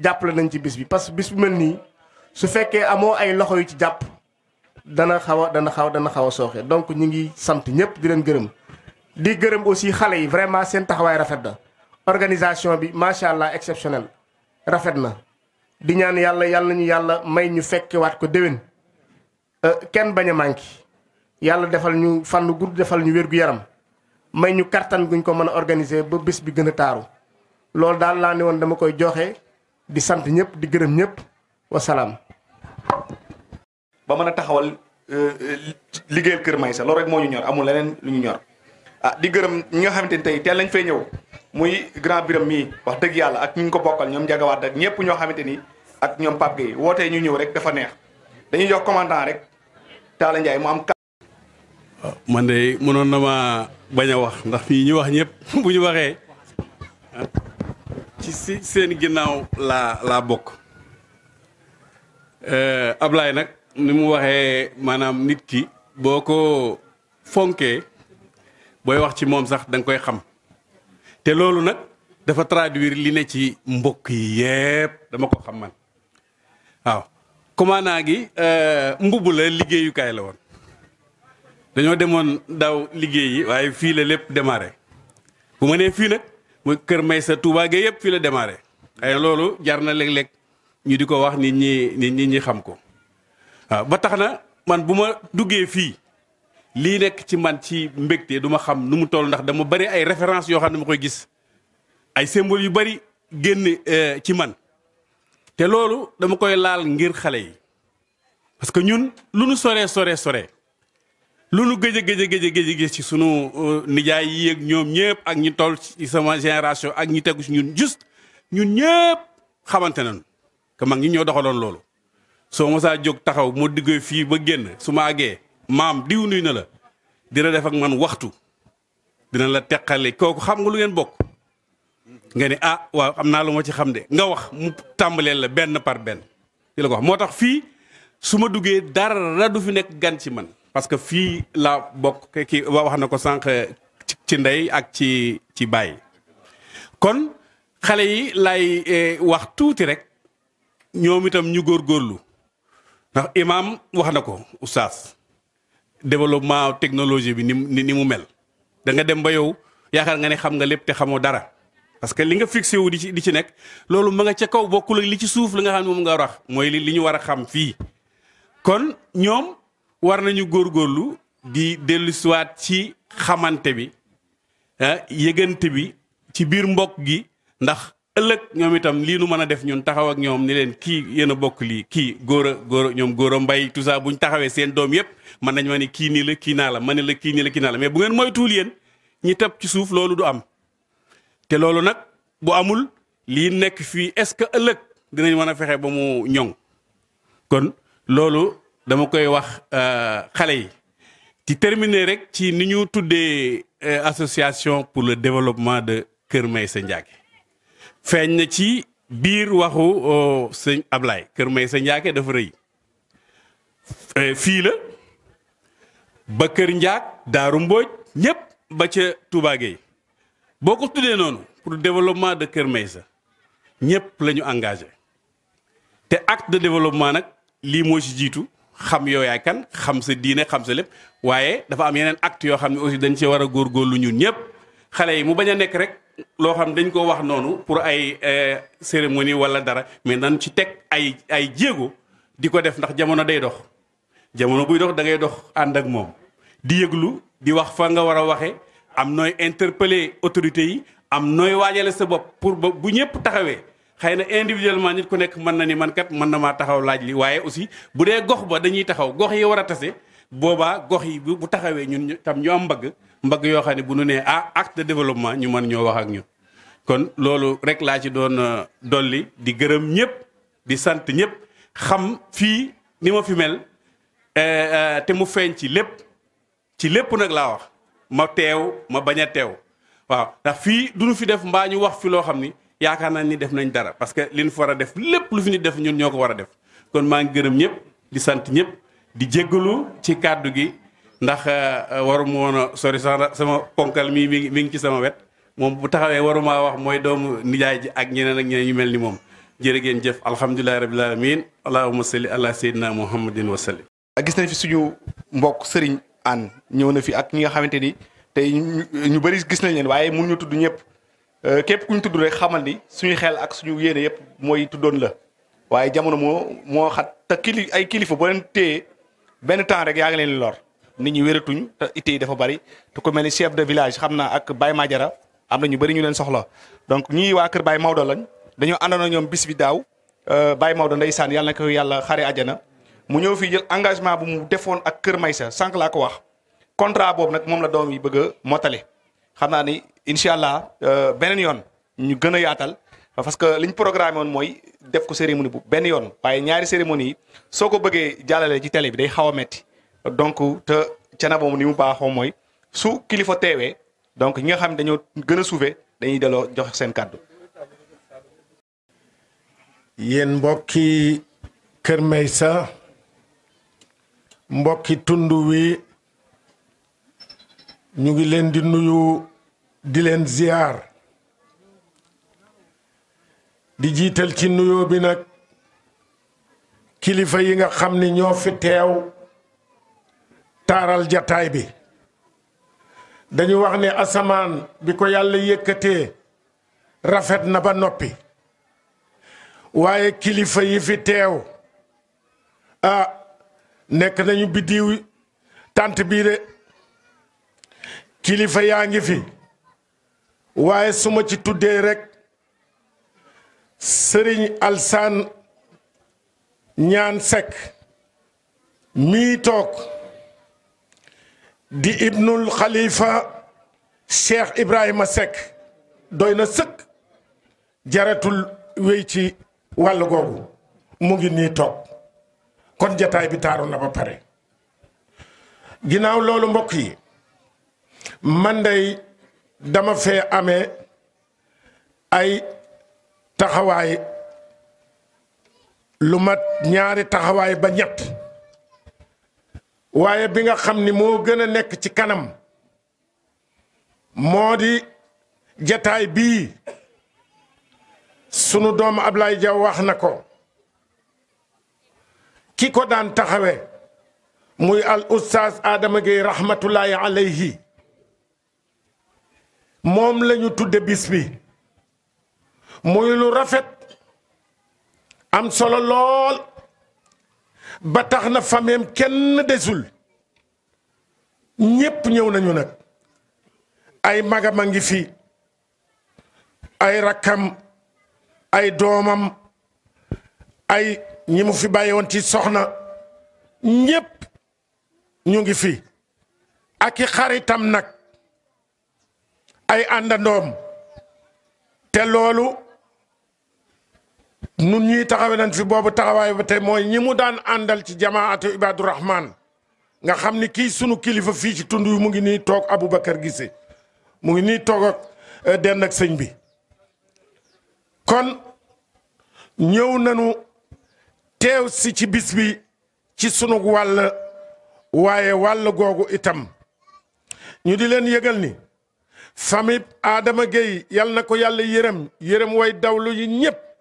jàppale nañ ci bis bi parce bis bu mel nii. su fekkee amoo ay loxo yu ci jàpp dana xaw a dana xaw dana xaw a sooxe donc ñu ngi sant ñëpp di leen gërëm di gërëm aussi xale yi vraiment seen taxawaay rafet na organisation bi macha allah exceptionnel rafet na di ñaan yàlla yàlla ñu yàlla may ñu fekkewaat ko déwén euh, kenn bañ a manqué yàlla defal ñu fànn gudd defal ñu wér-gu-yaram may ñu kattan guñ ko mën a organiser ba bis bi gën a taaru loolu daal laa ne woon dama koy joxe di sant ñëpp di gërëm ñëpp wasalaam. ba mën a taxawal euh, euh, liggéeyal Kër Maysa loolu rek moo ñu ñor amul leneen lu ñu ñor ah di gërëm ñi nga xamante ni tey teel nañ fay ñëw muy grand biram mii wax dëgg yàlla ak ñu ngi ko bokkal ñoom jagawaat ak ñëpp ñoo xamante ni ak ñoom Pape Gueye wootee ñu ñëw rek dafa neex dañuy jox commandant rek Talla Ndiaye mu am. Ah, man de mënoon na ma bañ a wax ndax fii ñu wax ñëpp bu ñu waxee ah, ci seen ginnaaw laa laa bokk. Euh, Ablaye nag ni mu waxee maanaam nit ki boo ko fonkee booy wax ci moom sax danga koy xam te loolu nag dafa traduir li ne ci mbokk yi yépp dama ko xam man waaw commandant gi euh, mbubb la liggéeyukaay la woon dañoo demoon daaw liggéey yi waaye fii la lépp démarré bu ma nee fii nag muy kër may sa Touba Gueye yëpp fii la démarré xëy loolu jar na léeg-léeg ñu di ko wax nit ñi nit ñi ñi xam ko waaw ba tax na man bu ma duggee fii lii nekk ci man ci mbégte du ma xam nu mu toll ndax dama bari ay références yoo xam ne ma koy gis ay symbole yu bari génn euh, ci man te loolu dama koy laal ngir xale yi parce que ñun lu nu soree soree soree lu nu gëj a gëj a gëj a gëj a gis ci sunu euh, nijaay yi ak ñoom ñëpp ak ñu toll ci sama génération ak ñu tegu ci ñun juste ñun ñëpp xamante nañu te mag ñi ñoo doxaloon loolu soo mosaa jóg taxaw moo diggoy fii ba génn su ma àggee maam diw nuy na la dina def ak waxtu dina la teqale kooku xam nga lu ngeen bokk nga ni ah am naa lu ma ci xam de nga wax mu la benn par benn la ko moo tax fii su ma duggee dara du fi nekk gan ci man parce que fii laa bokk kii wax na ko sànq ci ndey ak ci ci bàyyi kon xale yi lay eh, wax tuuti rek ñoom itam ñu góor góorlu ndax imaam wax na ko oustaz développement technologie bi ni ni mu mel danga dem ba yow yaakaar nga ne xam nga lépp te xamoo dara parce que li nga fixé wu di ci nekk loolu ma nga ca kaw bokkul ak li ci suuf li nga xam ne moom nga wax mooy li ñu war a xam fii kon ñoom war nañu góorgóorlu di dellu siwaat ci xamante bi ah, yëgante bi ci biir mbokk gi ndax ëllëg ñoom itam lii nu mën a def ñun taxaw ak ñoom ni leen kii yéen a bokk lii kii góor a góor ñoom góor a mbay tout ça buñ taxawee seen doom yépp mën nañ ma ni kii nii la kii naa la man ne la kii nii la kii naa la mais bu ngeen moytuwul yéen ñi tëb ci suuf loolu du am te loolu nag bu amul lii nekk fii est-ce que ëllëg dinañ mën a fexe ba mu ñoŋ kon loolu dama koy wax euh, xale yi di terminer rek ci ni ñu tuddee euh, association pour le développement de Kër may Maïssa Ndiaké feeñ na ci biir waxu sëñ Ablaye Kër Maysa Ndiaké dafa rëy eh, fii la ba Kër Ndiak Daaru Mbooj ñëpp ba ca Touba boo ko tuddee noonu pour développement de Kër Maysa ñëpp la ñu engagé te acte de développement nag lii moo ci jiitu xam yow yaay kan xam sa diine xam sa lépp waaye dafa am yeneen acte yoo xam ne aussi dañ ci war a góorgóorlu ñuul ñëpp xale yi mu bañ a nekk rek. loo xam dañ ko wax noonu pour ay eh, cérémonie wala dara mais nan ci teg ay ay jéego di ko def ndax jamono day dox jamono buy dox da ngay dox ànd ak moom di yëglu di wax fa nga war a waxee am nooy interpeller autorités yi am nooy waajale sa bopp pour ba bu ñëpp taxawee xëy na individuellement nit ku nekk mën na ni man kat mën na maa taxaw laaj li waaye aussi bu dee gox ba dañuy taxaw gox yi war a tase boobaa gox yi bu taxawee ñun tam ñu am mbagg mbagg yoo xam ne bu nu nee ah acte de développement ñu man ñoo wax ak ñun kon loolu rek laa ci doon euh, dolli di gërëm ñëpp di sant ñëpp xam fii ni ma fi mel eh, eh, te mu feeñ ci lépp ci lépp nag laa wax ma teew ma bañ a teew waaw ndax fii du ñu fi def mbaa ñu wax fi loo xam ni yaakaar naa ni def nañ dara parce que li ñu fi war a def lépp lu fi ñu def ñun ñoo ko war a def kon maa ngi gërëm ñëpp di sant ñëpp di jéggalu ci kàddu gi. ndax euh, euh, waruma woon a sori sax sama ponkal mii mi mi ngi ci sama wet moom bu taxawee waruma wax mooy doomu nijaay ji ak ñeneen ak ñeneen ñu mel ni moom jërë ngeen jëf alhamdulilahi rabil alamin allahuma salli ala sayyidina muhammadin wa sallim ah, gis nañ fi suñu mbokk sëriñ Anne ñëw na fi ak ñi nga xamante ni tey ñu bëri gis nañ leen waaye mun ñu tudd ñëpp euh, képp ku ñu tudd rek xamal ni suñu xel ak suñu yéene yëpp mooy tuddoon la waaye jamono moo moo xat te kili ay kilifa boo leen benn temps rek yaa ngi leen lor nit ñi wératuñu it yi dafa bari te ku mel ni chef de village xam naa ak Baye Majara am na ñu bëri ñu leen soxla donc ñii waa kër Baye Maodo lañ dañoo àndoon ñoom bis bi daaw euh, Baye Maodo ndeysaan yàlla na ko yàlla xare àjjana mu ñëw fii jël engagement bu mu defoon ak kër Maysa sànq laa ko wax contrat boobu nag moom la doom yi bëgg a mottale xam naa ni incha allah euh, beneen yoon ñu gën a yaatal parce que liñ programme woon mooy def ko cérémonie bu benn yoon waaye ñaari cérémonie yi soo ko bëggee jàllale ci télé bi day xaw a metti donc te Thiénaba moom ni mu baaxoo mooy su kilifa teewee donc yi nga xam ne dañoo gën suufee dañuy delloo jox seen kàddu. yéen mbokki Kër Maysa mbokki tund wi ñu ngi leen di nuyu di leen ziar. di jiital ci nuyoo bi nag kilifa yi nga xam ni ñoo fi teew taaral jataay bi dañu wax ne asamaan bi ko yàlla yëkkatee rafet na ba noppi waaye kilifa yi fi teew ah nekk nañu biddiw tànt bi de kilifa yaa ngi fi waaye su ma ci tuddee rekk sëriñ Alsaan ñaan Sekk mii toog di ibnul xalifa cheikh Ibrahima Seck doy na sëkk jaratul wéy ci wàll googu mu ngi nii toog kon jataay bi taaru na ba pare ginnaaw loolu mbokk yi man day dama fee amee ay taxawaay lu mat ñaari taxawaay ba ñett waaye bi nga xam ni moo gën a nekk ci kanam moo di jataay bii sunu doom Ablaye ja wax na ko ki ko daan taxawe muy al oustaz Adama Gueye rahmatullahi alayhi moom lañu tudde bis bi muy lu rafet am solo lool ba tax na fameem kenn desul ñépp ñëw nañu nag ay magam a ngi fi ay rakkam ay doomam ay ñi mu fi bàyyi woon ci soxna ñépp ñu ngi fi aki xaritam nag ay àndandoom te loolu nun ñuy taxawe nañ fi boobu taxawaay ba tey mooy ñi mu daan àndal ci jamaatu Ibadu Rahman nga xam ni kii sunu kilifa fii ci tund wi mu ngi nii toog Aboubacar Guissé mu ngi nii toog ak euh, dend ak sëñ bi kon ñëw nañu teew si ci bis bi ci sunu wàll waaye wàll googu itam ñu di leen yëgal ni famille Adama Gueye yal na ko yàlla yërëm yérem way dawlu yi ñëpp.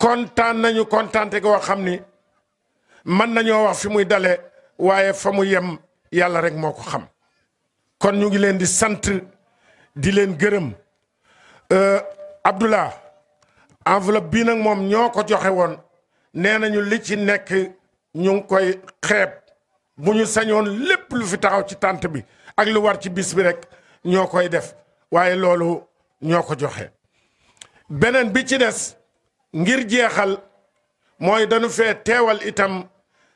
kontaan nañu kontaante goo xam ni mën nañoo wax fi muy dale waaye fa mu yem yàlla rek moo ko xam kon ñu ngi leen di sant di leen gërëm euh, Abdullah enveloppe bii nag moom ñoo ko joxe woon nee nañu li ci nekk ñu ngi koy xeeb bu ñu sañoon lépp lu fi taxaw ci tànt bi ak lu war ci bis bi rek ñoo koy def waaye loolu ñoo ko joxe beneen bi ci des ngir jeexal mooy dañu fee teewal itam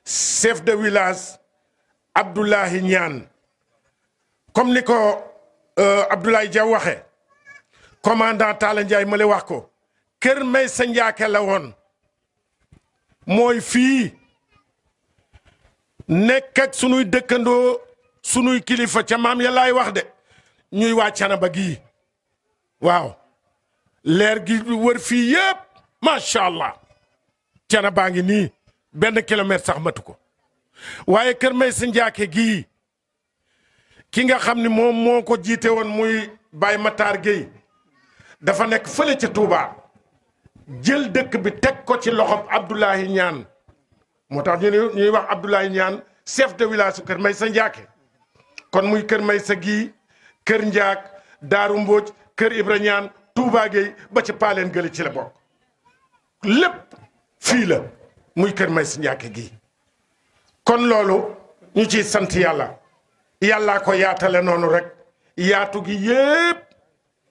chef de village Abdoulahi Niane comme ni ko euh, Abdoulaye Dia waxe commandant Talla Ndiaye ma le wax ko kër may sa njaake la woon mooy fii nekk ak sunuy dëkkandoo sunuy kilifa ca maam ya laay wax de ñuy waa Canaba gii waaw leer gi wër fii yëpp macha allah cana baa ngi nii benn kilomètre sax matu ko waaye Kër Maysa Njaake gi ki nga xam ni moom moo ko jiite woon muy Baye Matar Gueye dafa nekk fële ca tuubaa jël dëkk bi teg ko ci loxob Abdoulaye ñaan moo tax ñu ñuy wax Abdoulaye Niane chef de village su Kër Maysa Njaake kon muy Kër may sa gi Kër Njaak Daaru Mbóoj Kër Ibra ñaan Touba géey ba ci Paaleen Gëli ci la bokk lépp fii la muy kër may si njàkke gi kon loolu ñu ciy sant yàlla yàllaa ko yaatale noonu rek yaatu gi yépp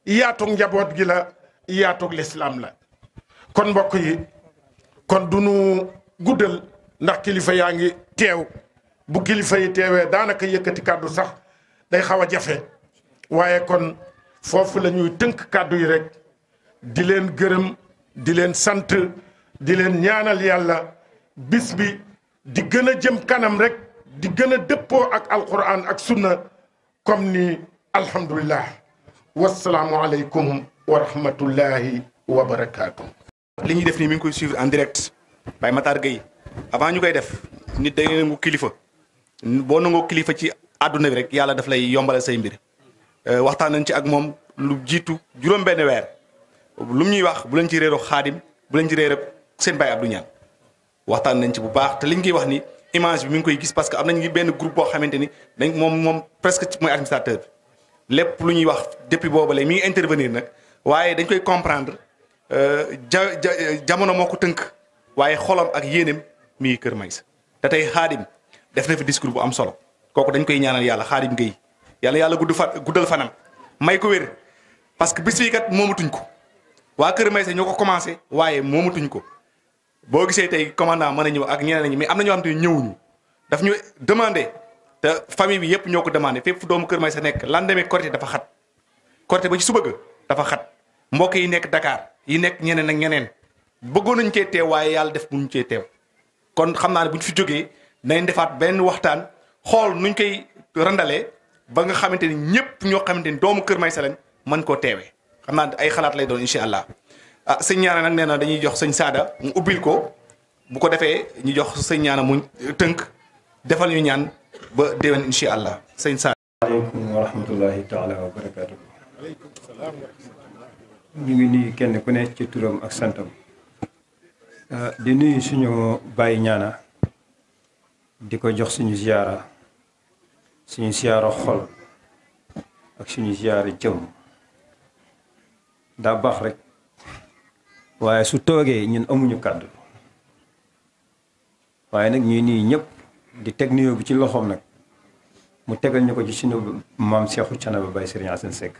yaatug njaboot gi la yaatug lislaam la kon mbokk yi kon du nu guddal ndax kilifa yaa ngi teew bu kilifa yi teewee daanaka yëkkati kàddu sax day xaw a jafe waaye kon foofu la ñuy tënk kàddu yi rekk di gërëm di leen sant di leen ñaanal yàlla bis bi di gën a jëm kanam rek di gën a dëppoo ak alquran ak sunna comme ni alhamdulilah wasalaamu aleykum wa rahmatullahi wa barakaatu. li ñuy def nii mi ngi koy suivre en direct Baye Matar Gueye avant ñu koy def nit da ngay kilifa boo nangoo kilifa ci àdduna bi rek yàlla daf lay yombalal say mbir euh, waxtaan nañ ci ak moom lu jiitu juróom-benn weer. lu mu ñuy wax bu leen ci réeroo xaadim bu leen ci réeroo seen baay Abdou Niang waxtaan nañ ci bu baax te liñ koy wax ni image bi mu ngi koy gis parce que am nañ nañu benn groupe boo xamante ni moom moom presque mooy administrateur bi lépp lu ñuy wax depuis boobu léegi mi ngi intervenir nag waaye dañ koy comprendre euh, ja jamono moo ko tënk waaye xolam ak yéeneem mi ngi Kër Maysa te tey xaadim def na fi discours bu am solo kooku dañ koy ñaanal yàlla xaadim ngay yàlla yàlla gudd fa guddal fanam may ko wér parce que bis fii kat moomatuñ ko. waa Kër Maysa ñoo ko commencé waaye moomatuñ ko boo gisee tey commandant mën a ñëw ak ñeneen ñi mais am na ñoo xam te ñëwuñu daf ñu demandé te famille bi yëpp ñoo ko demandé fépp doomu Kër Maysa nekk lendemain Korité dafa xat Korité ba ci suba dafa xat mbokk yi nekk Dakar yi nekk ñeneen ak ñeneen bëggoon nañ cee teew waaye yàlla def buñ cee teew kon xam naa ne bu ñu fi jógee nañ defaat benn waxtaan xool nuñ koy randalee ba nga xamante ni ñëpp ñoo xamante ni doomu Kër Maysa leen mën koo teewee. xam naa ay xalaat lay doon incha allah ah sëñ ñaana nag nee na dañuy jox sëñ saada mu ubbil ko bu ko defee ñu jox sëñ ñaana mu tënk defal ñu ñaan ba déwén incha allah sëñ saada. waaleykum wa rahmatullahi ngi nuyu kenn ku ne ci turam ak santam. Ah, di nuyu suñu bàyyi ñaana. di ko jox suñu ziyaara suñu ziyaara xol ak suñu ziyaara jëm. daa baax rek waaye su toogee ñun amuñu kàddu waaye nag ñuy nii ñëpp di teg nuyoo bi ci loxoom nag mu tegal ñu ko ci sunu maam Seexu Canaba Baye Serigne Assane Seck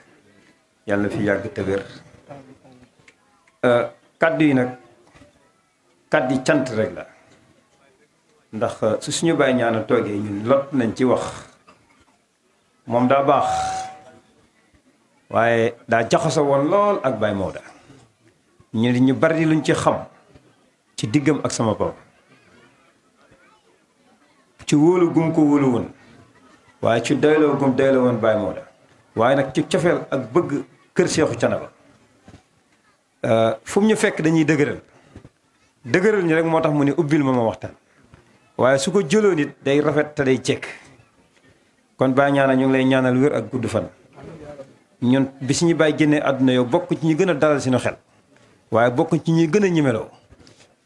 yàlla fi yàgg te wér euh, kàddu yi nag kàddu yi cant rek la ndax euh, su suñu baay ñaana toogee ñun lot nañ ci wax moom daa baax waaye daa jaxasoo woon lool ak Baye Maodo ñu ñu bari luñ ci xam ci diggam ak sama papa ci wóolu gum ko wóolu woon waaye ci doyloo gum doyloo woon Baye Maodo waaye nag ci cofeel ak bëgg kër Seexu Canaba euh, fu mu ñu fekk dañuy dëgëral dëgëral ñu rek moo tax mu ne ubbil ma ma waxtaan waaye su ko jëloo it day rafet te day jekk kon baa ñaana ñu ngi lay ñaanal wér ak gudd fan. ñun bi suñu bàyyi génnee àdduna yow bokk ci ñu gën a dalal seen xel waaye bokk ci ñuy gën a ñemeloo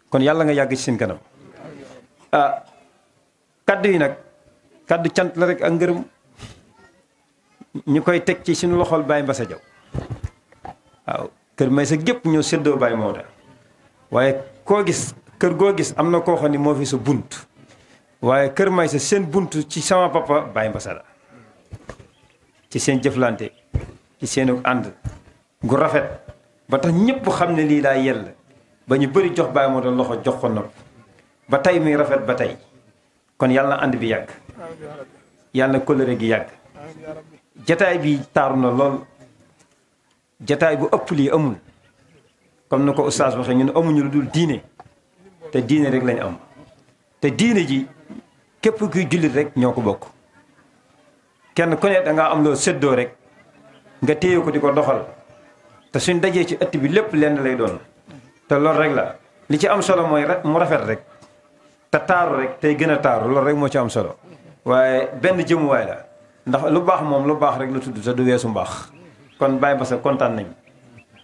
kon yàlla nga yàgg ci seen kanam ah yi nag kàddu cant la rek ak ngërëm ñu koy teg ci suñu loxol Baye Mbassa Diaw waaw kër may sa gépp ñoo seddoo Baye Maodo waaye koo gis kër goo gis am na koo xam moo fi sa bunt waaye kër may sa seen bunt ci sama papa Baye Mbassa ci seen jëflante ci seenu ànd gu rafet ba tax ñëpp xam ne lii laa yell ba ñu bari jox Baye Modou loxo jox ko nopp ba tey muy rafet ba tey kon yàlla na ànd bi yàgg yàlla na kóllëre gi yàgg jataay bi taaru na lool jataay bu ëpp lii amul kon ni ko oustaz waxee ñun amuñu lu dul diine te diine rek lañ am te diine ji képp kuy jullit rek ñoo ko bokk kenn ku ne am loo séddoo rek nga téye ko di ko doxal te suñ dajee ci ëtt bi lépp lenn lay doon te loolu rek la li ci am solo mooy mu rafet rek te taaru rek tey gën a taaru loolu rek moo ci am solo waaye benn jëmuwaay la ndax lu baax moom lu baax rek la tudd sa du weesu mbaax kon Baye Bassa kontaan nañ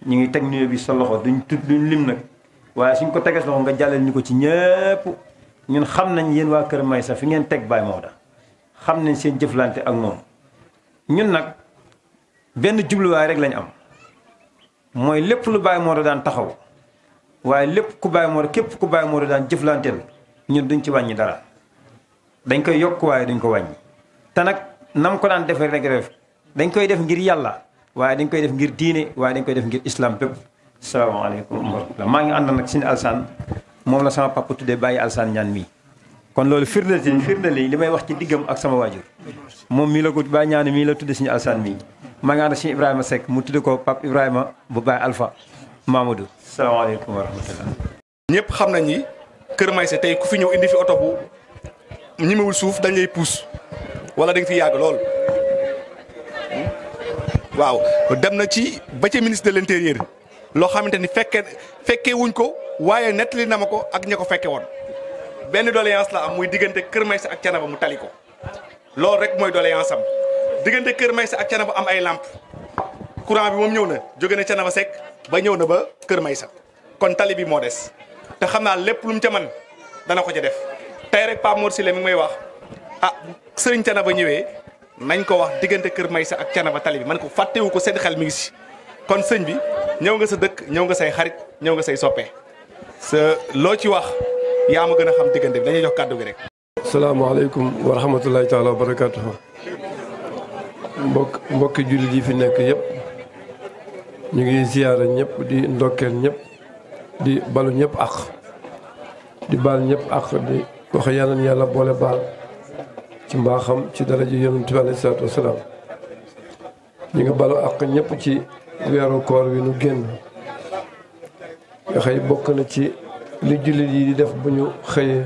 ñu ngi teg nuyoo bi sa loxo duñu tudd duñ lim nag waaye suñ ko tegee sa loxo nga jàllal ñu ko ci ñëpp ñun xam nañ yéen waa Kër Maysa fi ngeen teg Baye Maodo xam nañ seen jëflante ak moom ñun nag benn jubluwaay rek lañ am mooy lépp lu Baye Mor daan taxaw waaye lépp ku Baye Mor képp ku Baye Mor daan jëflanteel ñun duñ ci wàññi dara dañ koy yokk waaye duñ ko wàññi. te nag nam ko daan defee rek def dañ koy def ngir yàlla waaye dañ koy def ngir diine waaye dañ koy def ngir islam bépp salaamaaleykum wa rahmatulah maa ngi ànd nag suñu alsaan moom la sama papa tuddee bàyyi alsaan ñaan mii. kon loolu firnde ci firnde li li may wax ci diggam ak sama waajur moom mii la ko bàyyi ñaan mii la tuddee suñu alsaan mii. maa ngi ànd si Ibrahima Seck mu tudd ko Pape Ibrahima bu Baye alfa Mamadou. salaamaaleykum wa rahmatulah. ñëpp xam nañ ni Kër Maïssé tey ku fi ñëw indi fi oto bu ñimewul suuf dañuy lay puus wala dañ fi yàgg lool. waaw dem na ci ba ca ministre de l'intérieur loo xamante ni fekkee fekkee wuñ ko waaye nettali na ma ko ak ña ko fekke woon benn doléance la am muy diggante Kër Maïssé ak Thiénaba mu tali ko loolu rek mooy doléance am. diggante Kër Maysa ak Canaba am ay làmp courant bi moom ñëw na jóge na Canaba Seck ba ñëw na ba Kër Maysa kon tali bi moo des te xam naa lépp lu mu ca man dana ko ca def tey rek Pape Mor Sile mi ngi may wax ah sëriñ Canaba ñëwee nañ ko wax diggante Kër Maysa ak Canaba tali bi man ko fàttewu ko seen xel mi ngi si kon sëñ bi ñëw nga sa dëkk ñëw nga say xarit ñëw nga say soppe sa loo ci wax yaa ma gën a xam diggante bi dañuy jox kàddu gi rek. salaamaaleykum wa rahmatulahi taala wa barakatuhu mbokk mbokki jullit yi fi nekk yëpp ñu ngi ziyaara ñëpp di ndokkeel ñépp di balu ñëpp ak di baal ñëpp ak di wax yàlla yàlla boole baal ci mbaaxam ci dara ji yonent bi alayhi salaatu wasalaam ñu ngi balu ak ñépp ci weeru koor wi nu génn nga xëy bokk na ci li jullit yi di def bu ñu xëyee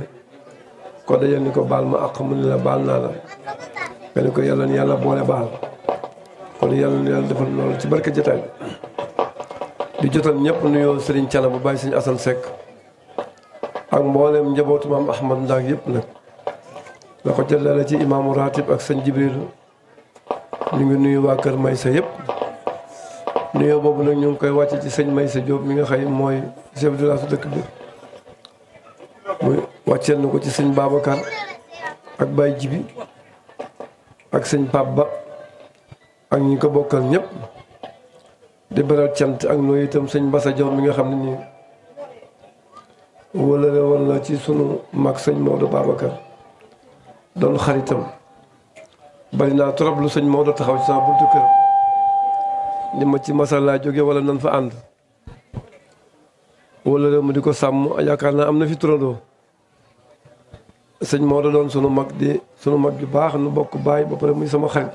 ko dajal ni ko baal ma ak mu ne la baal naa la nga ni ko yàlla na yàlla boole baal kon yàlla na yàlla defal loolu ci barke jotaay bi jotal ñëpp nuyoo Serigne Thiana bu bàyyi Serigne Assane Seck ak mbooleem njabootu maam Ahmad Ndaak yëpp nag la ko la ci imaamu ratib ak sëñ Jibril ñu ngi nuyu waa kër Maysa yëpp nuyoo boobu nag ñu ngi koy wàcce ci sëñ Maysa Diop mi nga xay mooy chef de village dëkk bi muy wàcceel na ko ci sëñ Babacar ak Baye Jibi ak sëñ Pape Ba ak ñi ko bokkal ñëpp di beral cant ak nooy itam sëñ Basa Joon mi nga xam ne nii wëlale woon la ci sunu mag sëñ Maodo Babacar doon xaritam bari naa trop lu sëñ Maodo taxaw ci sama buntu kër ni ma ci masal jóge wala nan fa ànd wëlale mu di ko sàmm yaakaar naa am na fi turandoo sëñ Maodo doon sunu mag di sunu mag ju baax nu bokk baay ba pare muy sama xarit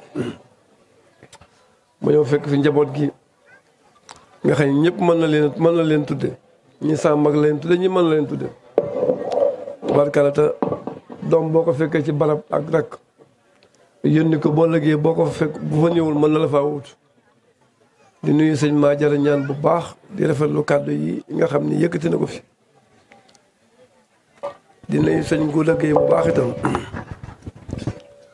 ma ñëw fekk fi njaboot gi nga xam ne ñëpp mën na leen mën na leen tudde ñi sa mag leen tudde ñi mën na leen tudde barkala te doom boo ko fekkee ci barab ak rakk yónni ko boo lëggee boo ko fekk bu fa ñëwul mën na la faa wut di nuyu sëñ maa jara ñaan bu baax di rafetlu kàddu yi nga xam ni yëkkati ne ko fi di nuyu sëñ Gouda Gueye bu baax itam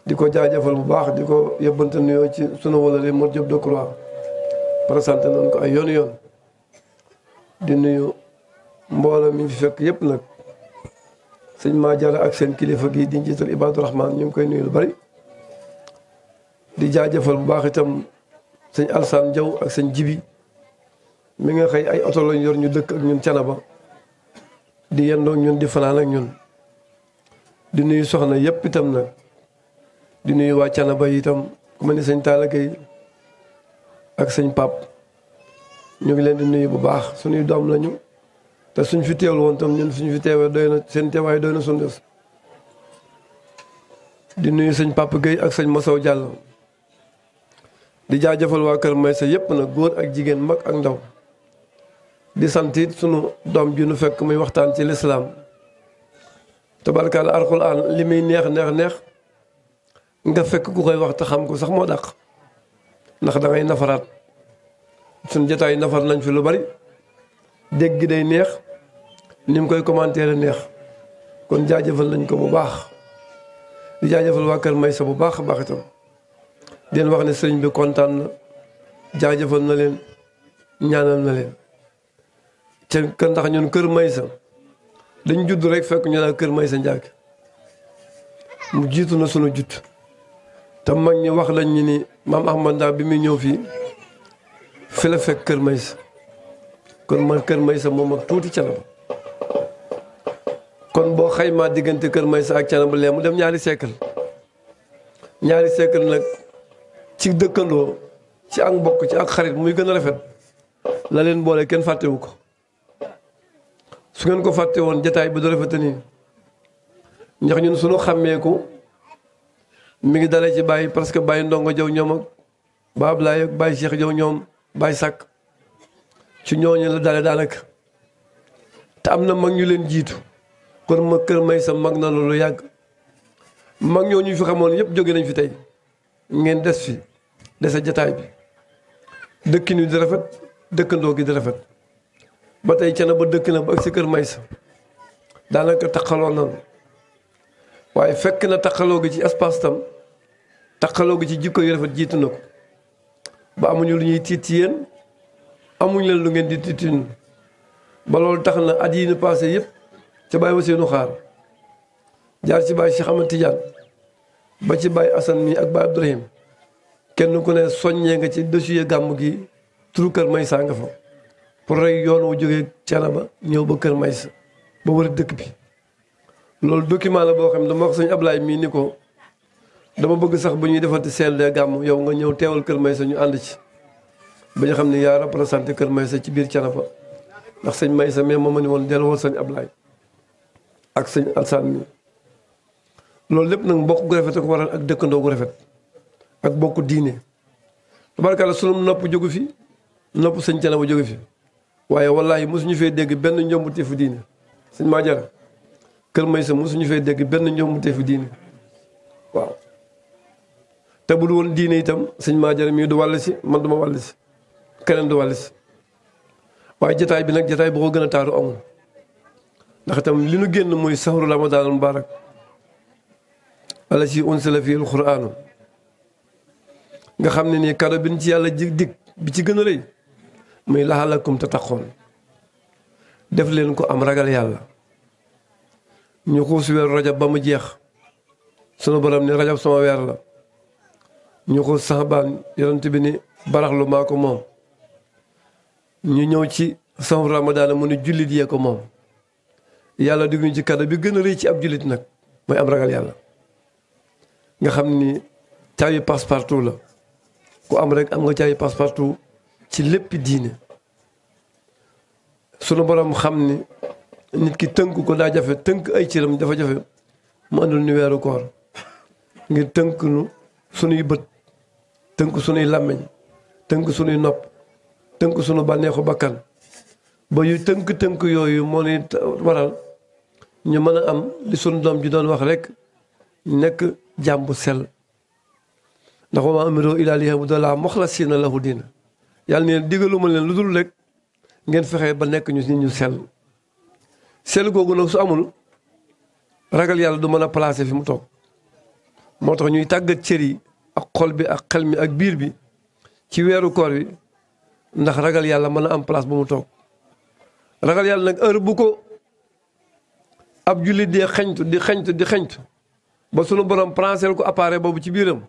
di ko jaajëfal bu baax di ko yóbbante nuyoo ci sunu wala Mor Diop Decroix présenté nañ ko ay yoon yoon di nuyu mbooloo mi fi fekk yëpp nag sëñ maa jara ak seen kilifa gi di jiital Ibadu Rahman ñu ngi koy nuyu lu bari di jaajëfal bu baax itam sëñ Alsaan Jaw ak sëñ Jibi mi nga xëy ay oto yor ñu dëkk ak ñun Canaba di yendoo ñun di fanaan ak ñun di nuyu soxna yëpp itam nag di nuyu waa Canaba itam ku mel ni sëñ Talla Gueye ak sëñ Pap ñu ngi leen di nuyu bu baax suñuy doom lañu te suñ fi teewul woon tam ñun suñ fi teewee doy na seen teewaay doy na suñu di nuyu sëñ Papa Gueye ak sañ Massaw jàll di jaajëfal waa Kër Maysa yëpp nag góor ak jigéen mag ak ndaw di sant it sunu doom ju nu fekk muy waxtaan ci lislaam tabarkaal alxuraan li muy neex neex neex nga fekk ku koy wax xam ko sax moo dàq ndax da ngay nafaraat suñ jotaay nafar nañ fi lu bari dégg gi day neex ni mu koy commentaire neex kon jaajëfal nañ ko bu baax di jaajëfal waa Kër Maysa bu baax a baax itam den wax ne sëriñ bi kontaan na jaajëfal na leen ñaanal na leen te ndax ñun Kër Maysa dañ judd rek fekk ñu naa Kër Maysa Njaag mu jiitu na sunu judd te mag ñi wax lañ ni ni maam Ahmad Ndaa bi muy ñëw fii fi la fekk Kër Maysa kon man Kër Maysa moom ak tuuti Canaba kon boo xaymaa diggante Kër Maysa ak Canaba lee mu dem ñaari siècle ñaari siècle nag ci dëkkandoo ci ak mbokk ci ak xarit muy gën a rafet la leen boole kenn fàttewu ko su ngeen ko fàtte woon jataay bi du rafete nii ñun suñu xàmmeeku mi ngi dalee ci bàyyi parce que bàyyi ndongo jaw ñoom ak baab laay ak bàyyi Cheikh jaw ñoom bàyyi sàkk ci ñooñu la dalee daanaka te am na mag ñu leen jiitu kon ma kër may sa mag na loolu yàgg mag ñoo ñu fi xamoon yëpp jóge nañ fi tey ngeen des fi dese jataay bi dëkkin wi di rafet dëkkandoo gi di rafet ba tey cana ba dëkk na ba ak si kër maysa sa tax taxaloon na waaye fekk na taqaloo gi ci espace tam taqaloo gi ci jikko yu rafet jiitu na ko ba amuñu lu ñuy tiit ci yéen amuñ leen lu ngeen di tiitin ba loolu tax na at yii ñu yëpp ca bàyyi ma seenu xaar jaar ci bàyyi Cheikh Ahmad Tidiane ba ci bàyyi Assane mi ak ba Abdourahim kenn ku ne soññee nga ci dossier gàmm gi turu Kër Maysa nga fa pour rek yoon wu jógee Thiénaba ñëw ba Kër Maysa ba wër dëkk bi loolu document la boo xam ne dama wax sëñ Ablaye mii ni ko dama bëgg sax bu ñuy defati CLD gàmm yow nga ñëw teewal Kër Maysa ñu ànd ci ba ñu xam ne yaa représenté Kër Maysa ci biir Thiénaba ndax sëñ Maysa mais moo ma ne woon delluwaat sëñ Ablaye ak sëñ Alsaan mi loolu lépp nag mbokk gu rafet ak waral ak dëkkandoo gu rafet ak bokk diine tabarkàlla sunu nopp jógu fi nopp sëñ Thiénaba jógu fi waaye wallaahi mosuñu fee dégg benn njombuti fu diine sëñ maa Kër Maysa suñu fee dégg benn ñoom mu defi diine waaw te bu du woon diine itam sëñ Maajara mii du wàll si man duma wàll keneen du wàll si waaye jataay bi nag jataay boo ko gën a taaru amul ndax itam li nu génn muy saxru ramadaanal mubaarak ala si unsila fi alquraanu nga xam ne nii kado bi ci yàlla ji dig bi ci gën a rëy muy laxalakum te taxoon def leen ko am ragal yàlla ñu xuus weeru rajab ba mu jeex sunu borom ni rajab sama weer la ñu xuus saxbaan yonent bi ni baraxlu maa ko moom ñu ñëw ci safar ramadaan mu ni jullit yee ko moom yàlla digg ci kaddu bi gën a rëy ci ab jullit nag mooy am ragal yàlla nga xam ni caabi passe partout la ku am rek am nga caabi passe ci lépp diine nit ki tënk ko daa jafe tënk ay cëram dafa jafe mu àndul ni weeru koor ngir tënk nu sunuy bët tënk sunuy làmmiñ tënk sunuy nopp tënk sunu bànneexu bakkan ba yu tënk-tënk yooyu moo ni waral ñu mën a am li sunu doom ji doon wax rek nekk jàmm bu sell ndax wa maa umiru illaa liya'budullaaha muxlisiina lahu diina yàlla ne digaluma leen lu dul rek ngeen fexe ba nekk ñu nit ñu sell sell googu nag su amul ragal yàlla du mën a placer fi mu toog moo tax ñuy tàggat cër yi ak xol bi ak xel mi ak biir bi ci weeru koor bi ndax ragal yàlla mën a am place bu mu toog ragal yàlla nag heure bu ko ab jullit di xeñtu di xeñtu di xeñtu ba sunu borom placer ko appareil boobu ci biiram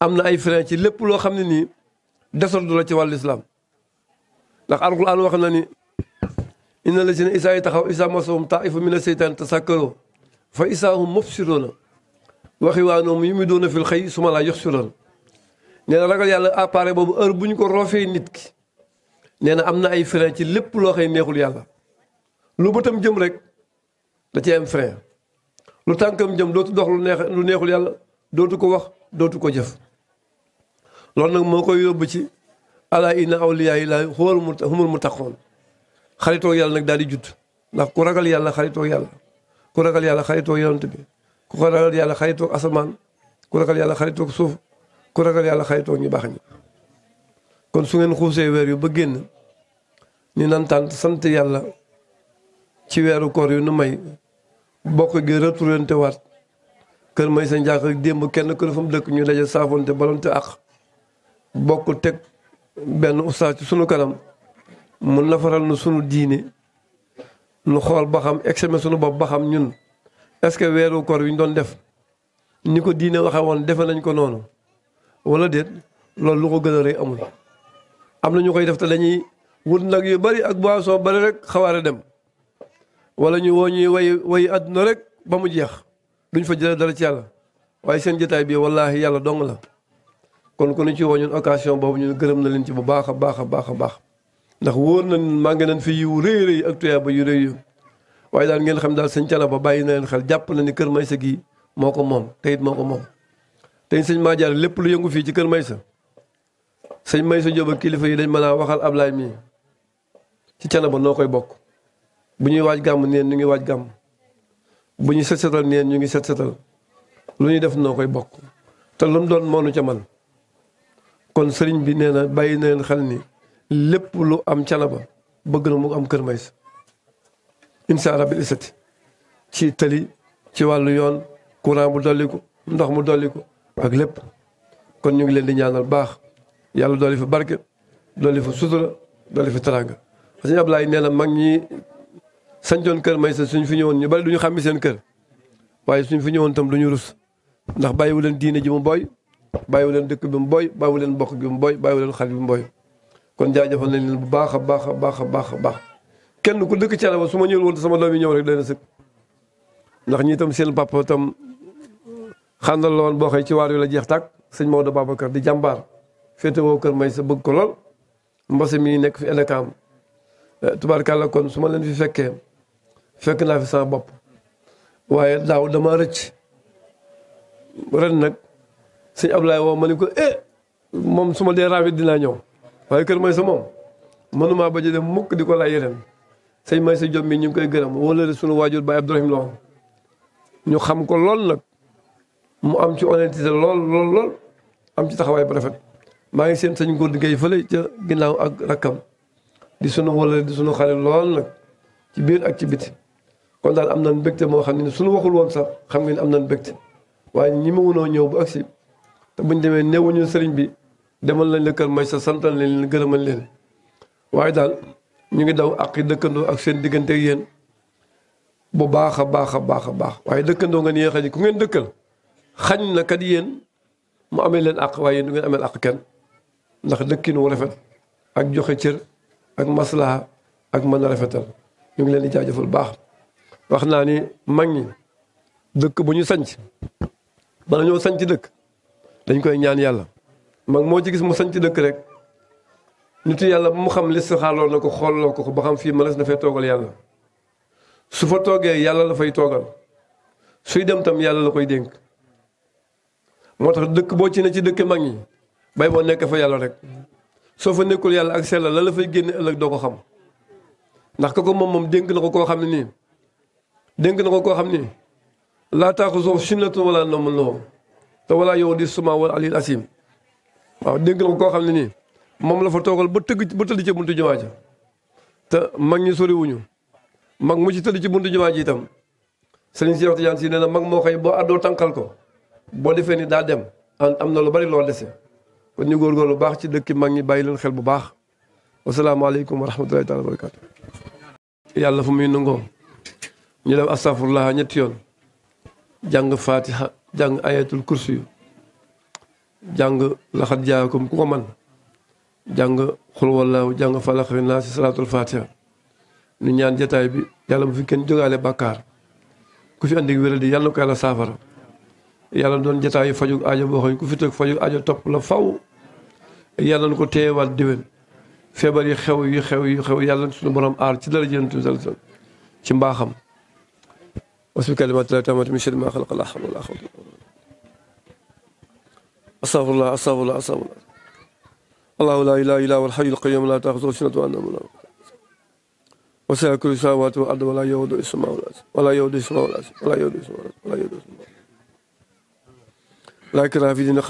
am na ay frein ci lépp loo xam ne nii désordre la ci wàllu islam ndax alquran wax na ni. inna la si ne isaa yi taxaw isaa masahum taifa mina seytaan tasakkaroo fa isaahum mubsiroona waxi waa noom yi muy doona fil xëy suma laa yox siroona nee na ragal yàlla appareil boobu heure bu ñu ko roofee nit ki nee na am na ay frein ci lépp loo xëy neexul yàlla lu bëtam jëm rek da ci am frein lu tànkam jëm dootu dox lu neex lu neexul yàlla dootu ko wax dootu ko jëf loolu nag moo koy yóbbu ci ala inna awliyaa yi la mu muttaqoon xaritoo yàlla nag daal di judd ndax ku ragal yàlla xaritoo yàlla ku ragal yàlla xaritoo yonent bi ku ragal yàlla xaritoo asamaan ku ragal yàlla xaritoo suuf ku ragal yàlla xaritoo ñu baax ñi kon su ngeen xuusee weer yu ba génn ni nan sant yàlla ci weeru koor yu nu may bokk gi retourante waat kër may sa njàkk ak démb kenn kër fa mu dëkk ñu daje saafonte balonte ak bokk teg benn ustaas ci sunu kanam mu nafaral nu sunu diine nu xool ba xam examen sunu bopp ba xam ñun est-ce que weeru kor wi ñu doon def ni ko diine waxe defe nañ ko noonu wala déet loolu lu ko gën a rëy amul. am na ñu koy def te dañuy wut nag yu bari ak boisson bari rek xawaare dem wala ñu woo ñuy way way àdduna rek ba mu jeex duñ fa jëlee dara ci yàlla waaye seen jotaay bi wallaahi yàlla dong la kon ku ñu ci woo ñun occasion boobu ñun gërëm na leen ci bu baax a baax a baax a baax. ndax wóor nañ màgg nañ fi yu rëy rëy ak tuyaaba yu rëy waaye daal ngeen xam daal sëñ Thiénaba bàyyi na leen xel jàpp na ni Kër Maysa gi moo ko moom te it moo ko moom. tey sëñ Madiar lépp lu yëngu fii ci Kër Maysa sëñ Maysa Jóob kilifa yi dañ mën a waxal Ablaay mi ci Thiénaba noo koy bokk bu ñuy waaj gàmm neen ñu ngi waaj gàmm bu ñuy set setal neen ñu ngi set setal lu ñuy def noo koy bokk te lu mu doon moonu ca man kon sëriñ bi nee na bàyyi na leen xel ni. lépp lu am calama bëgg na mu am kër Maysa insa rabbil ci tëli ci wàllu yoon courant bu ko ndox mu ko ak lépp kon ñu ngi leen di ñaanal baax yàlla dolli fi barke dolli fi sutura dolli fi taranga parce que Ablaye nee na mag ñi sancoon kër Maysa suñ fi ñëwoon ñu bari duñu xàmmi seen kër waaye suñ fi ñëwoon tam duñu rus ndax bàyyiwu leen diine ji mu booy bàyyiwu leen dëkk bi mu booy bàyyiwu leen bokk bi mu booy bàyyiwu leen xal bi mu booy kon jaajëfal nañ leen bu baax a baax a baax a baax a baax kenn ku dëkk Thiénaba su ma ñëwul woon sama doom yi ñëw rek doy na sëkk ndax ñi itam seen papa tam xàndal la woon boo xëy ci waar wi la jeex tàkk sëñ Maodo Babacar di jàmbaar féete woo kër may sa bëgg ko lool mbase mi nekk fi élekaam eh, tubaarkàlla kon su ma leen fi fekkee fekk naa fi sama bopp waaye daaw dama rëcc ren nag sëñ Ablaye woo ma ni ko eh moom su ma dee raawit dinaa ñëw waaye kër may sa moom mënumaa ba dem mukk di ko laaj yërëm sëñ may sa jom mi ñu ngi koy gërëm wala sunu waajur Baye Abdourahim Lo ñu xam ko lool nag mu am ci honnêteté lool lool am ci taxawaay bu rafet maa ngi seen sëñ ko di ngay fële ca ginnaaw ak rakkam di sunu wala di sunu xale lool nag ci biir ak ci biti kon daal am nañ mbégte moo xam ne suñu waxul woon sax xam nga ngeen am nañ mbégte waaye ñi ma wunoo ñëw bu si te buñ demee néewuñu sëriñ bi demal nañ la kër may sa santal leen gërëmal leen waaye daal ñu ngi daw ak dëkkandoo ak seen diggante ak yéen bu baax a baax baax a baax waaye dëkkandoo ngeen yéen xañ ku ngeen dëkkal xañ na kat yéen mu amee leen àq waaye yéen du ngeen ameel àq kenn ndax dëkkin wu rafet ak joxe cër ak maslaha ak mën a rafetal ñu ngi leen di jaajëfal baax wax naa ni mag ñi dëkk bu ñu sanc bala ñoo sanc dëkk dañ koy ñaan yàlla mag moo ci gis mu sañ ci dëkk rek nitu yàlla bu mu xam listixaarloo na ko xoolloo ko ba xam fii mënees na fee toogal yàlla su fa toogee yàlla la fay toogal suy dem tam yàlla la koy dénk moo tax dëkk boo ci ne ci dëkk mag ñi bay boo nekk fa yàlla rek soo fa nekkul yàlla ak sella la la fay génne ëllëg doo ko xam ndax ko moom moom dénk na ko koo xam ne nii dénk na ko koo xam ni laa taaxu soo sunnatun wala nawmun lahu te walaa yow di suma wal alil waaw dénk la ko koo xam ne nii moom la fa toogal ba tëgg ba tëdd ci buntu jumaa te mag ñi soriwuñu mag mu ci tëdd ci buntu jumaa ji itam Serigne Cheikh Tidiane si nee na mag moo xëy boo àddoo tànkal ko boo defee ni daa dem am na lu bari loo dese kon ñu góorgóor lu baax ci dëkk mag ñi bàyyi leen xel bu baax wasalaamaaleykum wa rahmatulahi taala yàlla fu muy nangoo ñu def astafurlah ñetti yoon jàng fatiha jàng ayatul kursi yu jàng laxat jaakum ku ko man jàng xul wallaahu jàng falaxri naa si salaatul fatiha nu ñaan jataay bi yàlla bu fi kenn jógaale bàkkaar ku fi andi wéral di yàlla na ko yàlla saafara yàlla doon jataayu fajug aajo boo xam ku fi toog fajug aajo topp la faw yàlla na ko téyewaat déwén feebar yi xew yi xew yi xew yàlla suñu borom aar ci dara jëntu sal sal ci mbaaxam wasbi kalimatillahi taammaati min sharri maa xalaqa laa hawla wa laa astagfirullah astagfirullah astagfirullah allahu laa ilaaha illaa huwal hayyul qayyuum laa ta'khudhuhu sinatun wa laa nawm wasi'a kullu shay'in samaawaati wal arda wa laa yahuuduhu hifdhuhumaa wa laa yahuuduhu hifdhuhumaa laa ikraaha fid diin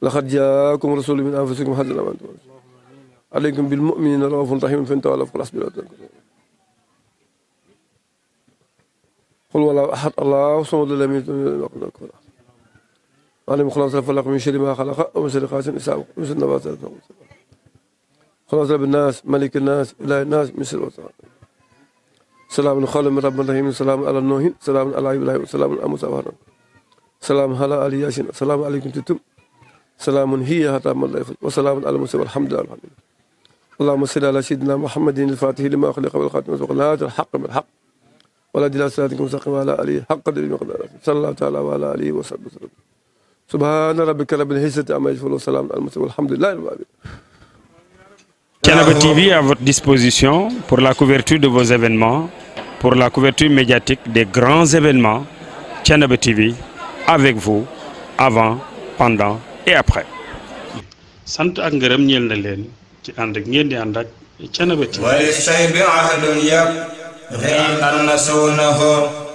laqad jaa'akum rasuulun min anfusikum azizun 'aleykum maa anittum alaykum bil mu'miniina ra'uufun rahiim fa in tawallaw fasbiru qul huwallaahu ahad allaahu samad lam yalid wa lam yuulad wa lam yakun lahu kufuwan ahad عليهم خلاص الفلق من شر ما خلق ومن شر غاسق إذا وقب ومن شر النفاثات خلاص رب الناس ملك الناس إله الناس من شر الوسواس سلام خالد من رب الرحيم سلام على نوح سلام على إبراهيم سلام على موسى وهارون سلام على آل ياسين سلام عليكم تتم سلام هي حتى مر وسلام على المرسلين والحمد لله الحمد لله اللهم صل على سيدنا محمد الفاتح لما خلق والخاتم والخاتم هذا الحق بالحق ولا دلال صلاتكم سقم على آله حق دليل مقدار صلى الله تعالى وعلى آله وصحبه وسلم subhaana rabbika rabbil izzati amma yasifuun wa salaamun alal mursaliin walhamdulillahi rabbil aalamiin Thiénaba TV à votre disposition pour la couverture de vos événements, pour la couverture médiatique des grands événements. Thiénaba TV avec vous avant, pendant et après. sant ak ngërëm ñeel na leen ci ànd ak ngeen di ànd ak Thiénaba TV. wali say bi ahadun yab.